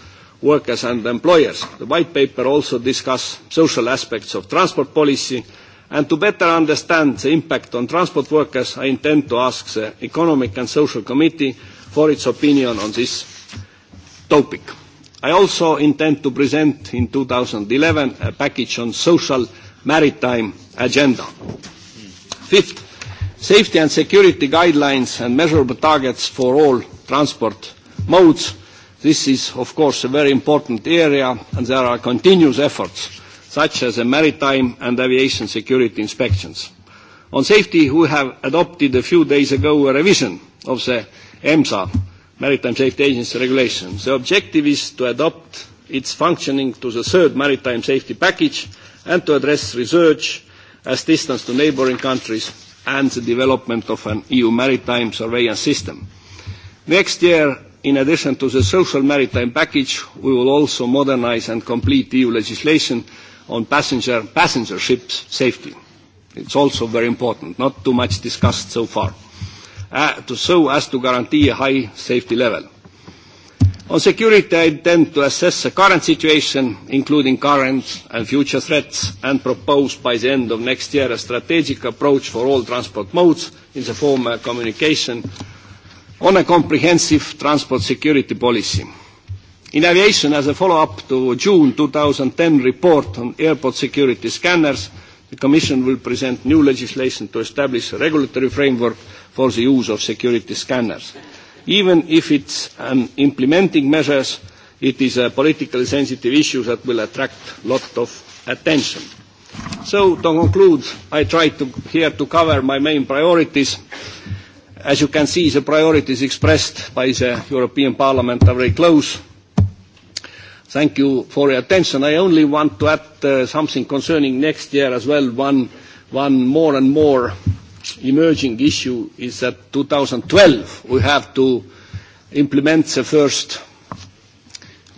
workers and employers. The white paper also discusses social aspects of transport policy and to better understand the impact on transport workers, I intend to ask the Economic and Social Committee for its opinion on this topic. I also intend to present in 2011 a package on social maritime agenda. Fifth, safety and security guidelines and measurable targets for all transport modes. This is, of course, a very important area, and there are continuous efforts, such as the maritime and aviation security inspections. On safety, we have adopted a few days ago a revision of the EMSA Maritime Safety Agency regulation. The objective is to adapt its functioning to the third maritime safety package and to address research, as distance to neighbouring countries and the development of an EU maritime surveillance system. Next year, in addition to the social maritime package, we will also modernise and complete EU legislation on passenger, passenger ships safety. It's also very important, not too much discussed so far uh, to, so as to guarantee a high safety level. On security, I intend to assess the current situation, including current and future threats, and propose by the end of next year a strategic approach for all transport modes in the form former communication on a comprehensive transport security policy. In aviation, as a follow-up to June 2010 report on airport security scanners, the Commission will present new legislation to establish a regulatory framework for the use of security scanners. Even if it's an um, implementing measures, it is a politically sensitive issue that will attract a lot of attention. So to conclude, I try to, here to cover my main priorities. As you can see, the priorities expressed by the European Parliament are very close. Thank you for your attention. I only want to add uh, something concerning next year as well, one, one more and more emerging issue is that 2012 we have to implement the first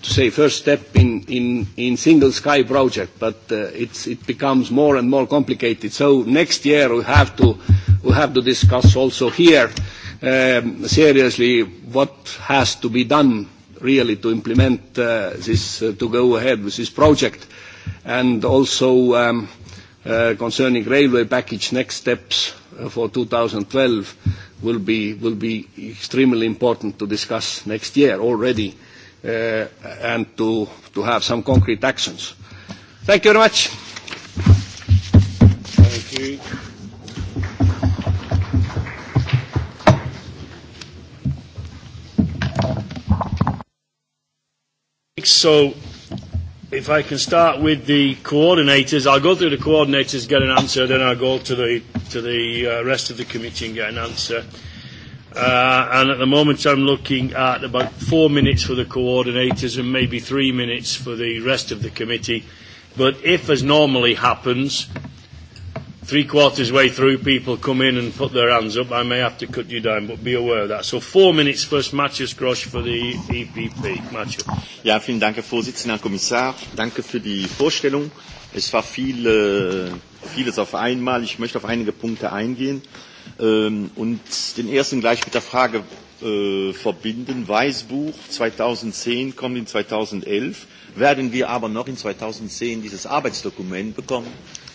to say first step in, in, in single sky project, but uh, it's, it becomes more and more complicated. So next year we have to, we have to discuss also here um, seriously what has to be done really to implement uh, this, uh, to go ahead with this project, and also um, uh, concerning railway package next steps for 2012 will be, will be extremely important to discuss next year already uh, and to, to have some concrete actions. Thank you very much. Thank you. So if I can start with the coordinators, I'll go through the coordinators, get an answer, then I'll go to the, to the uh, rest of the committee and get an answer. Uh, and at the moment, I'm looking at about four minutes for the coordinators and maybe three minutes for the rest of the committee. But if, as normally happens, three quarters way through, people come in and put their hands up. I may have to cut you down, but be aware of that. So four minutes first, matches Grosch for the EPP. Matthias. Ja, vielen Dank, Herr Vorsitzender, Herr Kommissar. Danke für die Vorstellung. Es war viel, äh, vieles auf einmal. Ich möchte auf einige Punkte eingehen ähm, und den ersten gleich mit der Frage äh, verbinden. Weißbuch 2010 kommt in 2011. Werden wir aber noch in 2010 dieses Arbeitsdokument bekommen?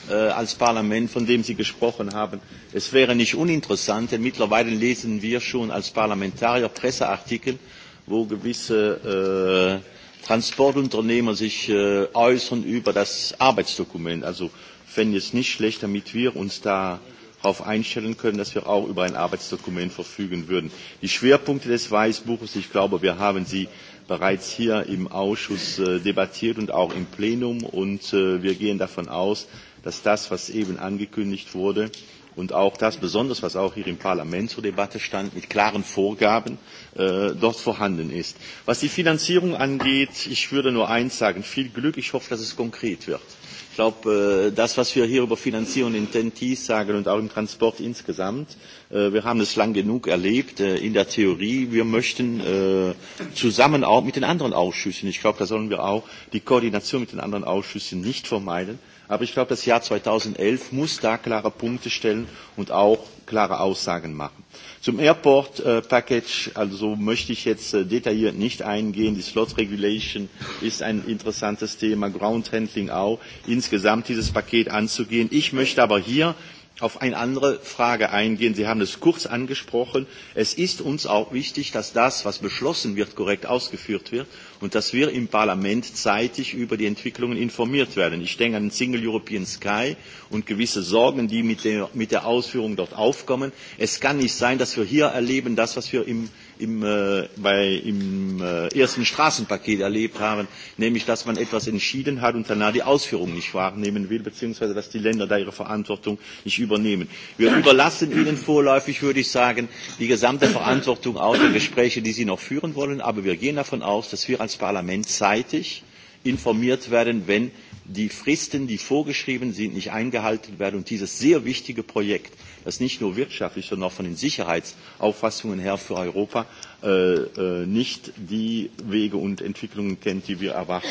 äh, als Parlament, von dem Sie gesprochen haben. Es wäre nicht uninteressant, denn mittlerweile lesen wir schon als Parlamentarier Presseartikel, wo gewisse äh, Transportunternehmer sich äh, äußern über das Arbeitsdokument. Also fände es nicht schlecht, damit wir uns da darauf einstellen können, dass wir auch über ein Arbeitsdokument verfügen würden. Die Schwerpunkte des Weißbuches, ich glaube, wir haben sie bereits hier im Ausschuss äh, debattiert und auch im Plenum. Und äh, wir gehen davon aus, dass das, was eben angekündigt wurde, und auch das, besonders was auch hier im Parlament zur Debatte stand, mit klaren Vorgaben äh, dort vorhanden ist. Was die Finanzierung angeht, ich würde nur eins sagen, viel Glück, ich hoffe, dass es konkret wird. Ich glaube, äh, das, was wir hier über Finanzierung in TEN-T sagen und auch im Transport insgesamt, Äh, wir haben es lang genug erlebt äh, in der Theorie. Wir möchten äh, zusammen auch mit den anderen Ausschüssen, ich glaube, da sollen wir auch die Koordination mit den anderen Ausschüssen nicht vermeiden. Aber ich glaube, das Jahr 2011 muss da klare Punkte stellen und auch klare Aussagen machen. Zum Airport äh, Package, also möchte ich jetzt äh, detailliert nicht eingehen. Die Slot Regulation ist ein interessantes Thema, Ground Handling auch, insgesamt dieses Paket anzugehen. Ich möchte aber hier auf eine andere Frage eingehen. Sie haben es kurz angesprochen. Es ist uns auch wichtig, dass das, was beschlossen wird, korrekt ausgeführt wird und dass wir im Parlament zeitig über die Entwicklungen informiert werden. Ich denke an den Single European Sky und gewisse Sorgen, die mit der, mit der Ausführung dort aufkommen. Es kann nicht sein, dass wir hier erleben, das, was wir im im, äh, bei, im äh, ersten Straßenpaket erlebt haben, nämlich dass man etwas entschieden hat und danach die Ausführung nicht wahrnehmen will, beziehungsweise dass die Länder da ihre Verantwortung nicht übernehmen. Wir überlassen Ihnen vorläufig, würde ich sagen, die gesamte Verantwortung auch der Gespräche, die Sie noch führen wollen, aber wir gehen davon aus, dass wir als Parlament zeitig informiert werden, wenn die Fristen, die vorgeschrieben sind, nicht eingehalten werden und dieses sehr wichtige Projekt, das nicht nur wirtschaftlich, sondern auch von den Sicherheitsauffassungen her für Europa äh, äh nicht die Wege und Entwicklungen kennt, die wir erwarten.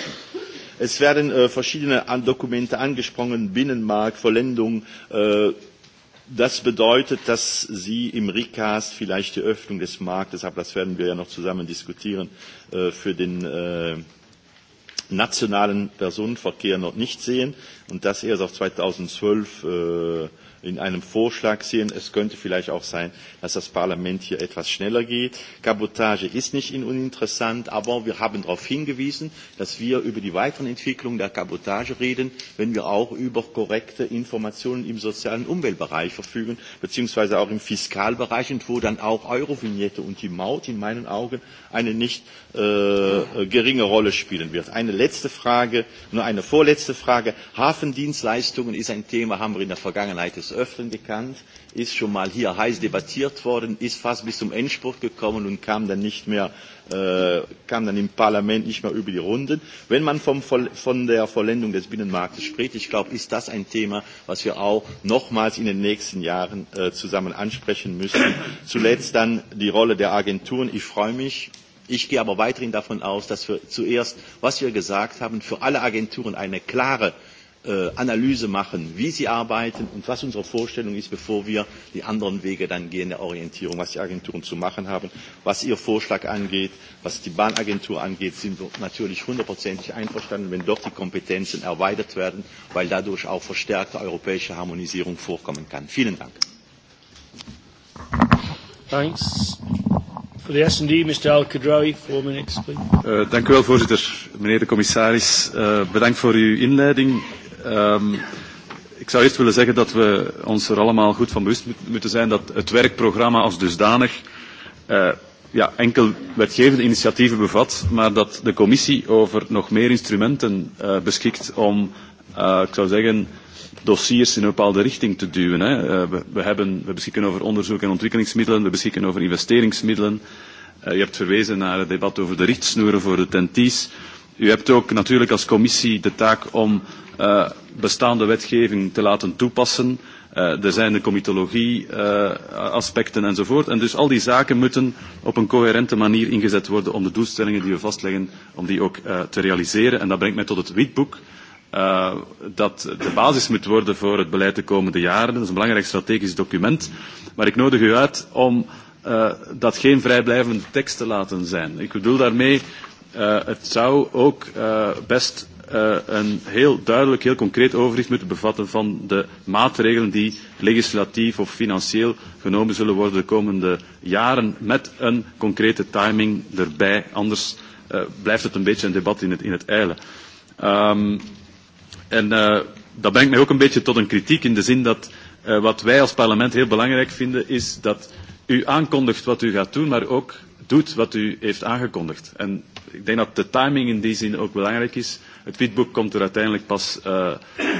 Es werden äh, verschiedene Dokumente angesprochen, Binnenmarkt, Vollendung, äh, Das bedeutet, dass Sie im Recast vielleicht die Öffnung des Marktes, aber das werden wir ja noch zusammen diskutieren, äh, für den äh, nationalen Personenverkehr noch nicht sehen und das erst auf 2012 äh, in einem Vorschlag sehen. Es könnte vielleicht auch sein, dass das Parlament hier etwas schneller geht. Kabotage ist nicht uninteressant, aber wir haben darauf hingewiesen, dass wir über die weiteren Entwicklungen der Kabotage reden, wenn wir auch über korrekte Informationen im sozialen Umweltbereich verfügen, beziehungsweise auch im Fiskalbereich und wo dann auch Eurovignette und die Maut in meinen Augen eine nicht äh, äh geringe Rolle spielen wird. Eine letzte Frage, nur eine vorletzte Frage. Hafendienstleistungen ist ein Thema, haben wir in der Vergangenheit des öffnen bekannt, ist schon mal hier heiß debattiert worden, ist fast bis zum Endspurt gekommen und kam dann nicht mehr, äh, kam dann im Parlament nicht mehr über die Runden. Wenn man vom, von der Vollendung des Binnenmarktes spricht, ich glaube, ist das ein Thema, was wir auch nochmals in den nächsten Jahren äh, zusammen ansprechen müssen. Zuletzt dann die Rolle der Agenturen. Ich freue mich, Ich gehe aber weiterhin davon aus, dass wir zuerst, was wir gesagt haben, für alle Agenturen eine klare Äh, Analyse machen, wie sie arbeiten und was unsere Vorstellung ist, bevor wir die anderen Wege dann gehen der Orientierung, was die Agenturen zu machen haben. Was Ihr Vorschlag angeht, was die Bahnagentur angeht, sind wir natürlich hundertprozentig einverstanden, wenn dort die Kompetenzen erweitert werden, weil dadurch auch verstärkte europäische Harmonisierung vorkommen kann. Vielen Dank. Thanks. Voor de S&D, Mr. Al-Kadrawi, four minutes, please. Uh, dank u wel, voorzitter. Meneer de commissaris, uh, bedankt voor uw inleiding. Um, ik zou eerst willen zeggen dat we ons er allemaal goed van bewust moeten zijn dat het werkprogramma als dusdanig uh, ja, enkel wetgevende initiatieven bevat, maar dat de commissie over nog meer instrumenten uh, beschikt om, uh, ik zou zeggen, dossiers in een bepaalde richting te duwen. Hè. Uh, we, we, hebben, we beschikken over onderzoek en ontwikkelingsmiddelen, we beschikken over investeringsmiddelen. Uh, je hebt verwezen naar het debat over de richtsnoeren voor de tenties. U hebt ook natuurlijk als commissie de taak om uh, bestaande wetgeving te laten toepassen. Uh, er zijn de comitologie-aspecten eh, enzovoort. En dus al die zaken moeten op een coherente manier ingezet worden om de doelstellingen die we vastleggen, om die ook uh, te realiseren. En dat brengt mij tot het witboek. Uh, dat de basis moet worden voor het beleid de komende jaren. Dat is een belangrijk strategisch document. Maar ik nodig u uit om uh, dat geen vrijblijvende tekst te laten zijn. Ik bedoel daarmee, uh, het zou ook uh, best uh, een heel duidelijk, heel concreet overzicht moeten bevatten van de maatregelen die legislatief of financieel genomen zullen worden de komende jaren met een concrete timing erbij. Anders uh, blijft het een beetje een debat in het, in het eilen. Um, en uh, dat brengt mij ook een beetje tot een kritiek in de zin dat uh, wat wij als parlement heel belangrijk vinden is dat u aankondigt wat u gaat doen, maar ook doet wat u heeft aangekondigd. En ik denk dat de timing in die zin ook belangrijk is. Het witboek komt er uiteindelijk pas uh,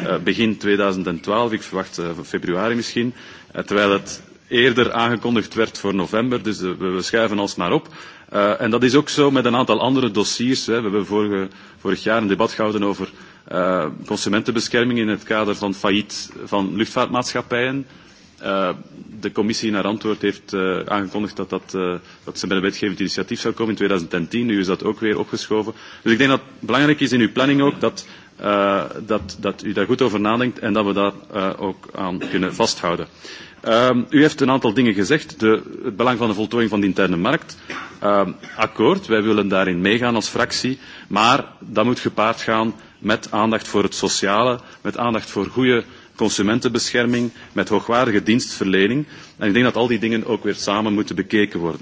uh, begin 2012, ik verwacht uh, februari misschien, uh, terwijl het eerder aangekondigd werd voor november, dus uh, we schuiven alsmaar op. Uh, en dat is ook zo met een aantal andere dossiers. Hè. We hebben vorige, vorig jaar een debat gehouden over uh, consumentenbescherming in het kader van failliet van luchtvaartmaatschappijen. Eh, de commissie in haar antwoord heeft uh, aangekondigd dat, dat, uh, dat ze met een wetgevend initiatief zou komen in 2010. Nu is dat ook weer opgeschoven. Dus ik denk dat het belangrijk is in uw planning ook dat, uh, dat, dat u daar goed over nadenkt en dat we daar uh, ook aan kunnen vasthouden. Uh, u heeft een aantal dingen gezegd. De, het belang van de voltooiing van de interne markt. Uh, akkoord, wij willen daarin meegaan als fractie. Maar dat moet gepaard gaan met aandacht voor het sociale, met aandacht voor goede consumentenbescherming, met hoogwaardige dienstverlening. En ik denk dat al die dingen ook weer samen moeten bekeken worden.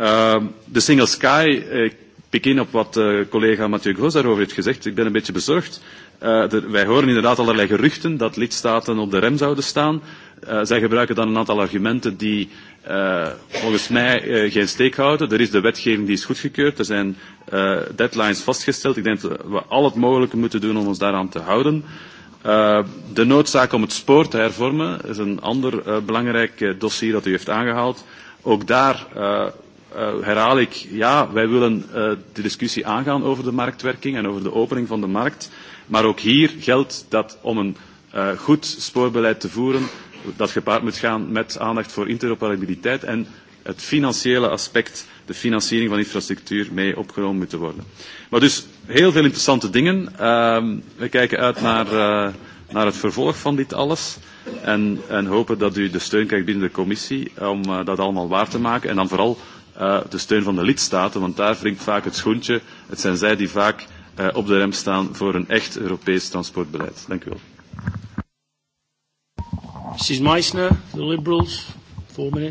Uh, de Single Sky, eh, ik pik in op wat uh, collega Mathieu Gros daarover heeft gezegd. Ik ben een beetje bezorgd. Uh, eh, de, er- wij horen inderdaad allerlei geruchten dat lidstaten op de rem zouden staan. Uh, zij gebruiken dan een aantal argumenten die uh, volgens mij uh, geen steek houden. Er is de wetgeving die is goedgekeurd. Er zijn uh, deadlines vastgesteld. Ik denk dat we al het mogelijke moeten doen om ons daaraan te houden. Uh, Uh, de noodzaak om het spoor te hervormen is een ander uh, belangrijk uh, dossier dat u heeft aangehaald. Ook daar uh, uh, herhaal ik, ja, wij willen uh, de discussie aangaan over de marktwerking en over de opening van de markt. Maar ook hier geldt dat om een uh, goed spoorbeleid te voeren, dat gepaard moet gaan met aandacht voor interoperabiliteit en het financiële aspect, de financiering van infrastructuur, mee opgenomen moeten worden. Maar dus heel veel interessante dingen. Uh, we kijken uit naar, uh, naar het vervolg van dit alles. En, en hopen dat u de steun krijgt binnen de commissie om uh, dat allemaal waar te maken. En dan vooral uh, de steun van de lidstaten, want daar wringt vaak het schoentje. Het zijn zij die vaak uh, op de rem staan voor een echt Europees transportbeleid. Dank u wel. Mrs. Meissner, the Liberals vielen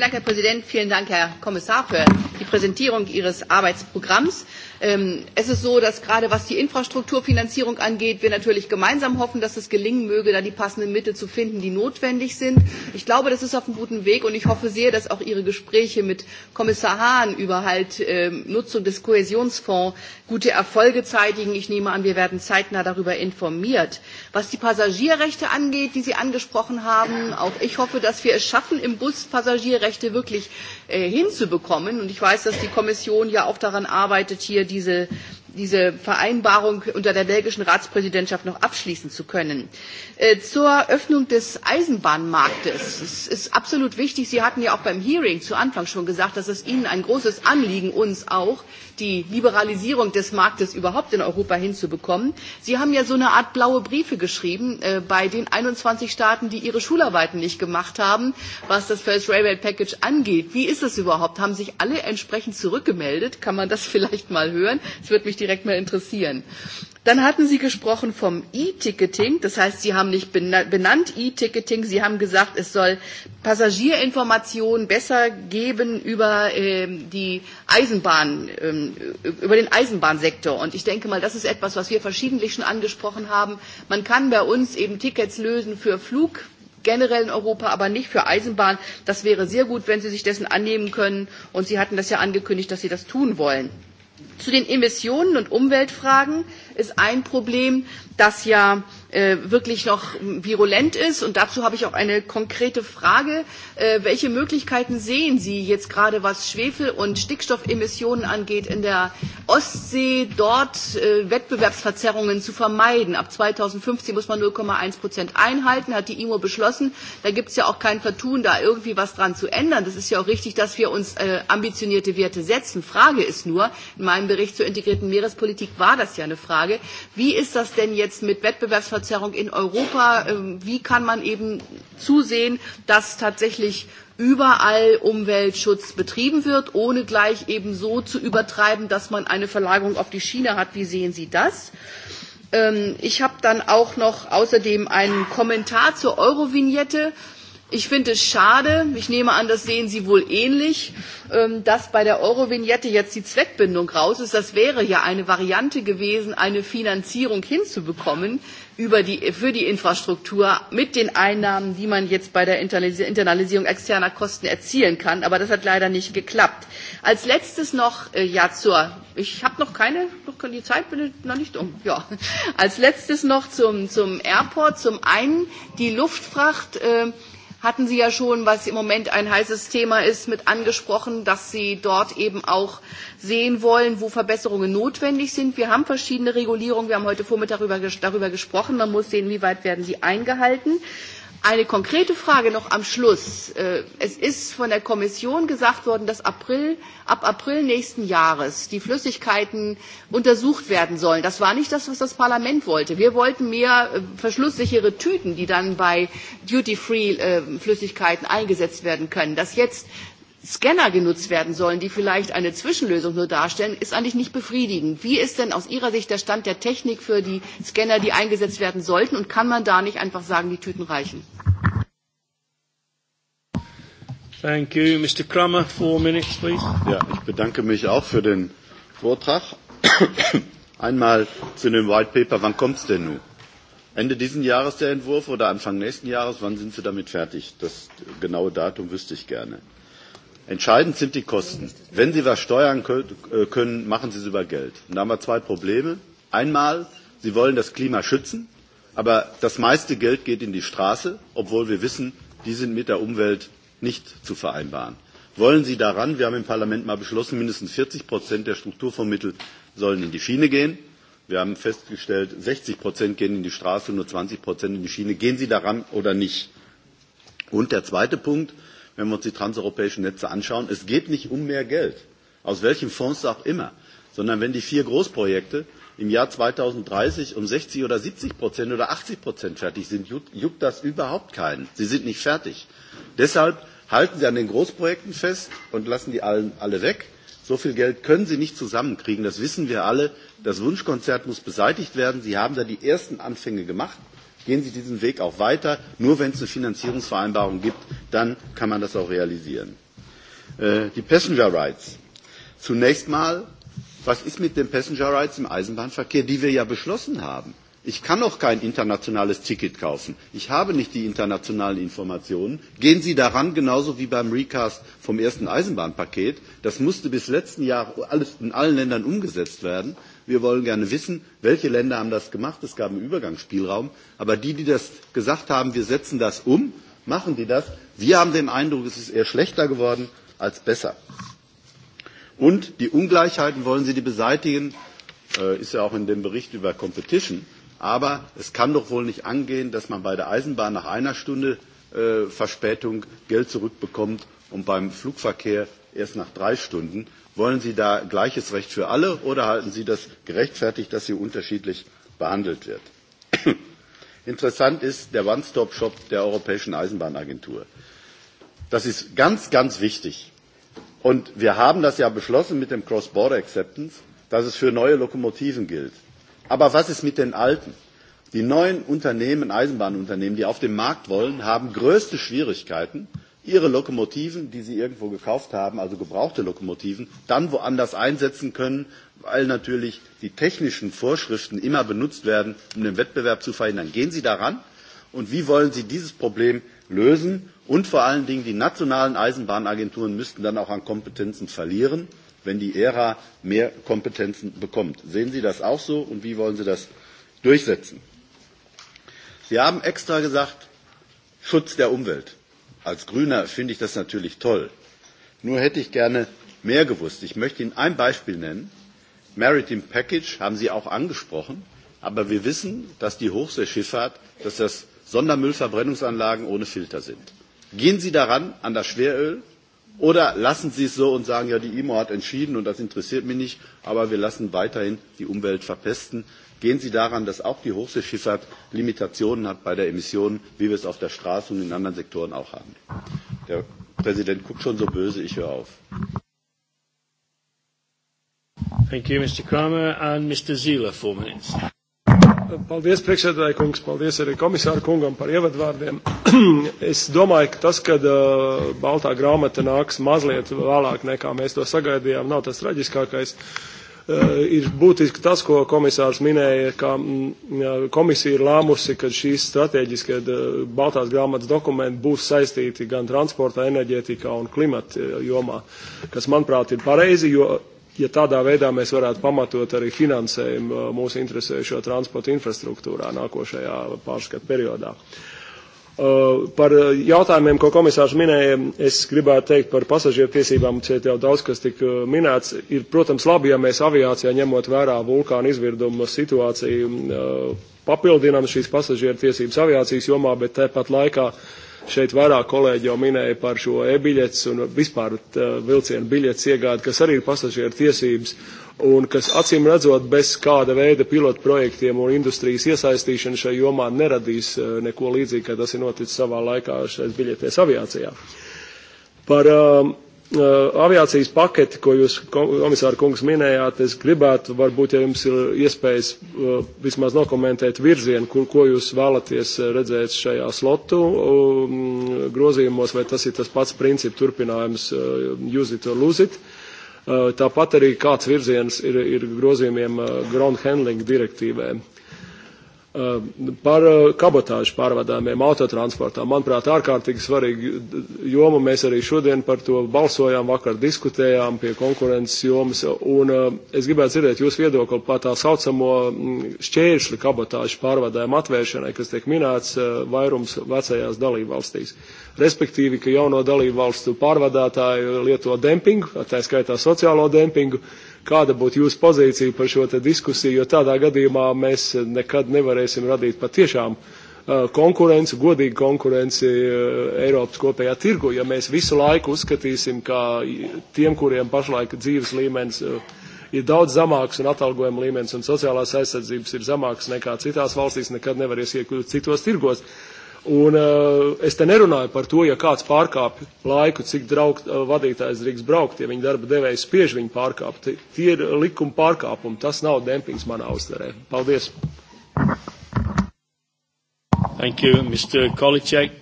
Dank, Herr Präsident. Vielen Dank, Herr Kommissar, für die Präsentierung Ihres Arbeitsprogramms. Ähm, es ist so dass gerade was die infrastrukturfinanzierung angeht wir natürlich gemeinsam hoffen dass es gelingen möge da die passenden mittel zu finden die notwendig sind. ich glaube das ist auf einem guten weg und ich hoffe sehr dass auch ihre gespräche mit kommissar hahn über halt, ähm, nutzung des kohäsionsfonds gute erfolge zeitigen. ich nehme an wir werden zeitnah darüber informiert. was die passagierrechte angeht die sie angesprochen haben auch ich hoffe dass wir es schaffen im bus passagierrechte wirklich äh, hinzubekommen und ich weiß dass die kommission ja auch daran arbeitet hier diese diese Vereinbarung unter der belgischen Ratspräsidentschaft noch abschließen zu können. Äh, zur Öffnung des Eisenbahnmarktes. Es ist absolut wichtig, Sie hatten ja auch beim Hearing zu Anfang schon gesagt, dass es Ihnen ein großes Anliegen, uns auch, die Liberalisierung des Marktes überhaupt in Europa hinzubekommen. Sie haben ja so eine Art blaue Briefe geschrieben äh, bei den 21 Staaten, die ihre Schularbeiten nicht gemacht haben, was das First Railway Package angeht. Wie ist das überhaupt? Haben sich alle entsprechend zurückgemeldet? Kann man das vielleicht mal hören? Das würde mich direkt mal interessieren. Dann hatten Sie gesprochen vom E-Ticketing. Das heißt, Sie haben nicht benannt E-Ticketing. Sie haben gesagt, es soll Passagierinformationen besser geben über äh, die Eisenbahn, ähm, über den Eisenbahnsektor. Und ich denke mal, das ist etwas, was wir verschiedentlich schon angesprochen haben. Man kann bei uns eben Tickets lösen für Flug, generell in Europa, aber nicht für Eisenbahn. Das wäre sehr gut, wenn Sie sich dessen annehmen können. Und Sie hatten das ja angekündigt, dass Sie das tun wollen zu den emissionen und umweltfragen ist ein Problem, das ja äh, wirklich noch virulent ist. Und dazu habe ich auch eine konkrete Frage. Äh, welche Möglichkeiten sehen Sie jetzt gerade, was Schwefel- und Stickstoffemissionen angeht, in der Ostsee dort äh, Wettbewerbsverzerrungen zu vermeiden? Ab 2015 muss man 0,1 Prozent einhalten, hat die IMO beschlossen. Da gibt es ja auch kein Vertun, da irgendwie was dran zu ändern. Das ist ja auch richtig, dass wir uns äh, ambitionierte Werte setzen. Frage ist nur, in meinem Bericht zur integrierten Meerespolitik war das ja eine Frage Frage, wie ist das denn jetzt mit Wettbewerbsverzerrung in Europa? Ähm, wie kann man eben zusehen, dass tatsächlich überall Umweltschutz betrieben wird, ohne gleich eben so zu übertreiben, dass man eine Verlagerung auf die Schiene hat? Wie sehen Sie das? Ähm, ich habe dann auch noch außerdem einen Kommentar zur Eurovignette. vignette Ich finde es schade, ich nehme an, das sehen Sie wohl ähnlich, ähm, dass bei der Eurovignette jetzt die Zweckbindung raus ist. Das wäre ja eine Variante gewesen, eine Finanzierung hinzubekommen über die, für die Infrastruktur mit den Einnahmen, die man jetzt bei der Internalisierung externer Kosten erzielen kann. Aber das hat leider nicht geklappt. Als letztes noch, äh, ja, zur, ich habe noch keine, noch, die Zeit bin noch nicht um. Ja. Als letztes noch zum, zum Airport. Zum einen die Luftfracht. Äh, hatten Sie ja schon, was im Moment ein heißes Thema ist, mit angesprochen, dass Sie dort eben auch sehen wollen, wo Verbesserungen notwendig sind. Wir haben verschiedene Regulierungen. Wir haben heute Vormittag darüber, darüber gesprochen. Man muss sehen, wie weit werden sie eingehalten. Eine konkrete Frage noch am Schluss. Äh, es ist von der Kommission gesagt worden, dass April, ab April nächsten Jahres die Flüssigkeiten untersucht werden sollen. Das war nicht das, was das Parlament wollte. Wir wollten mehr äh, verschlusssichere Tüten, die dann bei Duty-Free-Flüssigkeiten äh, eingesetzt werden können. Dass jetzt Scanner genutzt werden sollen, die vielleicht eine Zwischenlösung nur darstellen, ist eigentlich nicht befriedigend. Wie ist denn aus Ihrer Sicht der Stand der Technik für die Scanner, die eingesetzt werden sollten? Und kann man da nicht einfach sagen, die Tüten reichen? Thank you. Mr. Kramer, four minutes, please. Ja, ich bedanke mich auch für den Vortrag. Einmal zu dem White Paper. Wann kommt es denn nun? Ende dieses Jahres der Entwurf oder Anfang nächsten Jahres? Wann sind Sie damit fertig? Das genaue Datum wüsste ich gerne. Entscheidend sind die Kosten. Wenn Sie was steuern äh, können, machen Sie es über Geld. Und da haben wir zwei Probleme. Einmal, Sie wollen das Klima schützen, aber das meiste Geld geht in die Straße, obwohl wir wissen, die sind mit der Umwelt nicht zu vereinbaren. Wollen Sie daran, wir haben im Parlament mal beschlossen, mindestens 40 Prozent der Strukturfondsmittel sollen in die Schiene gehen. Wir haben festgestellt, 60 Prozent gehen in die Straße, nur 20 Prozent in die Schiene. Gehen Sie daran oder nicht? Und der zweite Punkt, wenn wir uns die transeuropäischen Netze anschauen. Es geht nicht um mehr Geld, aus welchem Fonds auch immer, sondern wenn die vier Großprojekte im Jahr 2030 um 60 oder 70 Prozent oder 80 Prozent fertig sind, juckt das überhaupt keinen. Sie sind nicht fertig. Deshalb halten Sie an den Großprojekten fest und lassen die allen, alle weg. So viel Geld können Sie nicht zusammenkriegen, das wissen wir alle. Das Wunschkonzert muss beseitigt werden. Sie haben da die ersten Anfänge gemacht. Gehen Sie diesen Weg auch weiter. Nur wenn es eine Finanzierungsvereinbarung gibt, dann kann man das auch realisieren. Äh, die Passenger Rights. Zunächst mal, was ist mit den Passenger Rights im Eisenbahnverkehr, die wir ja beschlossen haben? Ich kann noch kein internationales Ticket kaufen. Ich habe nicht die internationalen Informationen. Gehen Sie daran, genauso wie beim Recast vom ersten Eisenbahnpaket. Das musste bis letzten Jahr alles in allen Ländern umgesetzt werden. Wir wollen gerne wissen, welche Länder haben das gemacht. Es gab einen Übergangsspielraum. Aber die, die das gesagt haben, wir setzen das um, machen die das. Wir haben den Eindruck, es ist eher schlechter geworden als besser. Und die Ungleichheiten wollen sie die beseitigen, äh, ist ja auch in dem Bericht über Competition. Aber es kann doch wohl nicht angehen, dass man bei der Eisenbahn nach einer Stunde äh, Verspätung Geld zurückbekommt und um beim Flugverkehr erst nach drei Stunden. Wollen Sie da gleiches Recht für alle oder halten Sie das gerechtfertigt, dass sie unterschiedlich behandelt wird? Interessant ist der One-Stop-Shop der Europäischen Eisenbahnagentur. Das ist ganz, ganz wichtig. Und wir haben das ja beschlossen mit dem Cross-Border Acceptance, dass es für neue Lokomotiven gilt. Aber was ist mit den alten? Die neuen Unternehmen, Eisenbahnunternehmen, die auf den Markt wollen, haben größte Schwierigkeiten, ihre Lokomotiven, die sie irgendwo gekauft haben, also gebrauchte Lokomotiven, dann woanders einsetzen können, weil natürlich die technischen Vorschriften immer benutzt werden, um den Wettbewerb zu verhindern. Gehen Sie daran und wie wollen Sie dieses Problem lösen? Und vor allen Dingen die nationalen Eisenbahnagenturen müssten dann auch an Kompetenzen verlieren, wenn die Ära mehr Kompetenzen bekommt. Sehen Sie das auch so und wie wollen Sie das durchsetzen? Sie haben extra gesagt, Schutz der Umwelt als Grüner finde ich das natürlich toll. Nur hätte ich gerne mehr gewusst. Ich möchte Ihnen ein Beispiel nennen. Maritime Package haben Sie auch angesprochen. Aber wir wissen, dass die Hochseeschifffahrt, dass das Sondermüllverbrennungsanlagen ohne Filter sind. Gehen Sie daran an das Schweröl oder lassen Sie es so und sagen, ja, die IMO hat entschieden und das interessiert mich nicht, aber wir lassen weiterhin die Umwelt verpesten gehen Sie daran, dass auch die Hochseeschifffahrt Limitationen hat bei der Emission, wie wir es auf der Straße und in anderen Sektoren auch haben. Der Präsident guckt schon so böse, ich höre auf. Thank you, Mr. Kramer. And Mr. Zila, four minutes. Paldies priekšsēdētāji kungs, paldies arī komisāru kungam par ievadvārdiem. es domāju, ka tas, kad uh, Baltā grāmata nāks mazliet vēlāk nekā mēs to sagaidījām, nav tas traģiskākais. Uh, Eh, ir būtiski tas, ko komisārs minēja, ka mm, komisija ir lēmusi, ka šīs strateģiskie eh, Baltās grāmatas dokumenti būs saistīti gan transporta, enerģētikā un klimata eh, jomā, kas, manuprāt, ir pareizi, jo ja tādā veidā mēs varētu pamatot arī finansējumu mūsu interesējušo transporta infrastruktūrā nākošajā pārskatu periodā. Uh, Par jautājumiem, ko komisārs minēja, es gribētu teikt par pasažieru tiesībām, šeit jau daudz kas tika minēts. Ir, protams, labi, ja mēs aviācijā ņemot vērā vulkāna izvirduma situāciju, papildinām šīs pasažieru tiesības aviācijas jomā, bet tāpat laikā uh, Šeit vairāk kolēģi jau minēja par šo e-biļetes un vispār uh, vilcienu biļetes iegādi, kas arī ir pasažieru tiesības un kas acīm redzot bez kāda veida pilotu projektiem un industrijas iesaistīšana šajā jomā neradīs uh, neko līdzīgi, kā tas ir noticis savā laikā šais biļetēs aviācijā. Par um, aviācijas paketi, ko jūs, komisāra kungs, minējāt, es gribētu, varbūt, ja jums ir iespējas vismaz nokomentēt virzienu, kur, ko jūs vēlaties redzēt šajā slotu grozījumos, vai tas ir tas pats princips turpinājums use it or lose it. Tāpat arī kāds virziens ir, ir grozījumiem ground handling direktīvēm Par eh, kabotāžu pārvadājumiem, autotransportā. Manuprāt, ārkārtīgi svarīga joma. Mēs arī šodien par to balsojām, vakar diskutējām pie konkurences jomas. Un eh, es gribētu dzirdēt jūsu viedokli par tā saucamo mm, šķēršļu kabotāžu pārvadājumu atvēršanai, kas tiek minēts eh, vairums vecajās dalībvalstīs. Respektīvi, ka jauno dalībvalstu pārvadātāju lieto dempingu, tā skaitā sociālo dempingu, kāda būtu jūsu pozīcija par šo diskusiju, jo tādā gadījumā mēs nekad nevarēsim radīt patiešām uh, konkurenci, godīgu konkurenci uh, Eiropas kopējā tirgu, ja mēs visu laiku uzskatīsim, ka tiem, kuriem pašlaik dzīves līmenis uh, ir daudz zemāks un atalgojuma līmenis un sociālās aizsardzības ir zemāks nekā citās valstīs, nekad nevarēs iekļūt citos tirgos. Un uh, es te nerunāju par to, ja kāds pārkāpj laiku, cik draug, uh, eh, vadītājs drīkst braukt, ja viņa darba devējs spiež viņu pārkāpt. Tie ir likuma pārkāpumi, tas nav dempings manā uztverē. Paldies! Thank you, Mr. Kolicek.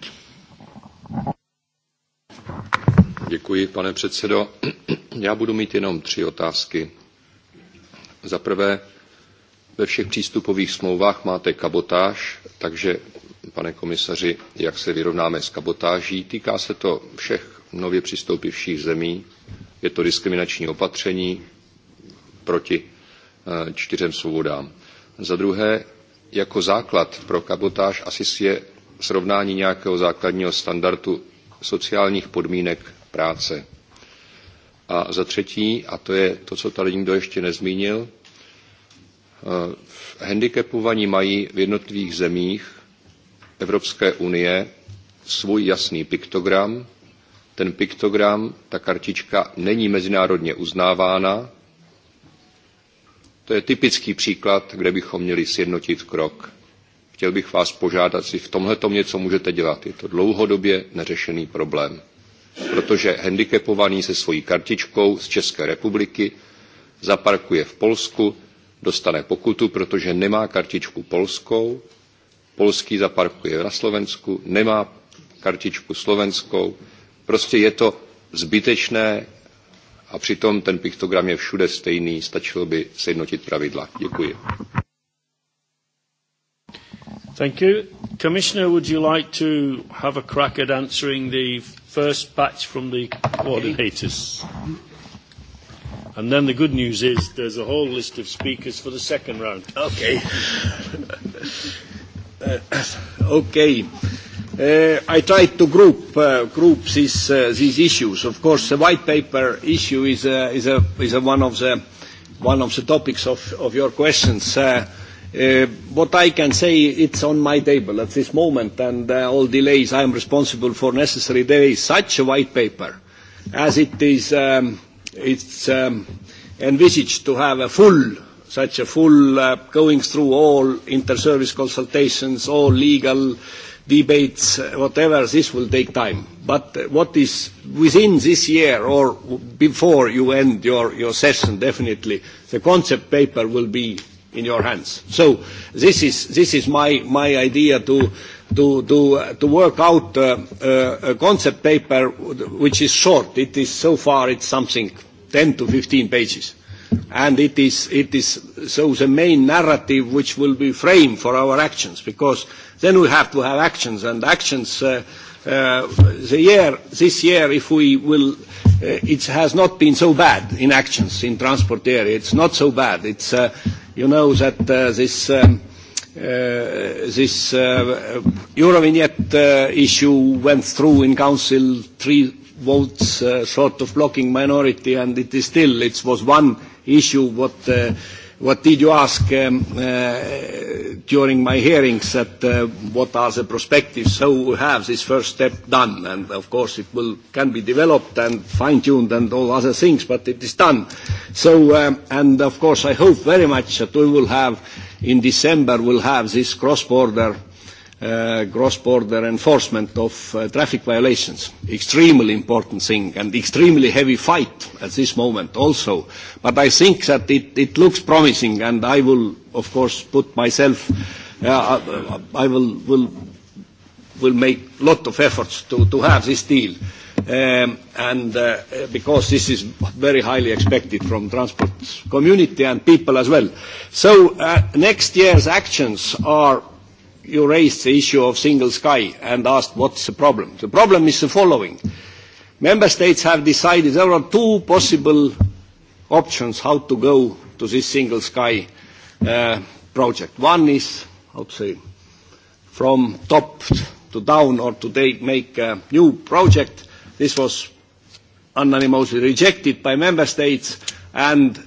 Děkuji, pane předsedo. Já budu mít jenom tři otázky. Za prvé, ve všech přístupových smlouvách máte kabotáž, takže pane komisaři, jak se vyrovnáme s kabotáží. Týká se to všech nově přistoupivších zemí. Je to diskriminační opatření proti eh, čtyřem svobodám. Za druhé, jako základ pro kabotáž asi je srovnání nějakého základního standardu sociálních podmínek práce. A za třetí, a to je to, co tady nikdo ještě nezmínil, eh, handicapovaní mají v jednotlivých zemích Evropské unie svůj jasný piktogram. Ten piktogram, ta kartička, není mezinárodně uznávána. To je typický příklad, kde bychom měli sjednotit krok. Chtěl bych vás požádat, si v tomhle tom něco můžete dělat. Je to dlouhodobě neřešený problém. Protože handicapovaný se svojí kartičkou z České republiky zaparkuje v Polsku, dostane pokutu, protože nemá kartičku polskou, Polský zaparkuje na Slovensku, nemá kartičku slovenskou. Prostě je to zbytečné a přitom ten piktogram je všude stejný, stačilo by sjednotit pravidla. Děkuji. Thank you. Commissioner, would you like to have a crack at answering the first batch from the coordinators? And then the good news is there's a whole list of speakers for the second round. Okay. Uh, okay. Uh, I tried to group uh, group these uh, these issues. Of course, the white paper issue is uh, is a is a one of the one of the topics of of your questions. Uh, uh, what I can say, it's on my table at this moment, and uh, all delays. I am responsible for necessary delays. Such a white paper, as it is, um, it's um, envisaged to have a full such a full uh, going through all inter-service consultations, all legal debates, uh, whatever, this will take time. But uh, what is within this year or before you end your, your session, definitely, the concept paper will be in your hands. So this is, this is my, my idea to, to, to, uh, to work out uh, uh, a concept paper which is short. It is so far it's something 10 to 15 pages and it is, it is so the main narrative which will be framed for our actions because then we have to have actions and actions uh, uh, the year this year if we will uh, it has not been so bad in actions in transport area it's not so bad it's uh, you know that uh, this um, uh, this uh, Eurovignette uh, issue went through in council three votes uh, short of blocking minority and it is still it was one issue what, uh, what did you ask um, uh, during my hearings that uh, what are the perspectives, so we have this first step done and of course it will, can be developed and fine-tuned and all other things but it is done. So um, and of course I hope very much that we will have in December we'll have this cross-border Uh, cross-border enforcement of uh, traffic violations. Extremely important thing and extremely heavy fight at this moment also. But I think that it, it looks promising and I will, of course, put myself, uh, I, uh, I will, will, will make a lot of efforts to, to have this deal. Um, and uh, because this is very highly expected from transport community and people as well. So uh, next year's actions are you raised the issue of single sky and asked what's the problem. The problem is the following. Member states have decided there are two possible options how to go to this single sky uh, project. One is, how to say, from top to down or to make a new project. This was unanimously rejected by member states and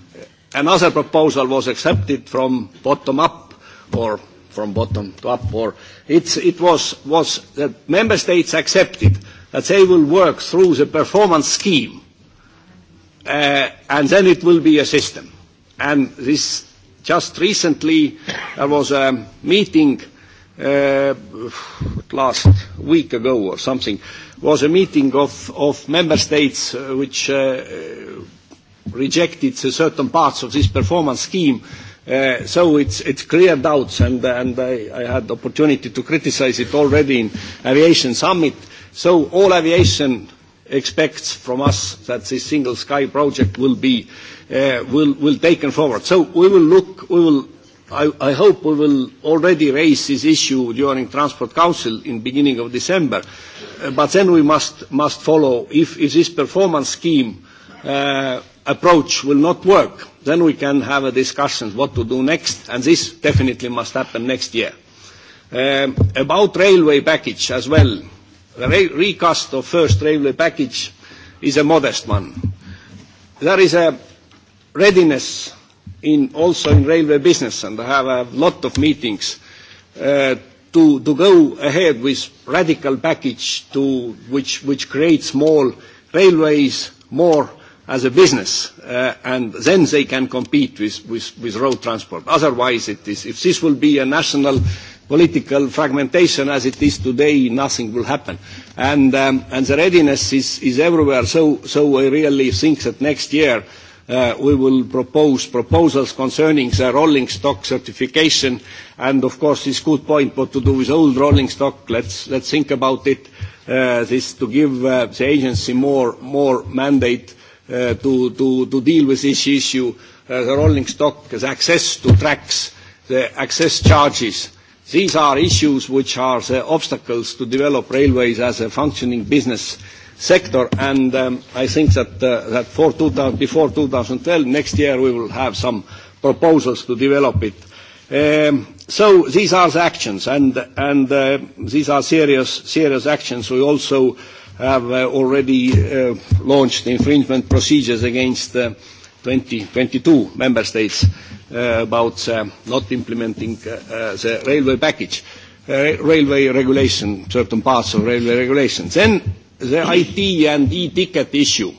another proposal was accepted from bottom up or from bottom to up, or it's, it was, was that member states accepted that they will work through the performance scheme, uh, and then it will be a system. And this just recently there was a meeting uh, last week ago or something was a meeting of, of member states uh, which uh, rejected certain parts of this performance scheme Uh, so it's, it's clear doubts, and, uh, and I, I had the opportunity to criticize it already in Aviation Summit. So all aviation expects from us that this single sky project will be uh, will will taken forward. So we will look. We will. I, I hope we will already raise this issue during Transport Council in beginning of December. Uh, but then we must must follow if, if this performance scheme. Uh, approach will not work, then we can have a discussion what to do next, and this definitely must happen next year. Um, about railway package as well, the recast of first railway package is a modest one. There is a readiness in, also in railway business, and I have a lot of meetings uh, to, to go ahead with radical package to, which, which creates more railways, more as a business, uh, and then they can compete with, with, with road transport. Otherwise, it is, if this will be a national political fragmentation as it is today, nothing will happen. And, um, and the readiness is, is everywhere, so, so I really think that next year uh, we will propose proposals concerning the rolling stock certification, and of course this good point, what to do with old rolling stock, let's, let's think about it, uh, this to give uh, the agency more, more mandate Uh, to, to, to deal with this issue, uh, the rolling stock, the access to tracks, the access charges. These are issues which are the obstacles to develop railways as a functioning business sector, and um, I think that, uh, that for 2000, before 2012, next year, we will have some proposals to develop it. Um, so these are the actions, and, and uh, these are serious, serious actions. We also have uh, already uh, launched infringement procedures against uh, 20, 22 member states uh, about uh, not implementing uh, uh, the railway package, uh, railway regulation, certain parts of railway regulations. Then the IT and e-ticket issue.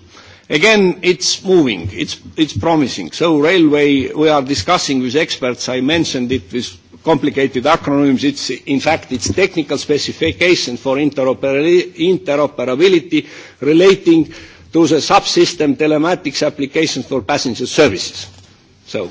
Again, it's moving, it's, it's promising. So railway, we are discussing with experts, I mentioned it with complicated acronyms. It's, in fact, it's technical specification for interoperability relating to the subsystem telematics applications for passenger services. So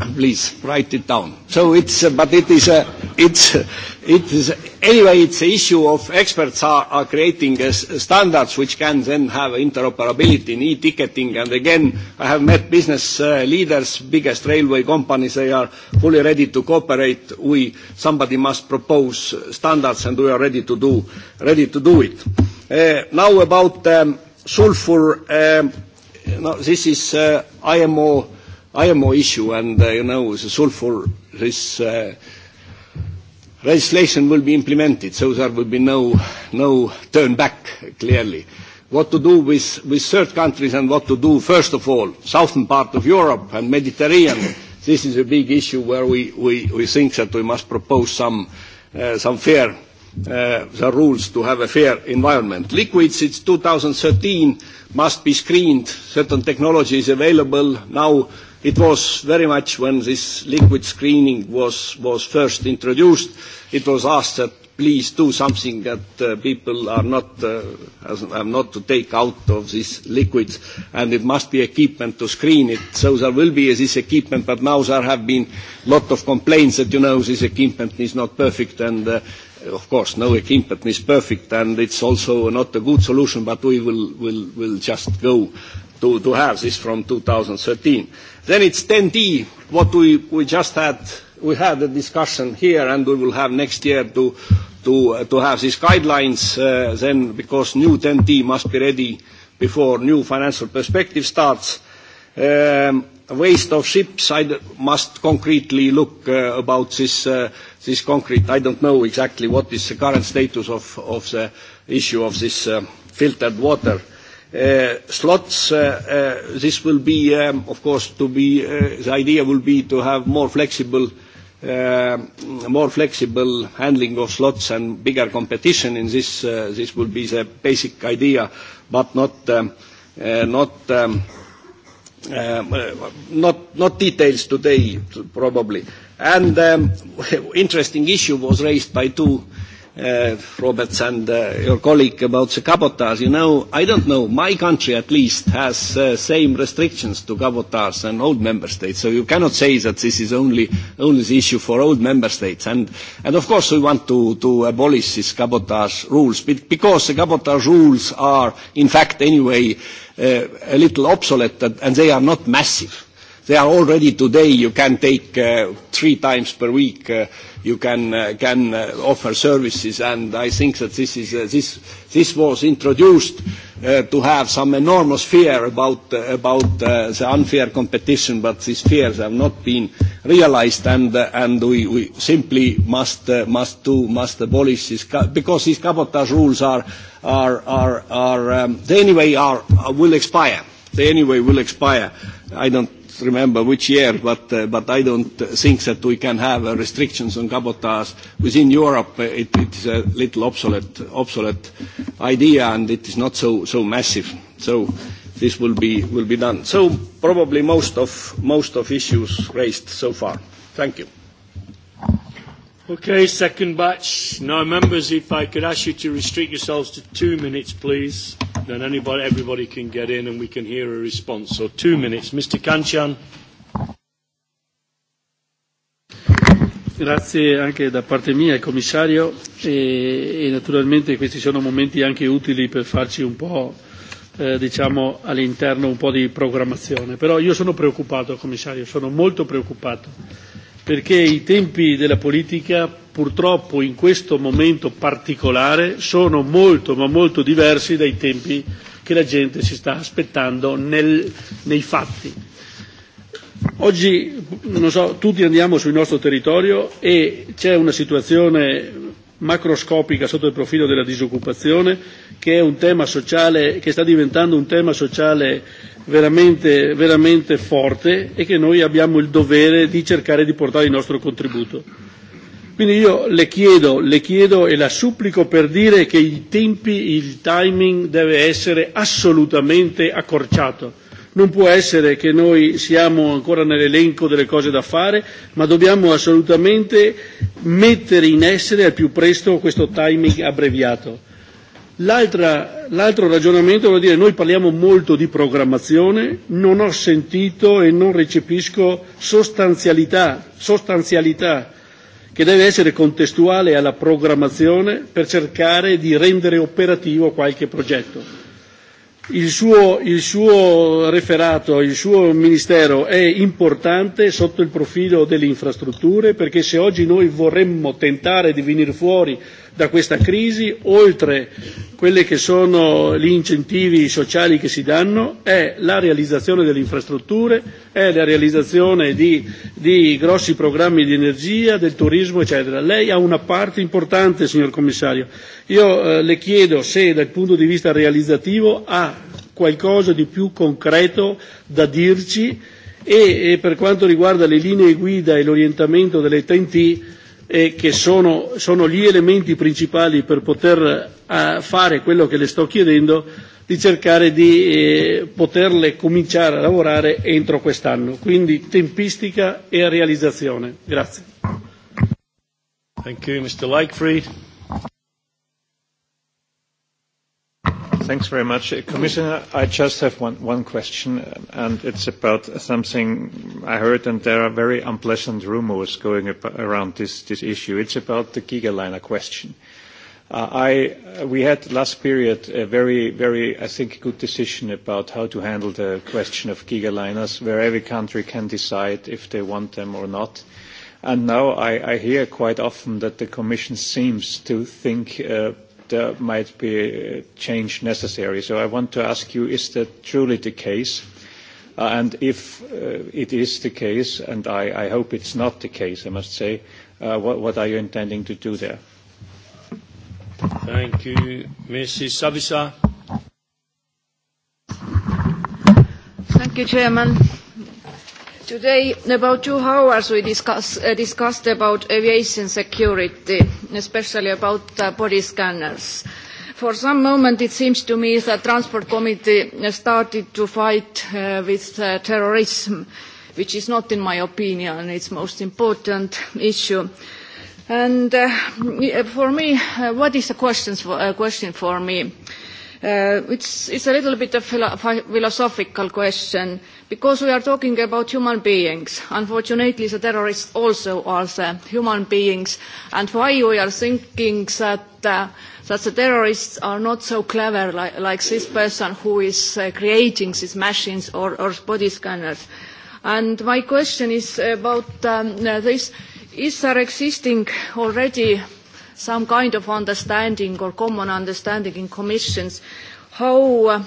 please write it down. So it's, uh, but it is a, it's, it is, anyway, it's an issue of experts are, are creating uh, standards which can then have interoperability in e-ticketing. And again, I have met business uh, leaders, biggest railway companies, they are fully ready to cooperate. We, somebody must propose standards and we are ready to do, ready to do it. Uh, now about um, sulfur, um, no, this is uh, IMO IMO issue, and uh, you know, sulfur, this uh, legislation will be implemented, so there will be no, no turn back, clearly. What to do with, with third countries and what to do, first of all, southern part of Europe and Mediterranean, this is a big issue where we, we, we think that we must propose some, uh, some fair Uh, the rules to have a fair environment. Liquids, it's 2013, must be screened. Certain technology is available. Now It was very much when this liquid screening was, was first introduced, it was asked that please do something that uh, people are not, uh, are not to take out of these liquids and it must be equipment to screen it. So there will be this equipment, but now there have been a lot of complaints that, you know, this equipment is not perfect and uh, of course, no equipment is perfect, and it's also not a good solution, but we will, will, will just go to, to have this from 2013. Then it's 10D, what we, we just had, we had a discussion here and we will have next year to, to, uh, to have these guidelines uh, then because new 10D must be ready before new financial perspective starts. Um, waste of ships, I must concretely look uh, about this, uh, this concrete. I don't know exactly what is the current status of, of the issue of this uh, filtered water. Uh, Uh, slots. Uh, uh, this will be, um, of course, to be, the idea will be to have more flexible, more flexible handling of slots and bigger competition in this. this will be the basic idea, but not, um, um, not, not, details today, probably. And interesting issue was raised by two uh, Roberts and uh, your colleague about the cabotage. You know, I don't know, my country at least has uh, same restrictions to cabotage and old member states, so you cannot say that this is only, only the issue for old member states. And, and of course we want to, to abolish these cabotage rules, because the cabotage rules are in fact anyway uh, a little obsolete and they are not massive They are already today, you can take uh, three times per week, uh, you can, uh, can uh, offer services, and I think that this, is, uh, this, this was introduced uh, to have some enormous fear about, uh, about uh, the unfair competition, but these fears have not been realized, and, uh, and we, we simply must, uh, must, do, must abolish this, because these cabotage rules are, are, are, are um, they anyway are, uh, will expire. They anyway will expire. I don't remember which year, but, uh, but I don't think that we can have uh, restrictions on cabotage. Within Europe, uh, it, it is a little obsolete, obsolete idea, and it is not so, so massive. So this will be, will be done. So probably most of, most of issues raised so far. Thank you. Okay, second batch. Now, members, if I could ask you to restrict yourselves to two minutes, please then anybody, everybody can get in and we can hear a response. So two minutes. Mr. Kanchan. Grazie anche da parte mia al commissario e, e naturalmente questi sono momenti anche utili per farci un po' eh, diciamo all'interno un po' di programmazione. Però io sono preoccupato, commissario, sono molto preoccupato perché i tempi della politica purtroppo in questo momento particolare sono molto ma molto diversi dai tempi che la gente si sta aspettando nel, nei fatti. Oggi non so, tutti andiamo sul nostro territorio e c'è una situazione macroscopica sotto il profilo della disoccupazione, che è un tema sociale, che sta diventando un tema sociale veramente, veramente forte e che noi abbiamo il dovere di cercare di portare il nostro contributo. Quindi io le chiedo, le chiedo e la supplico per dire che i tempi, il timing deve essere assolutamente accorciato Non può essere che noi siamo ancora nell'elenco delle cose da fare, ma dobbiamo assolutamente mettere in essere al più presto questo timing abbreviato. L'altra, l'altro ragionamento vuol dire noi parliamo molto di programmazione, non ho sentito e non recepisco sostanzialità, sostanzialità che deve essere contestuale alla programmazione per cercare di rendere operativo qualche progetto Il suo, il suo referato, il suo ministero è importante sotto il profilo delle infrastrutture perché se oggi noi vorremmo tentare di venire fuori da questa crisi, oltre quelli che sono gli incentivi sociali che si danno, è la realizzazione delle infrastrutture, è la realizzazione di, di grossi programmi di energia, del turismo, eccetera. Lei ha una parte importante, signor Commissario. Io eh, le chiedo se dal punto di vista realizzativo ha qualcosa di più concreto da dirci e, e per quanto riguarda le linee guida e l'orientamento delle TNT e che sono, sono gli elementi principali per poter eh, fare quello che le sto chiedendo, di cercare di eh, poterle cominciare a lavorare entro quest'anno. Quindi tempistica e realizzazione. Grazie. Thank you, Mr. Thanks very much. Uh, Commissioner, I just have one, one question, um, and it's about something I heard, and there are very unpleasant rumors going around this, this issue. It's about the Gigaliner question. Uh, I, uh, we had last period a very, very, I think, good decision about how to handle the question of gigaliners, where every country can decide if they want them or not. And now I, I hear quite often that the Commission seems to think uh, that might be change necessary. So I want to ask you, is that truly the case? Uh, and if uh, it is the case, and I, hope it's not the case, I must say, uh, what, what are you intending to do there? Thank you. Mrs. Savisa. Thank you, Chairman. Today, about two hours, we discuss, uh, discussed about aviation security, especially about uh, body scanners. For some moment, it seems to me that Transport Committee started to fight uh, with uh, terrorism, which is not, in my opinion, its most important issue. And uh, for me, uh, what is the for, uh, question for me? Uh, it's, it's a little bit of a philosophical question because we are talking about human beings. Unfortunately, the terrorists also are the human beings. And why we are thinking that, uh, that the terrorists are not so clever like, like this person who is uh, creating these machines or, or body scanners. And my question is about um, uh, this. Is there existing already some kind of understanding or common understanding in commissions how, uh,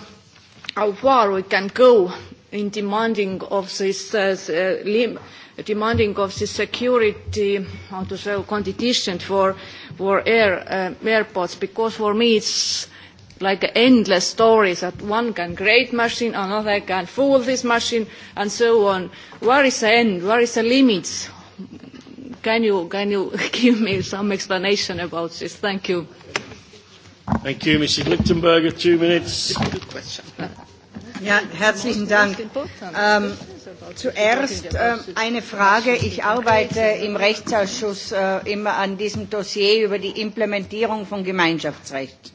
how far we can go in demanding of this uh, lim- demanding of the security how to say condition for for air uh, airports because for me it's like endless stories that one can create machine, another can fool this machine, and so on. Where is the end? Where is the limits? can you, can you give me some explanation about this? Thank you. Thank you, Mrs. Lichtenberger. Two minutes. Good question. Ja, herzlichen Dank. Ähm, zuerst äh, eine Frage. Ich arbeite im Rechtsausschuss äh, immer an diesem Dossier über die Implementierung von Gemeinschaftsrecht.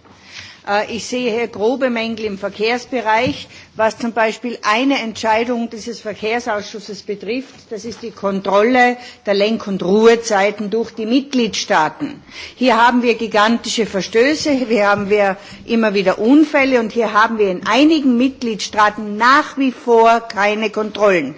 Äh, ich sehe grobe Mängel im Verkehrsbereich was zum Beispiel eine Entscheidung dieses Verkehrsausschusses betrifft. Das ist die Kontrolle der Lenk- und Ruhezeiten durch die Mitgliedstaaten. Hier haben wir gigantische Verstöße, hier haben wir immer wieder Unfälle und hier haben wir in einigen Mitgliedstaaten nach wie vor keine Kontrollen.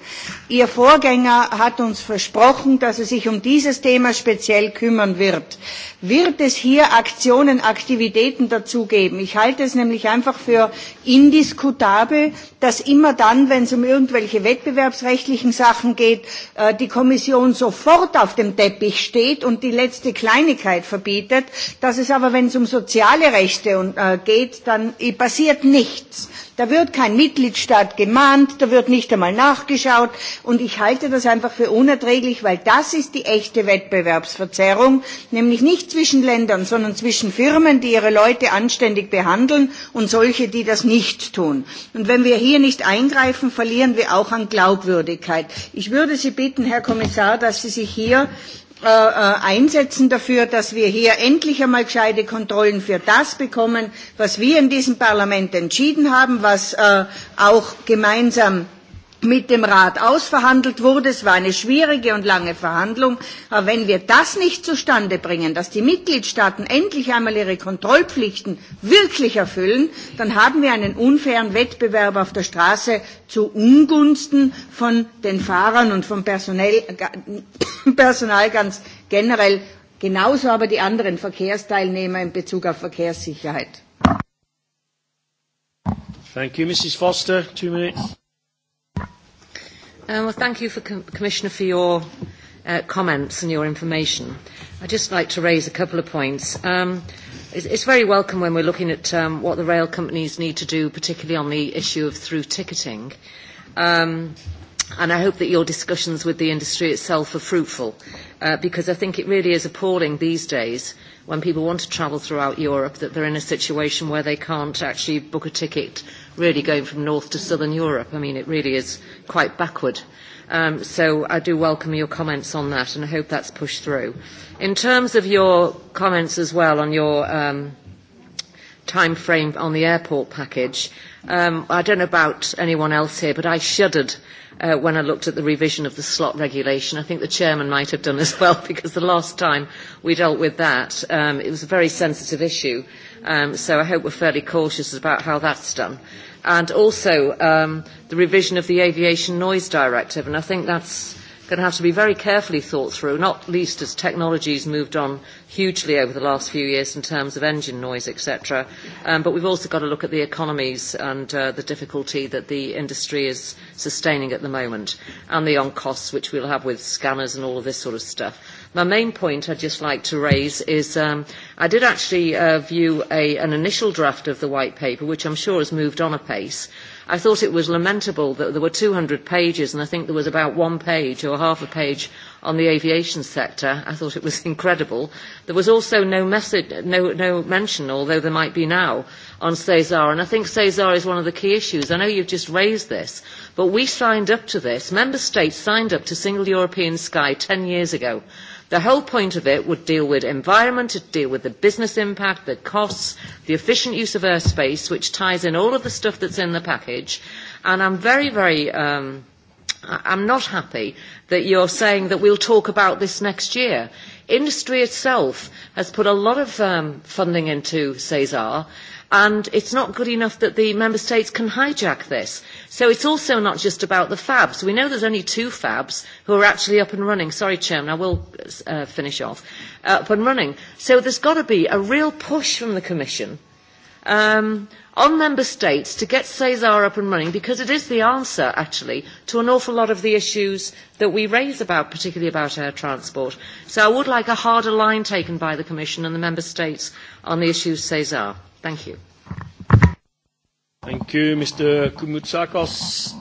Ihr Vorgänger hat uns versprochen, dass er sich um dieses Thema speziell kümmern wird. Wird es hier Aktionen, Aktivitäten dazu geben? Ich halte es nämlich einfach für indiskutabel, dass immer dann wenn es um irgendwelche wettbewerbsrechtlichen sachen geht äh, die kommission sofort auf dem teppich steht und die letzte kleinigkeit verbietet dass es aber wenn es um soziale rechte äh, geht dann äh, passiert nichts. da wird kein mitgliedstaat gemahnt da wird nicht einmal nachgeschaut und ich halte das einfach für unerträglich weil das ist die echte wettbewerbsverzerrung nämlich nicht zwischen ländern sondern zwischen firmen die ihre leute anständig behandeln und solche die das nicht tun. Und Wenn wir hier nicht eingreifen, verlieren wir auch an Glaubwürdigkeit. Ich würde Sie bitten, Herr Kommissar, dass Sie sich hier äh, äh, einsetzen dafür, dass wir hier endlich einmal gescheite Kontrollen für das bekommen, was wir in diesem Parlament entschieden haben, was äh, auch gemeinsam mit dem Rat ausverhandelt wurde. Es war eine schwierige und lange Verhandlung. Aber wenn wir das nicht zustande bringen, dass die Mitgliedstaaten endlich einmal ihre Kontrollpflichten wirklich erfüllen, dann haben wir einen unfairen Wettbewerb auf der Straße zu Ungunsten von den Fahrern und vom Personal, Personal ganz generell, genauso aber die anderen Verkehrsteilnehmer in Bezug auf Verkehrssicherheit. Thank you, Mrs. Foster. Two minutes. Um, well, thank you, for com Commissioner, for your uh, comments and your information. I'd just like to raise a couple of points. Um, it's, it's very welcome when we're looking at um, what the rail companies need to do, particularly on the issue of through ticketing. Um, and I hope that your discussions with the industry itself are fruitful, uh, because I think it really is appalling these days when people want to travel throughout Europe that they're in a situation where they can't actually book a ticket really going from north to southern Europe. I mean, it really is quite backward. Um, so I do welcome your comments on that, and I hope that's pushed through. In terms of your comments as well on your um, time frame on the airport package, um, I don't know about anyone else here, but I shuddered uh, when I looked at the revision of the slot regulation. I think the chairman might have done as well, because the last time we dealt with that, um, it was a very sensitive issue Um, so I hope we're fairly cautious about how that's done. And also um, the revision of the Aviation Noise Directive. And I think that's going to have to be very carefully thought through, not least as technology's moved on hugely over the last few years in terms of engine noise, etc. Um, but we've also got to look at the economies and uh, the difficulty that the industry is sustaining at the moment, and the on costs which we'll have with scanners and all of this sort of stuff. My main point I'd just like to raise is um, I did actually uh, view a, an initial draft of the white paper, which I'm sure has moved on a pace. I thought it was lamentable that there were 200 pages, and I think there was about one page or half a page on the aviation sector. I thought it was incredible. There was also no, message, no, no mention, although there might be now, on Cesar, and I think Cesar is one of the key issues. I know you've just raised this, but we signed up to this. Member States signed up to Single European Sky 10 years ago The whole point of it would deal with environment, it'd deal with the business impact, the costs, the efficient use of airspace, which ties in all of the stuff that's in the package. And I'm very, very, um, I'm not happy that you're saying that we'll talk about this next year. Industry itself has put a lot of um, funding into CESAR, and it's not good enough that the member states can hijack this So it's also not just about the fabs. We know there's only two fabs who are actually up and running. Sorry, Chairman, I will uh, finish off. Uh, up and running. So there's got to be a real push from the Commission um, on member states to get CESAR up and running because it is the answer, actually, to an awful lot of the issues that we raise about, particularly about air transport. So I would like a harder line taken by the Commission and the member states on the issue of CESAR. Thank you. Thank you, Mr. Koumoutsakos.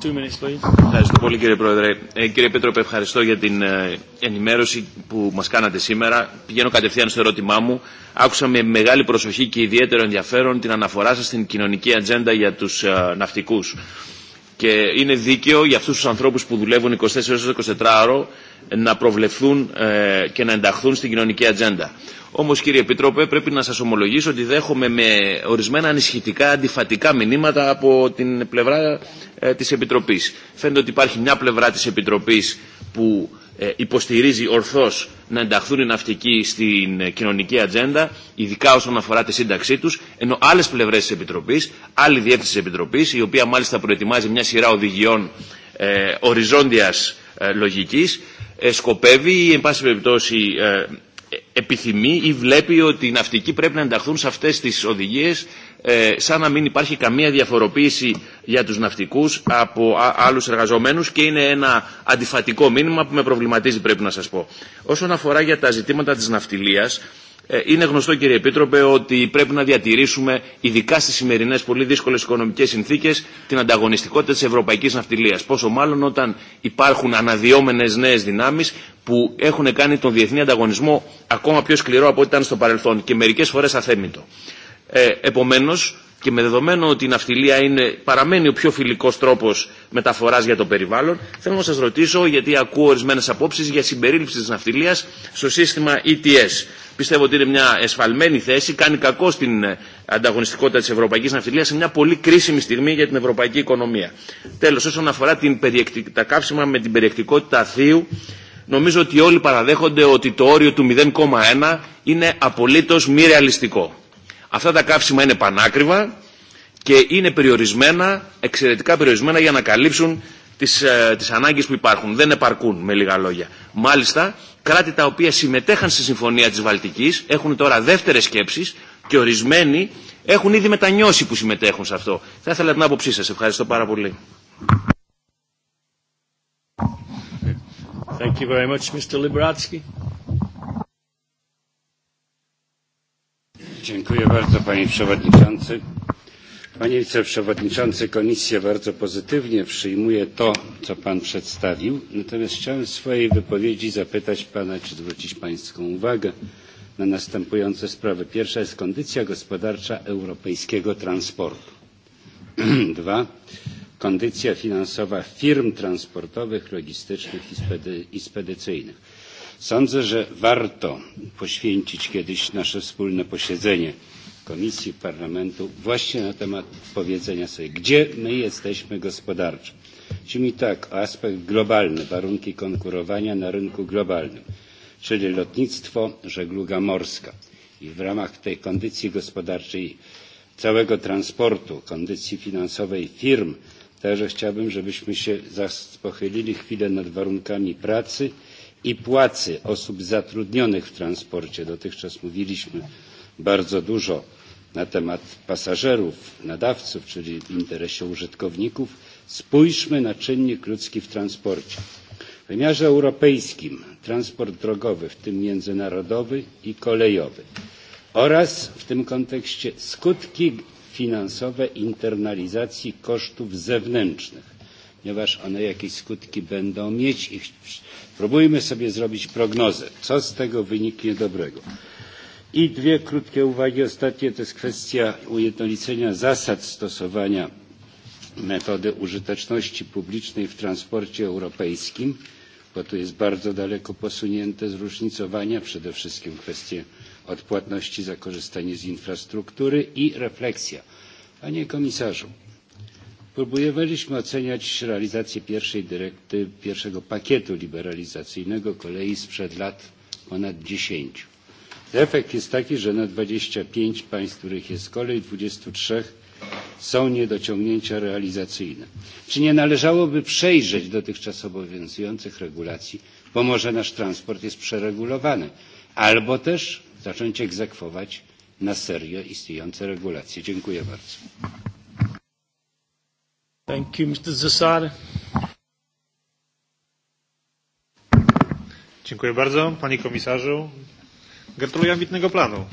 Two minutes, please. Ευχαριστώ πολύ κύριε Πρόεδρε. Ε, κύριε Πέτροπε, ευχαριστώ για την ε, ενημέρωση που μας κάνατε σήμερα. Πηγαίνω κατευθείαν στο ερώτημά μου. Άκουσα με μεγάλη προσοχή και ιδιαίτερο ενδιαφέρον την αναφορά σας στην κοινωνική ατζέντα για τους ε, ναυτικούς. Και είναι δίκαιο για αυτούς τους ανθρώπους που δουλεύουν 24 ώρες 24 ώρο να προβλεφθούν ε, και να ενταχθούν στην κοινωνική ατζέντα. Όμω, κύριε Επιτρόπε, πρέπει να σα ομολογήσω ότι δέχομαι με ορισμένα ανησυχητικά, αντιφατικά μηνύματα από την πλευρά ε, τη Επιτροπή. Φαίνεται ότι υπάρχει μια πλευρά τη Επιτροπή που ε, υποστηρίζει ορθώ να ενταχθούν οι ναυτικοί στην κοινωνική ατζέντα, ειδικά όσον αφορά τη σύνταξή του, ενώ άλλε πλευρέ τη Επιτροπή, άλλη διεύθυνση τη Επιτροπή, η οποία μάλιστα προετοιμάζει μια σειρά οδηγιών ε, οριζόντια ε, λογική, σκοπεύει ή εν πάση περιπτώσει επιθυμεί ή βλέπει ότι οι ναυτικοί πρέπει να ενταχθούν σε αυτές τις οδηγίες ε, σαν να μην υπάρχει καμία διαφοροποίηση για τους ναυτικούς από α, άλλους εργαζομένους και είναι ένα αντιφατικό μήνυμα που με προβληματίζει πρέπει να σας πω. Όσον αφορά για τα ζητήματα της ναυτιλίας, Είναι γνωστό κύριε Επίτροπε ότι πρέπει να διατηρήσουμε ειδικά στις σημερινές πολύ δύσκολες οικονομικές συνθήκες την ανταγωνιστικότητα της ευρωπαϊκής ναυτιλίας. Πόσο μάλλον όταν υπάρχουν αναδυόμενες νέες δυνάμεις που έχουν κάνει τον διεθνή ανταγωνισμό ακόμα πιο σκληρό από ό,τι ήταν στο παρελθόν και μερικές φορές αθέμητο. Ε, επομένως, και με δεδομένο ότι η ναυτιλία είναι, παραμένει ο πιο φιλικός τρόπος μεταφοράς για το περιβάλλον, θέλω να σας ρωτήσω, γιατί ακούω ορισμένε απόψεις για συμπερίληψη της ναυτιλίας στο σύστημα ETS. Πιστεύω ότι είναι μια εσφαλμένη θέση, κάνει κακό στην ανταγωνιστικότητα της ευρωπαϊκής ναυτιλίας σε μια πολύ κρίσιμη στιγμή για την ευρωπαϊκή οικονομία. Τέλος, όσον αφορά την περιεκτικ... τα κάψιμα με την περιεκτικότητα θείου, νομίζω ότι όλοι παραδέχονται ότι το όριο του 0,1 είναι απολύτως μη ρεαλιστικό. Αυτά τα καύσιμα είναι πανάκριβα και είναι περιορισμένα, εξαιρετικά περιορισμένα για να καλύψουν τις, ε, τις ανάγκες που υπάρχουν. Δεν επαρκούν με λίγα λόγια. Μάλιστα, κράτη τα οποία συμμετέχαν στη Συμφωνία της Βαλτικής έχουν τώρα δεύτερες σκέψεις και ορισμένοι έχουν ήδη μετανιώσει που συμμετέχουν σε αυτό. Θα ήθελα την άποψή σας. Ευχαριστώ πάρα πολύ. Thank you very much, Mr. Liberatsky. Dziękuję bardzo panie przewodniczący. Panie wiceprzewodniczący, komisja bardzo pozytywnie przyjmuje to, co pan przedstawił. Natomiast chciałem w swojej wypowiedzi zapytać pana, czy zwrócić pańską uwagę na następujące sprawy. Pierwsza jest kondycja gospodarcza europejskiego transportu. Dwa, kondycja finansowa firm transportowych, logistycznych i, i spedycyjnych Sądzę, że warto poświęcić kiedyś nasze wspólne posiedzenie Komisji Parlamentu właśnie na temat powiedzenia sobie, gdzie my jesteśmy gospodarczo. Chodzi mi tak o aspekt globalny, warunki konkurowania na rynku globalnym, czyli lotnictwo, żegluga morska i w ramach tej kondycji gospodarczej całego transportu, kondycji finansowej firm, także chciałbym, żebyśmy się pochylili chwilę nad warunkami pracy, i płacy osób zatrudnionych w transporcie. Dotychczas mówiliśmy bardzo dużo na temat pasażerów, nadawców, czyli w interesie użytkowników. Spójrzmy na czynnik ludzki w transporcie. W wymiarze europejskim transport drogowy, w tym międzynarodowy i kolejowy oraz w tym kontekście skutki finansowe internalizacji kosztów zewnętrznych, ponieważ one jakieś skutki będą mieć i Spróbujmy sobie zrobić prognozę, co z tego wyniknie dobrego. I dwie krótkie uwagi. Ostatnie to jest kwestia ujednolicenia zasad stosowania metody użyteczności publicznej w transporcie europejskim, bo tu jest bardzo daleko posunięte zróżnicowania, przede wszystkim kwestie odpłatności za korzystanie z infrastruktury i refleksja. Panie komisarzu, Próbowaliśmy oceniać realizację pierwszej dyrektywy, pierwszego pakietu liberalizacyjnego kolei sprzed lat ponad 10. Efekt jest taki, że na 25 państw, których jest kolej, 23 są niedociągnięcia realizacyjne. Czy nie należałoby przejrzeć dotychczas obowiązujących regulacji, bo może nasz transport jest przeregulowany, albo też zacząć egzekwować na serio istniejące regulacje? Dziękuję bardzo. Thank you, Mr. Zasada. Dziękuję bardzo, panie komisarzu. Gratuluję ambitnego planu.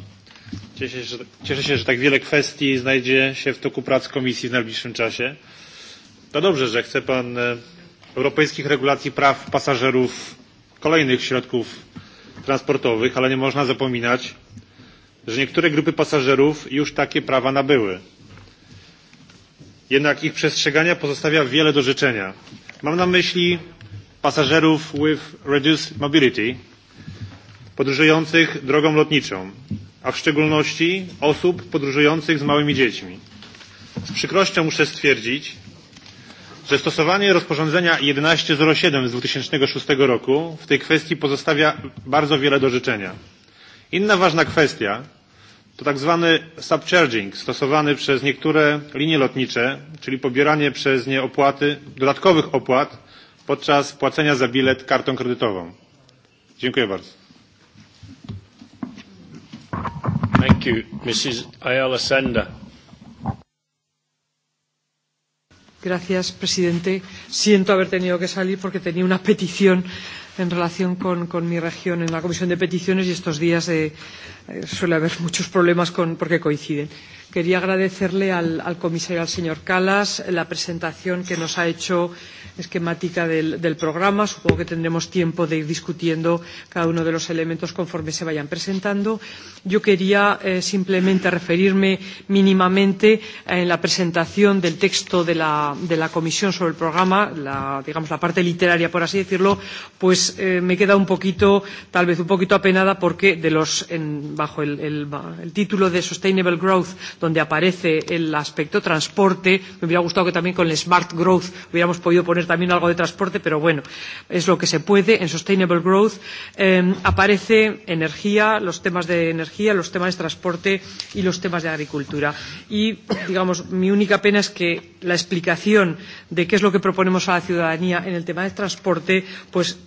Cieszę się, że, cieszę się, że tak wiele kwestii znajdzie się w toku prac komisji w najbliższym czasie. To dobrze, że chce pan e, europejskich regulacji praw pasażerów kolejnych środków transportowych, ale nie można zapominać, że niektóre grupy pasażerów już takie prawa nabyły jednak ich przestrzegania pozostawia wiele do życzenia. Mam na myśli pasażerów with reduced mobility, podróżujących drogą lotniczą, a w szczególności osób podróżujących z małymi dziećmi. Z przykrością muszę stwierdzić, że stosowanie rozporządzenia 1107 z 2006 roku w tej kwestii pozostawia bardzo wiele do życzenia. Inna ważna kwestia, to tak zwany subcharging stosowany przez niektóre linie lotnicze, czyli pobieranie przez nie opłaty, dodatkowych opłat podczas płacenia za bilet kartą kredytową. Dziękuję bardzo. Thank you. Mrs. Ayala Sender. Gracias, presidente. Siento haber tenido que salir porque tenía una petición en relación con, con mi región en la Comisión de Peticiones y estos días eh, eh suele haber muchos problemas con, porque coinciden. Quería agradecerle al, al comisario, al señor Calas, la presentación que nos ha hecho esquemática del, del programa. Supongo que tendremos tiempo de ir discutiendo cada uno de los elementos conforme se vayan presentando. Yo quería eh, simplemente referirme mínimamente eh, en la presentación del texto de la, de la Comisión sobre el programa, la, digamos la parte literaria, por así decirlo, pues eh, me queda un poquito, tal vez un poquito apenada porque de los, en, bajo el, el, el título de Sustainable Growth, donde aparece el aspecto transporte. Me hubiera gustado que también con el Smart Growth hubiéramos podido poner también algo de transporte, pero bueno, es lo que se puede. En Sustainable Growth eh, aparece energía, los temas de energía, los temas de transporte y los temas de agricultura. Y, digamos, mi única pena es que la explicación de qué es lo que proponemos a la ciudadanía en el tema de transporte, pues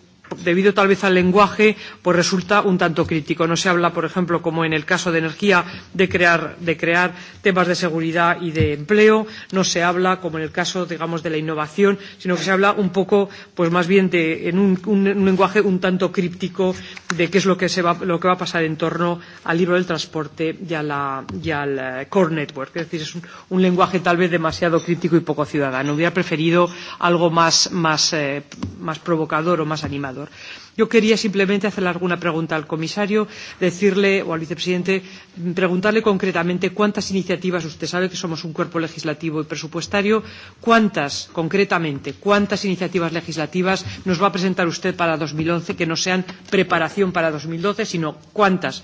debido tal vez al lenguaje, pues resulta un tanto crítico. No se habla, por ejemplo, como en el caso de energía, de crear, de crear temas de seguridad y de empleo, no se habla, como en el caso, digamos, de la innovación, sino que se habla un poco, pues más bien de, en un, un, un lenguaje un tanto críptico de qué es lo que, se va, lo que va a pasar en torno al libro del transporte y, a la, y al eh, core network. Es decir, es un, un lenguaje tal vez demasiado crítico y poco ciudadano. Hubiera preferido algo más, más, eh, más provocador o más animado. Salvador. Yo quería simplemente hacerle alguna pregunta al comisario, decirle, o al vicepresidente, preguntarle concretamente cuántas iniciativas, usted sabe que somos un cuerpo legislativo y presupuestario, cuántas, concretamente, cuántas iniciativas legislativas nos va a presentar usted para 2011 que no sean preparación para 2012, sino cuántas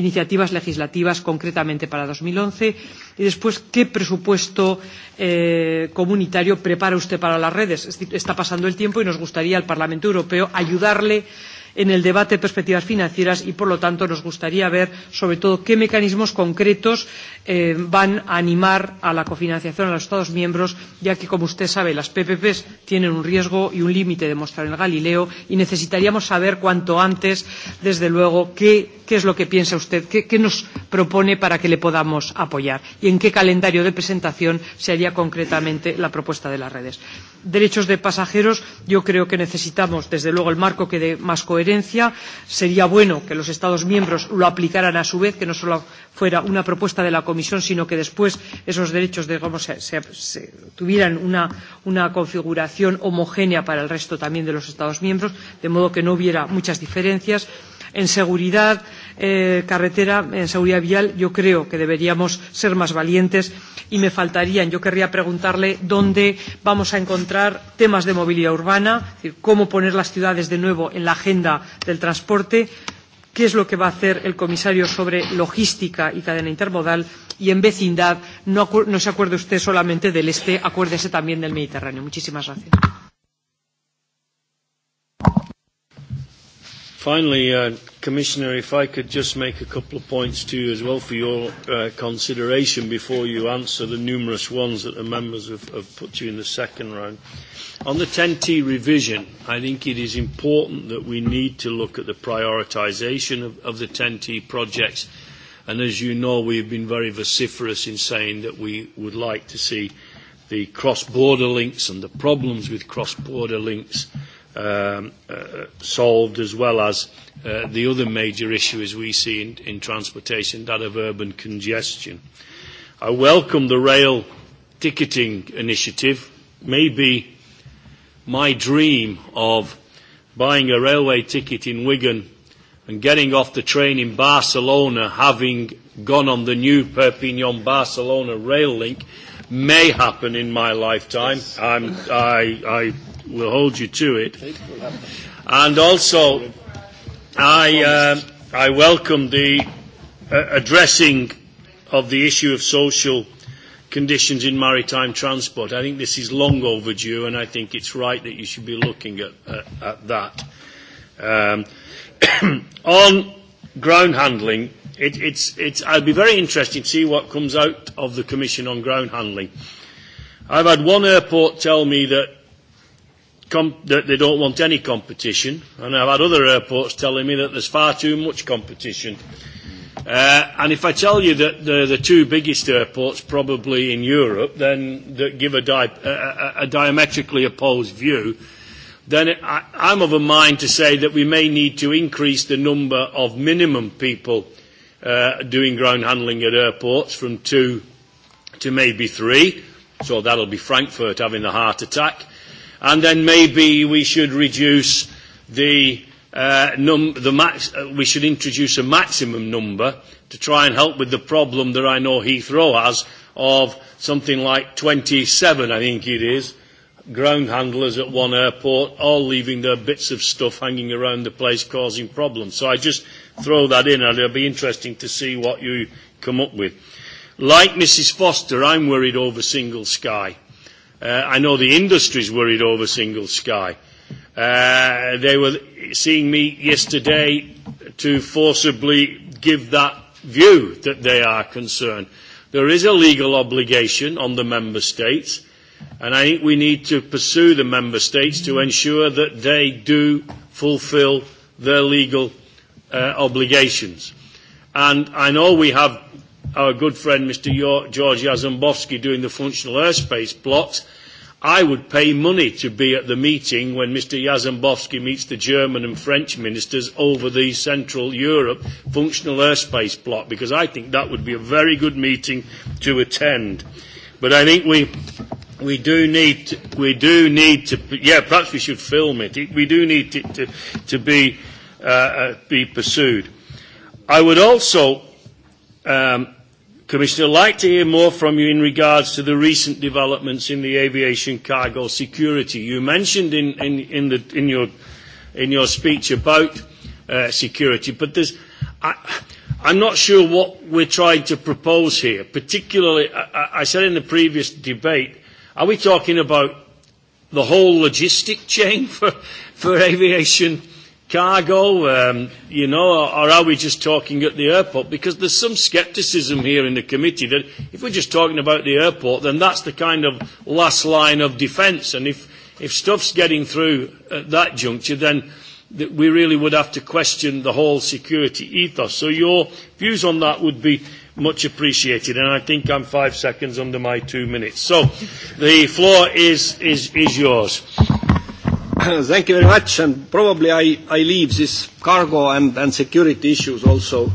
iniciativas legislativas concretamente para 2011 y después qué presupuesto eh, comunitario prepara usted para las redes. Está pasando el tiempo y nos gustaría al Parlamento Europeo ayudarle en el debate de perspectivas financieras y, por lo tanto, nos gustaría ver, sobre todo, qué mecanismos concretos eh, van a animar a la cofinanciación a los Estados miembros, ya que, como usted sabe, las PPPs tienen un riesgo y un límite demostrado en el Galileo y necesitaríamos saber cuanto antes, desde luego, qué, qué es lo que piensa usted, qué, qué nos propone para que le podamos apoyar y en qué calendario de presentación se haría concretamente la propuesta de las redes. Derechos de pasajeros, yo creo que necesitamos, desde luego, el marco que dé más coherencia coherencia. Sería bueno que los Estados miembros lo aplicaran a su vez, que no solo fuera una propuesta de la Comisión, sino que después esos derechos digamos, se, se, se tuvieran una, una configuración homogénea para el resto también de los Estados miembros, de modo que no hubiera muchas diferencias. En seguridad, Eh, carretera, en eh, seguridad vial, yo creo que deberíamos ser más valientes y me faltarían. Yo querría preguntarle dónde vamos a encontrar temas de movilidad urbana, es decir, cómo poner las ciudades de nuevo en la agenda del transporte, qué es lo que va a hacer el comisario sobre logística y cadena intermodal y en vecindad no, no se acuerde usted solamente del este, acuérdese también del Mediterráneo. Muchísimas gracias. Finally, uh, Commissioner, if I could just make a couple of points to you as well for your uh, consideration before you answer the numerous ones that the members have, have put you in the second round. On the 10T revision, I think it is important that we need to look at the prioritisation of, of the 10T projects. And as you know, we've been very vociferous in saying that we would like to see the cross-border links and the problems with cross-border links um, uh, solved, as well as uh, the other major issue, as we see in, in transportation, that of urban congestion. I welcome the rail ticketing initiative. Maybe my dream of buying a railway ticket in Wigan and getting off the train in Barcelona, having gone on the new Perpignan Barcelona rail link, may happen in my lifetime. Yes. I'm, I, I Will hold you to it. And also, I, uh, I welcome the uh, addressing of the issue of social conditions in maritime transport. I think this is long overdue, and I think it's right that you should be looking at, at, uh, at that. Um, on ground handling, it, it's, it's, I'll be very interested to see what comes out of the Commission on ground handling. I've had one airport tell me that com- that they don't want any competition. And I've had other airports telling me that there's far too much competition. Uh, and if I tell you that they're the two biggest airports probably in Europe, then that give a, di- a, a diametrically opposed view, then I, I'm of a mind to say that we may need to increase the number of minimum people uh, doing ground handling at airports from two to maybe three. So that'll be Frankfurt having a heart attack. And then maybe we should reduce the, uh, num- the max- uh, we should introduce a maximum number to try and help with the problem that I know Heathrow has of something like 27, I think it is, ground handlers at one airport, all leaving their bits of stuff hanging around the place causing problems. So I just throw that in and it'll be interesting to see what you come up with. Like Mrs Foster, I'm worried over single sky. Uh, I know the industry's worried over single sky. Uh, they were seeing me yesterday to forcibly give that view that they are concerned. There is a legal obligation on the member states, and I think we need to pursue the member states to ensure that they do fulfil their legal uh, obligations. And I know we have our good friend Mr. George Yazembowski doing the functional airspace plot, I would pay money to be at the meeting when Mr. Yazembowski meets the German and French ministers over the Central Europe functional airspace plot because I think that would be a very good meeting to attend. But I think we we do need to, we do need to yeah perhaps we should film it. it we do need it to, to be uh, uh be pursued. I would also um, Commissioner, I'd like to hear more from you in regards to the recent developments in the aviation cargo security. You mentioned in, in, in, the, in, your, in your speech about uh, security, but there's, I, I'm not sure what we're trying to propose here. Particularly, I, I said in the previous debate, are we talking about the whole logistic chain for, for aviation? cargo, um, you know, or are we just talking at the airport? Because there's some scepticism here in the committee that if we're just talking about the airport, then that's the kind of last line of defence. And if, if stuff's getting through at that juncture, then th- we really would have to question the whole security ethos. So your views on that would be much appreciated. And I think I'm five seconds under my two minutes. So the floor is, is, is yours. Thank you very much. And probably I, I leave this cargo and, and security issues also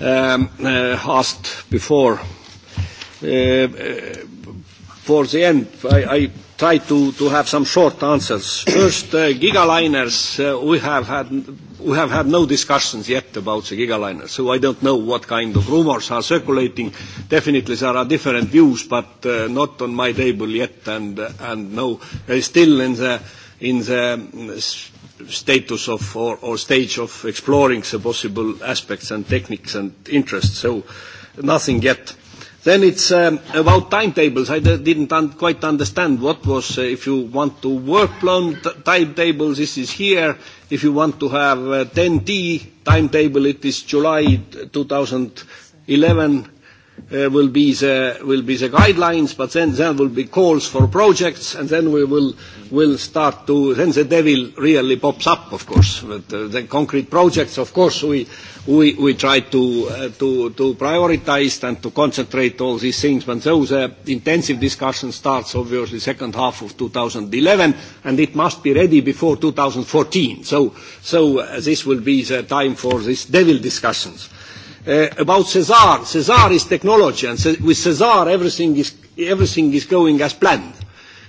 um, uh, asked before. Uh, uh for the end, I, I try to, to have some short answers. First, uh, gigaliners, uh, we, have had, we have had no discussions yet about the gigaliners, so I don't know what kind of rumors are circulating. Definitely there are different views, but uh, not on my table yet, and, uh, and no, uh, still in the in the status of or, or stage of exploring the possible aspects and techniques and interests. So nothing yet. Then it's um, about timetables. I didn't un quite understand what was, uh, if you want to work plan timetables, this is here. If you want to have a uh, 10D timetable, it is July 2011 uh, will be the will be the guidelines, but then there will be calls for projects, and then we will will start to then the devil really pops up, of course. But uh, the concrete projects, of course, we we, we try to uh, to to prioritize and to concentrate all these things. But those uh, intensive discussion starts obviously second half of 2011, and it must be ready before 2014. So so uh, this will be the time for these devil discussions uh, about Cesar. Cesar is technology, and with Cesar everything is, everything is going as planned.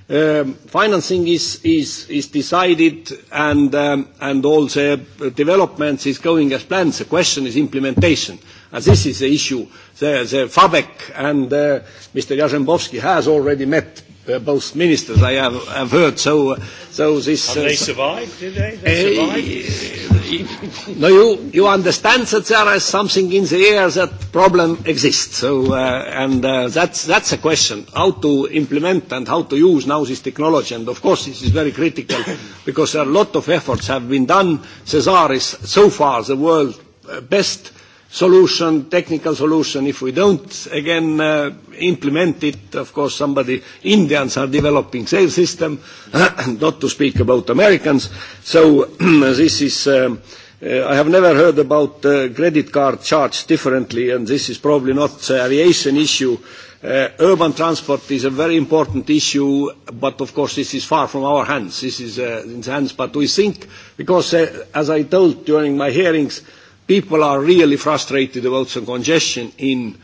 Um, financing is, is, is decided and, um, and all the developments is going as planned. The question is implementation. Uh, And this is the issue. The, the FABEC and uh, Mr. Jarzembowski has already met uh, both ministers, I have, have heard. So, uh, so this. And uh, they survived, did they? They uh, survived. Uh, no, you, you understand that there is something in the air that problem exists. So, uh, and uh, that's, that's a question how to implement and how to use now this technology. And of course, this is very critical because a lot of efforts have been done. Cesar is so far the world's uh, best solution, technical solution. If we don't, again, uh, implement it, of course, somebody, Indians are developing sales system, not to speak about Americans. So this is, um, uh, I have never heard about uh, credit card charged differently, and this is probably not the aviation issue. Uh, urban transport is a very important issue, but of course this is far from our hands. This is uh, in the hands, but we think, because uh, as I told during my hearings, people are really frustrated about some congestion in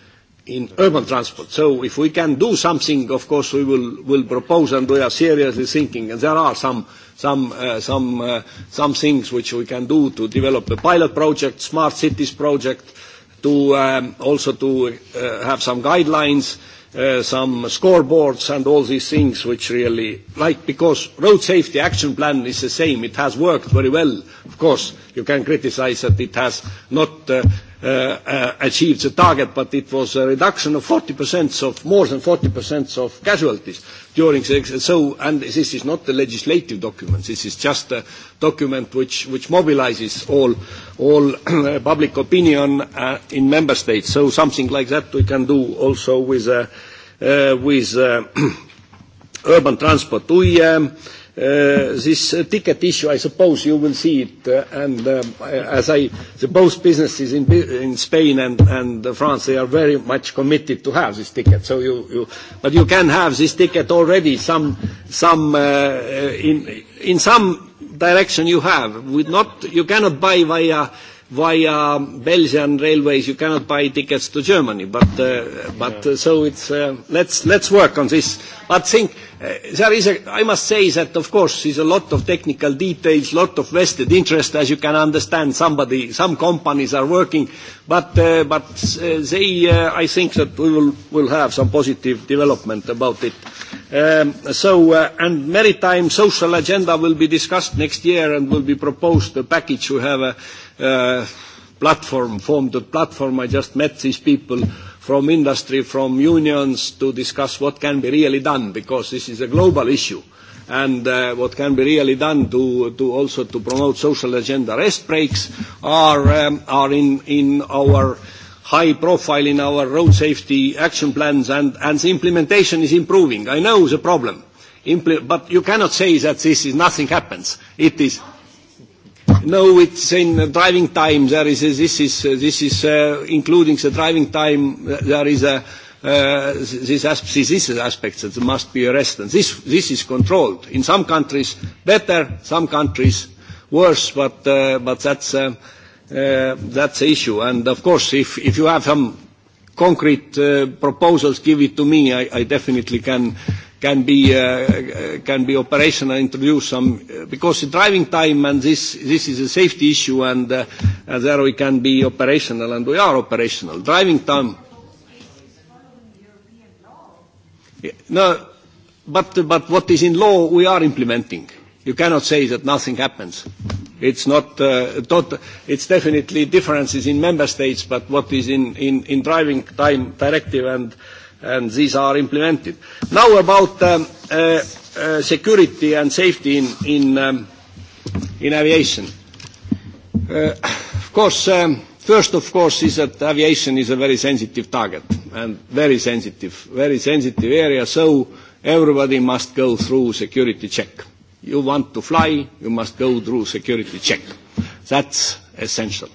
in urban transport. So if we can do something, of course, we will, will propose, and we are seriously thinking. And there are some, some, uh, some, uh, some things which we can do to develop the pilot project, smart cities project, to um, also to uh, have some guidelines Uh, some scoreboards and all these things which really like because road safety action plan is the same it has worked very well of course you can criticize that it has not uh, Uh, uh, achieved the target, but it was a reduction of 40% of, more than 40% of casualties during the, so, and this is not a legislative document, this is just a document which, which mobilizes all, all uh, public opinion uh, in member states. So something like that we can do also with, uh, uh, with uh, urban transport. We, um, Uh, this uh, ticket issue, I suppose you will see it, uh, and um, as I, the both businesses in, in Spain and, and France, they are very much committed to have this ticket. So you, you but you can have this ticket already. Some, some uh, in in some direction you have. With not, you cannot buy via via Belgian railways you cannot buy tickets to Germany but uh, but uh, so it's uh, let's let's work on this but think uh, there is a, I must say that of course there's a lot of technical details lot of vested interest as you can understand somebody some companies are working but uh, but uh, they uh, I think that we will will have some positive development about it um, so uh, and maritime social agenda will be discussed next year and will be proposed a package we have a uh, Uh, platform, formed a platform. I just met these people from industry, from unions, to discuss what can be really done, because this is a global issue, and uh, what can be really done to, to also to promote social agenda. Rest breaks are, um, are in, in our high profile in our road safety action plans, and, and the implementation is improving. I know the problem, but you cannot say that this is nothing happens. It is No, it's in driving time. There is a, this is uh, this is uh, including the driving time. Uh, there is a uh, this, asp- this is aspects that must be arrested. This this is controlled in some countries better, some countries worse. But uh, but that's uh, uh, that's the issue. And of course, if if you have some concrete uh, proposals, give it to me. I, I definitely can can be, uh, uh, can be operational, introduce some, uh, because the driving time and this, this is a safety issue and, uh, there we can be operational and we are operational. Driving time. no, but, but what is in law we are implementing. You cannot say that nothing happens. It's not, uh, tot, it's definitely differences in member states, but what is in, in, in driving time directive and, uh, and these are implemented. Now about um, uh, uh, security and safety in, in, um, in aviation. Uh, of course, um, first of course is that aviation is a very sensitive target and very sensitive, very sensitive area, so everybody must go through security check. You want to fly, you must go through security check. That's essential.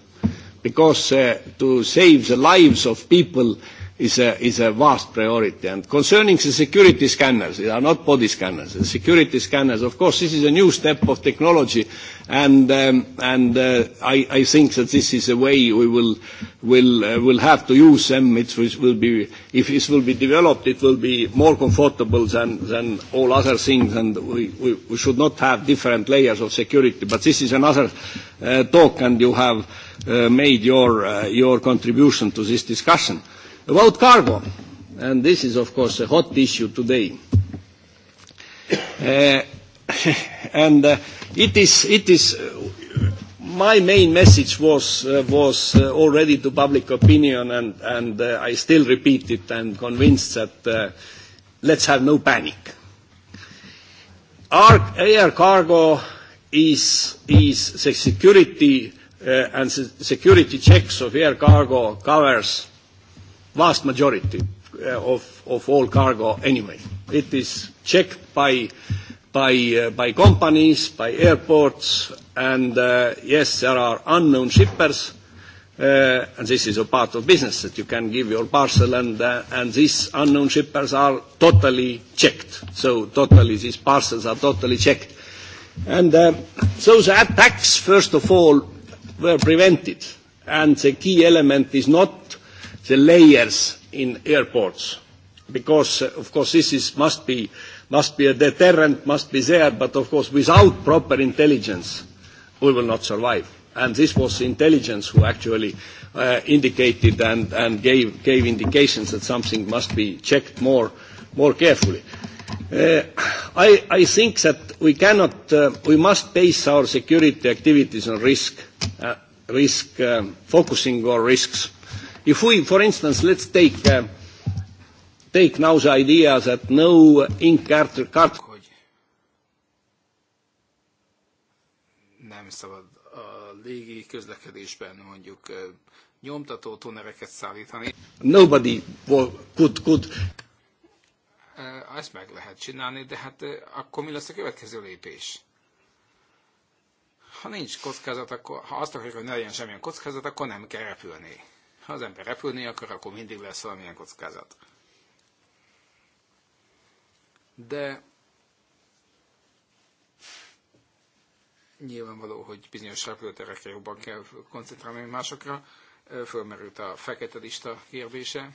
Because uh, to save the lives of people, is a, vast priority. And concerning the security scanners, they are not body scanners, the security scanners, of course, this is a new step of technology, and, um, and uh, I, I think that this is a way we will, will, uh, will have to use them. It will be, if this will be developed, it will be more comfortable than, than all other things, and we, we, we should not have different layers of security. But this is another uh, talk, and you have uh, made your, uh, your contribution to this discussion. About cargo, and this is of course a hot issue today. Uh, and uh, it is, it is uh, my main message was, uh, was uh, already to public opinion, and, and uh, I still repeat it. and convinced that uh, let's have no panic. Our air cargo is, is the security uh, and the security checks of air cargo covers vast majority uh, of, of all cargo anyway. It is checked by, by, uh, by companies, by airports, and uh, yes, there are unknown shippers, Uh, and this is a part of business that you can give your parcel and, uh, and these unknown shippers are totally checked. So totally, these parcels are totally checked. And uh, so the attacks, first of all, were prevented. And the key element is not the layers in airports, because uh, of course this is, must be must be a deterrent, must be there, but of course without proper intelligence we will not survive. And this was intelligence who actually uh, indicated and, and gave, gave indications that something must be checked more, more carefully. Uh, I, I think that we cannot, uh, we must base our security activities on risk, uh, risk um, focusing on risks If we, for instance, let's take, uh, take now the idea that no ink cart, cart hogy nem szabad a légi közlekedésben mondjuk uh, nyomtató tonereket szállítani. Nobody could, could. Uh, ezt meg lehet csinálni, de hát uh, akkor mi lesz a következő lépés? Ha nincs kockázat, akkor ha azt akarjuk, hogy ne legyen semmilyen kockázat, akkor nem kell repülni. Ha az ember repülni akar, akkor mindig lesz valamilyen kockázat. De nyilvánvaló, hogy bizonyos repülőterekre jobban kell koncentrálni, mint másokra. Fölmerült a fekete lista kérdése.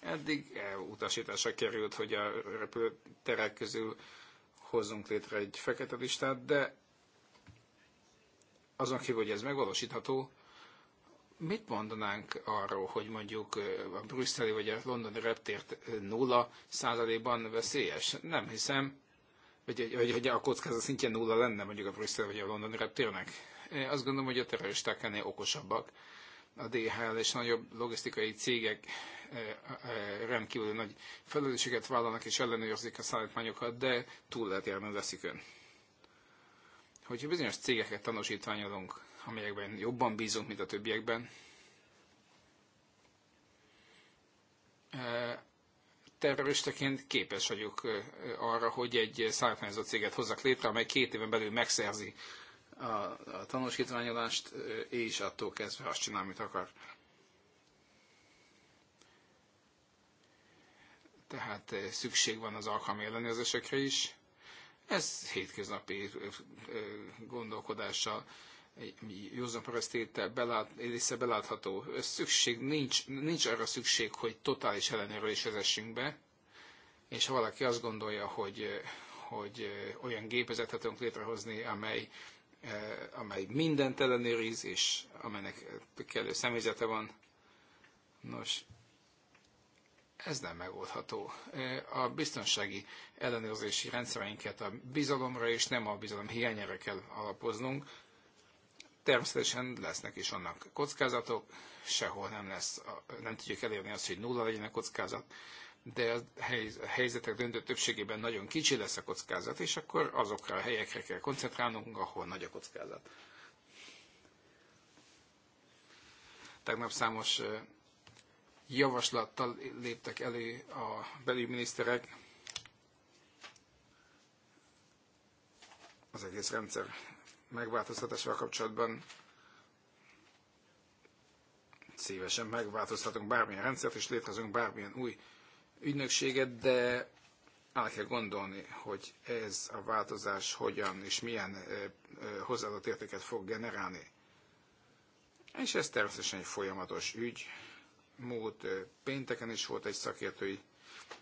Eddig utasításra került, hogy a repülőterek közül hozzunk létre egy fekete listát, de azon kívül, hogy ez megvalósítható, mit mondanánk arról, hogy mondjuk a brüsszeli vagy a londoni reptért nulla százalékban veszélyes? Nem hiszem, hogy, hogy, hogy a kockázat szintje nulla lenne mondjuk a brüsszeli vagy a londoni reptérnek. Én azt gondolom, hogy a terroristák ennél okosabbak. A DHL és nagyobb logisztikai cégek rendkívül nagy felelősséget vállalnak és ellenőrzik a szállítmányokat, de túl lehet járni veszik ön. Hogyha bizonyos cégeket tanúsítványolunk, amelyekben jobban bízunk, mint a többiekben. Terroristaként képes vagyok arra, hogy egy szállítmányozó céget hozzak létre, amely két éven belül megszerzi a, a tanúsítványolást, és attól kezdve azt csinál, amit akar. Tehát szükség van az alkalmi ellenőrzésekre is. Ez hétköznapi gondolkodással józan parasztétel belát, része belátható. Szükség nincs, nincs arra szükség, hogy totális is vezessünk be, és ha valaki azt gondolja, hogy, hogy olyan gépezetet tudunk létrehozni, amely, amely mindent ellenőriz, és amelynek kellő személyzete van, nos, ez nem megoldható. A biztonsági ellenőrzési rendszereinket a bizalomra és nem a bizalom hiányára kell alapoznunk, Természetesen lesznek is annak kockázatok, sehol nem lesz, nem tudjuk elérni azt, hogy nulla legyen a kockázat, de a helyzetek döntő többségében nagyon kicsi lesz a kockázat, és akkor azokra a helyekre kell koncentrálnunk, ahol nagy a kockázat. Tegnap számos javaslattal léptek elő a belügyminiszterek az egész rendszer megváltoztatásával kapcsolatban szívesen megváltoztatunk bármilyen rendszert, és létrehozunk bármilyen új ügynökséget, de el kell gondolni, hogy ez a változás hogyan és milyen hozzáadott értéket fog generálni. És ez természetesen egy folyamatos ügy. Múlt pénteken is volt egy szakértői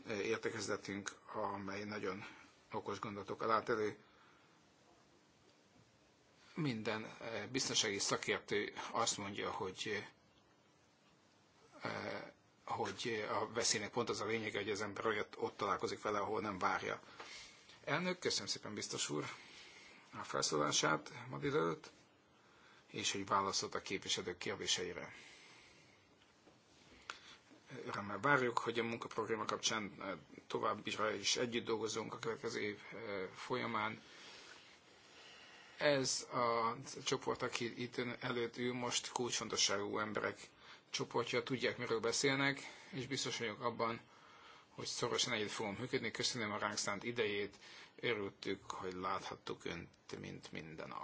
értekezletünk, amely nagyon okos gondolatokkal állt elő minden eh, biztonsági szakértő azt mondja, hogy eh, hogy a veszélynek pont az a lényege, hogy az ember olyat ott találkozik vele, ahol nem várja. Elnök, köszönöm szépen biztos úr a felszólását ma délelőtt, és hogy válaszolt a képviselők kérdéseire. Örömmel várjuk, hogy a munkaprogramma kapcsán eh, tovább is együtt dolgozunk a következő év folyamán. Ez a csoport, aki itt előtt ül, most kulcsfontosságú emberek csoportja, tudják, miről beszélnek, és biztos vagyok abban, hogy szorosan együtt fogom működni. Köszönöm a ránk szánt idejét, örültük, hogy láthattuk Önt, mint minden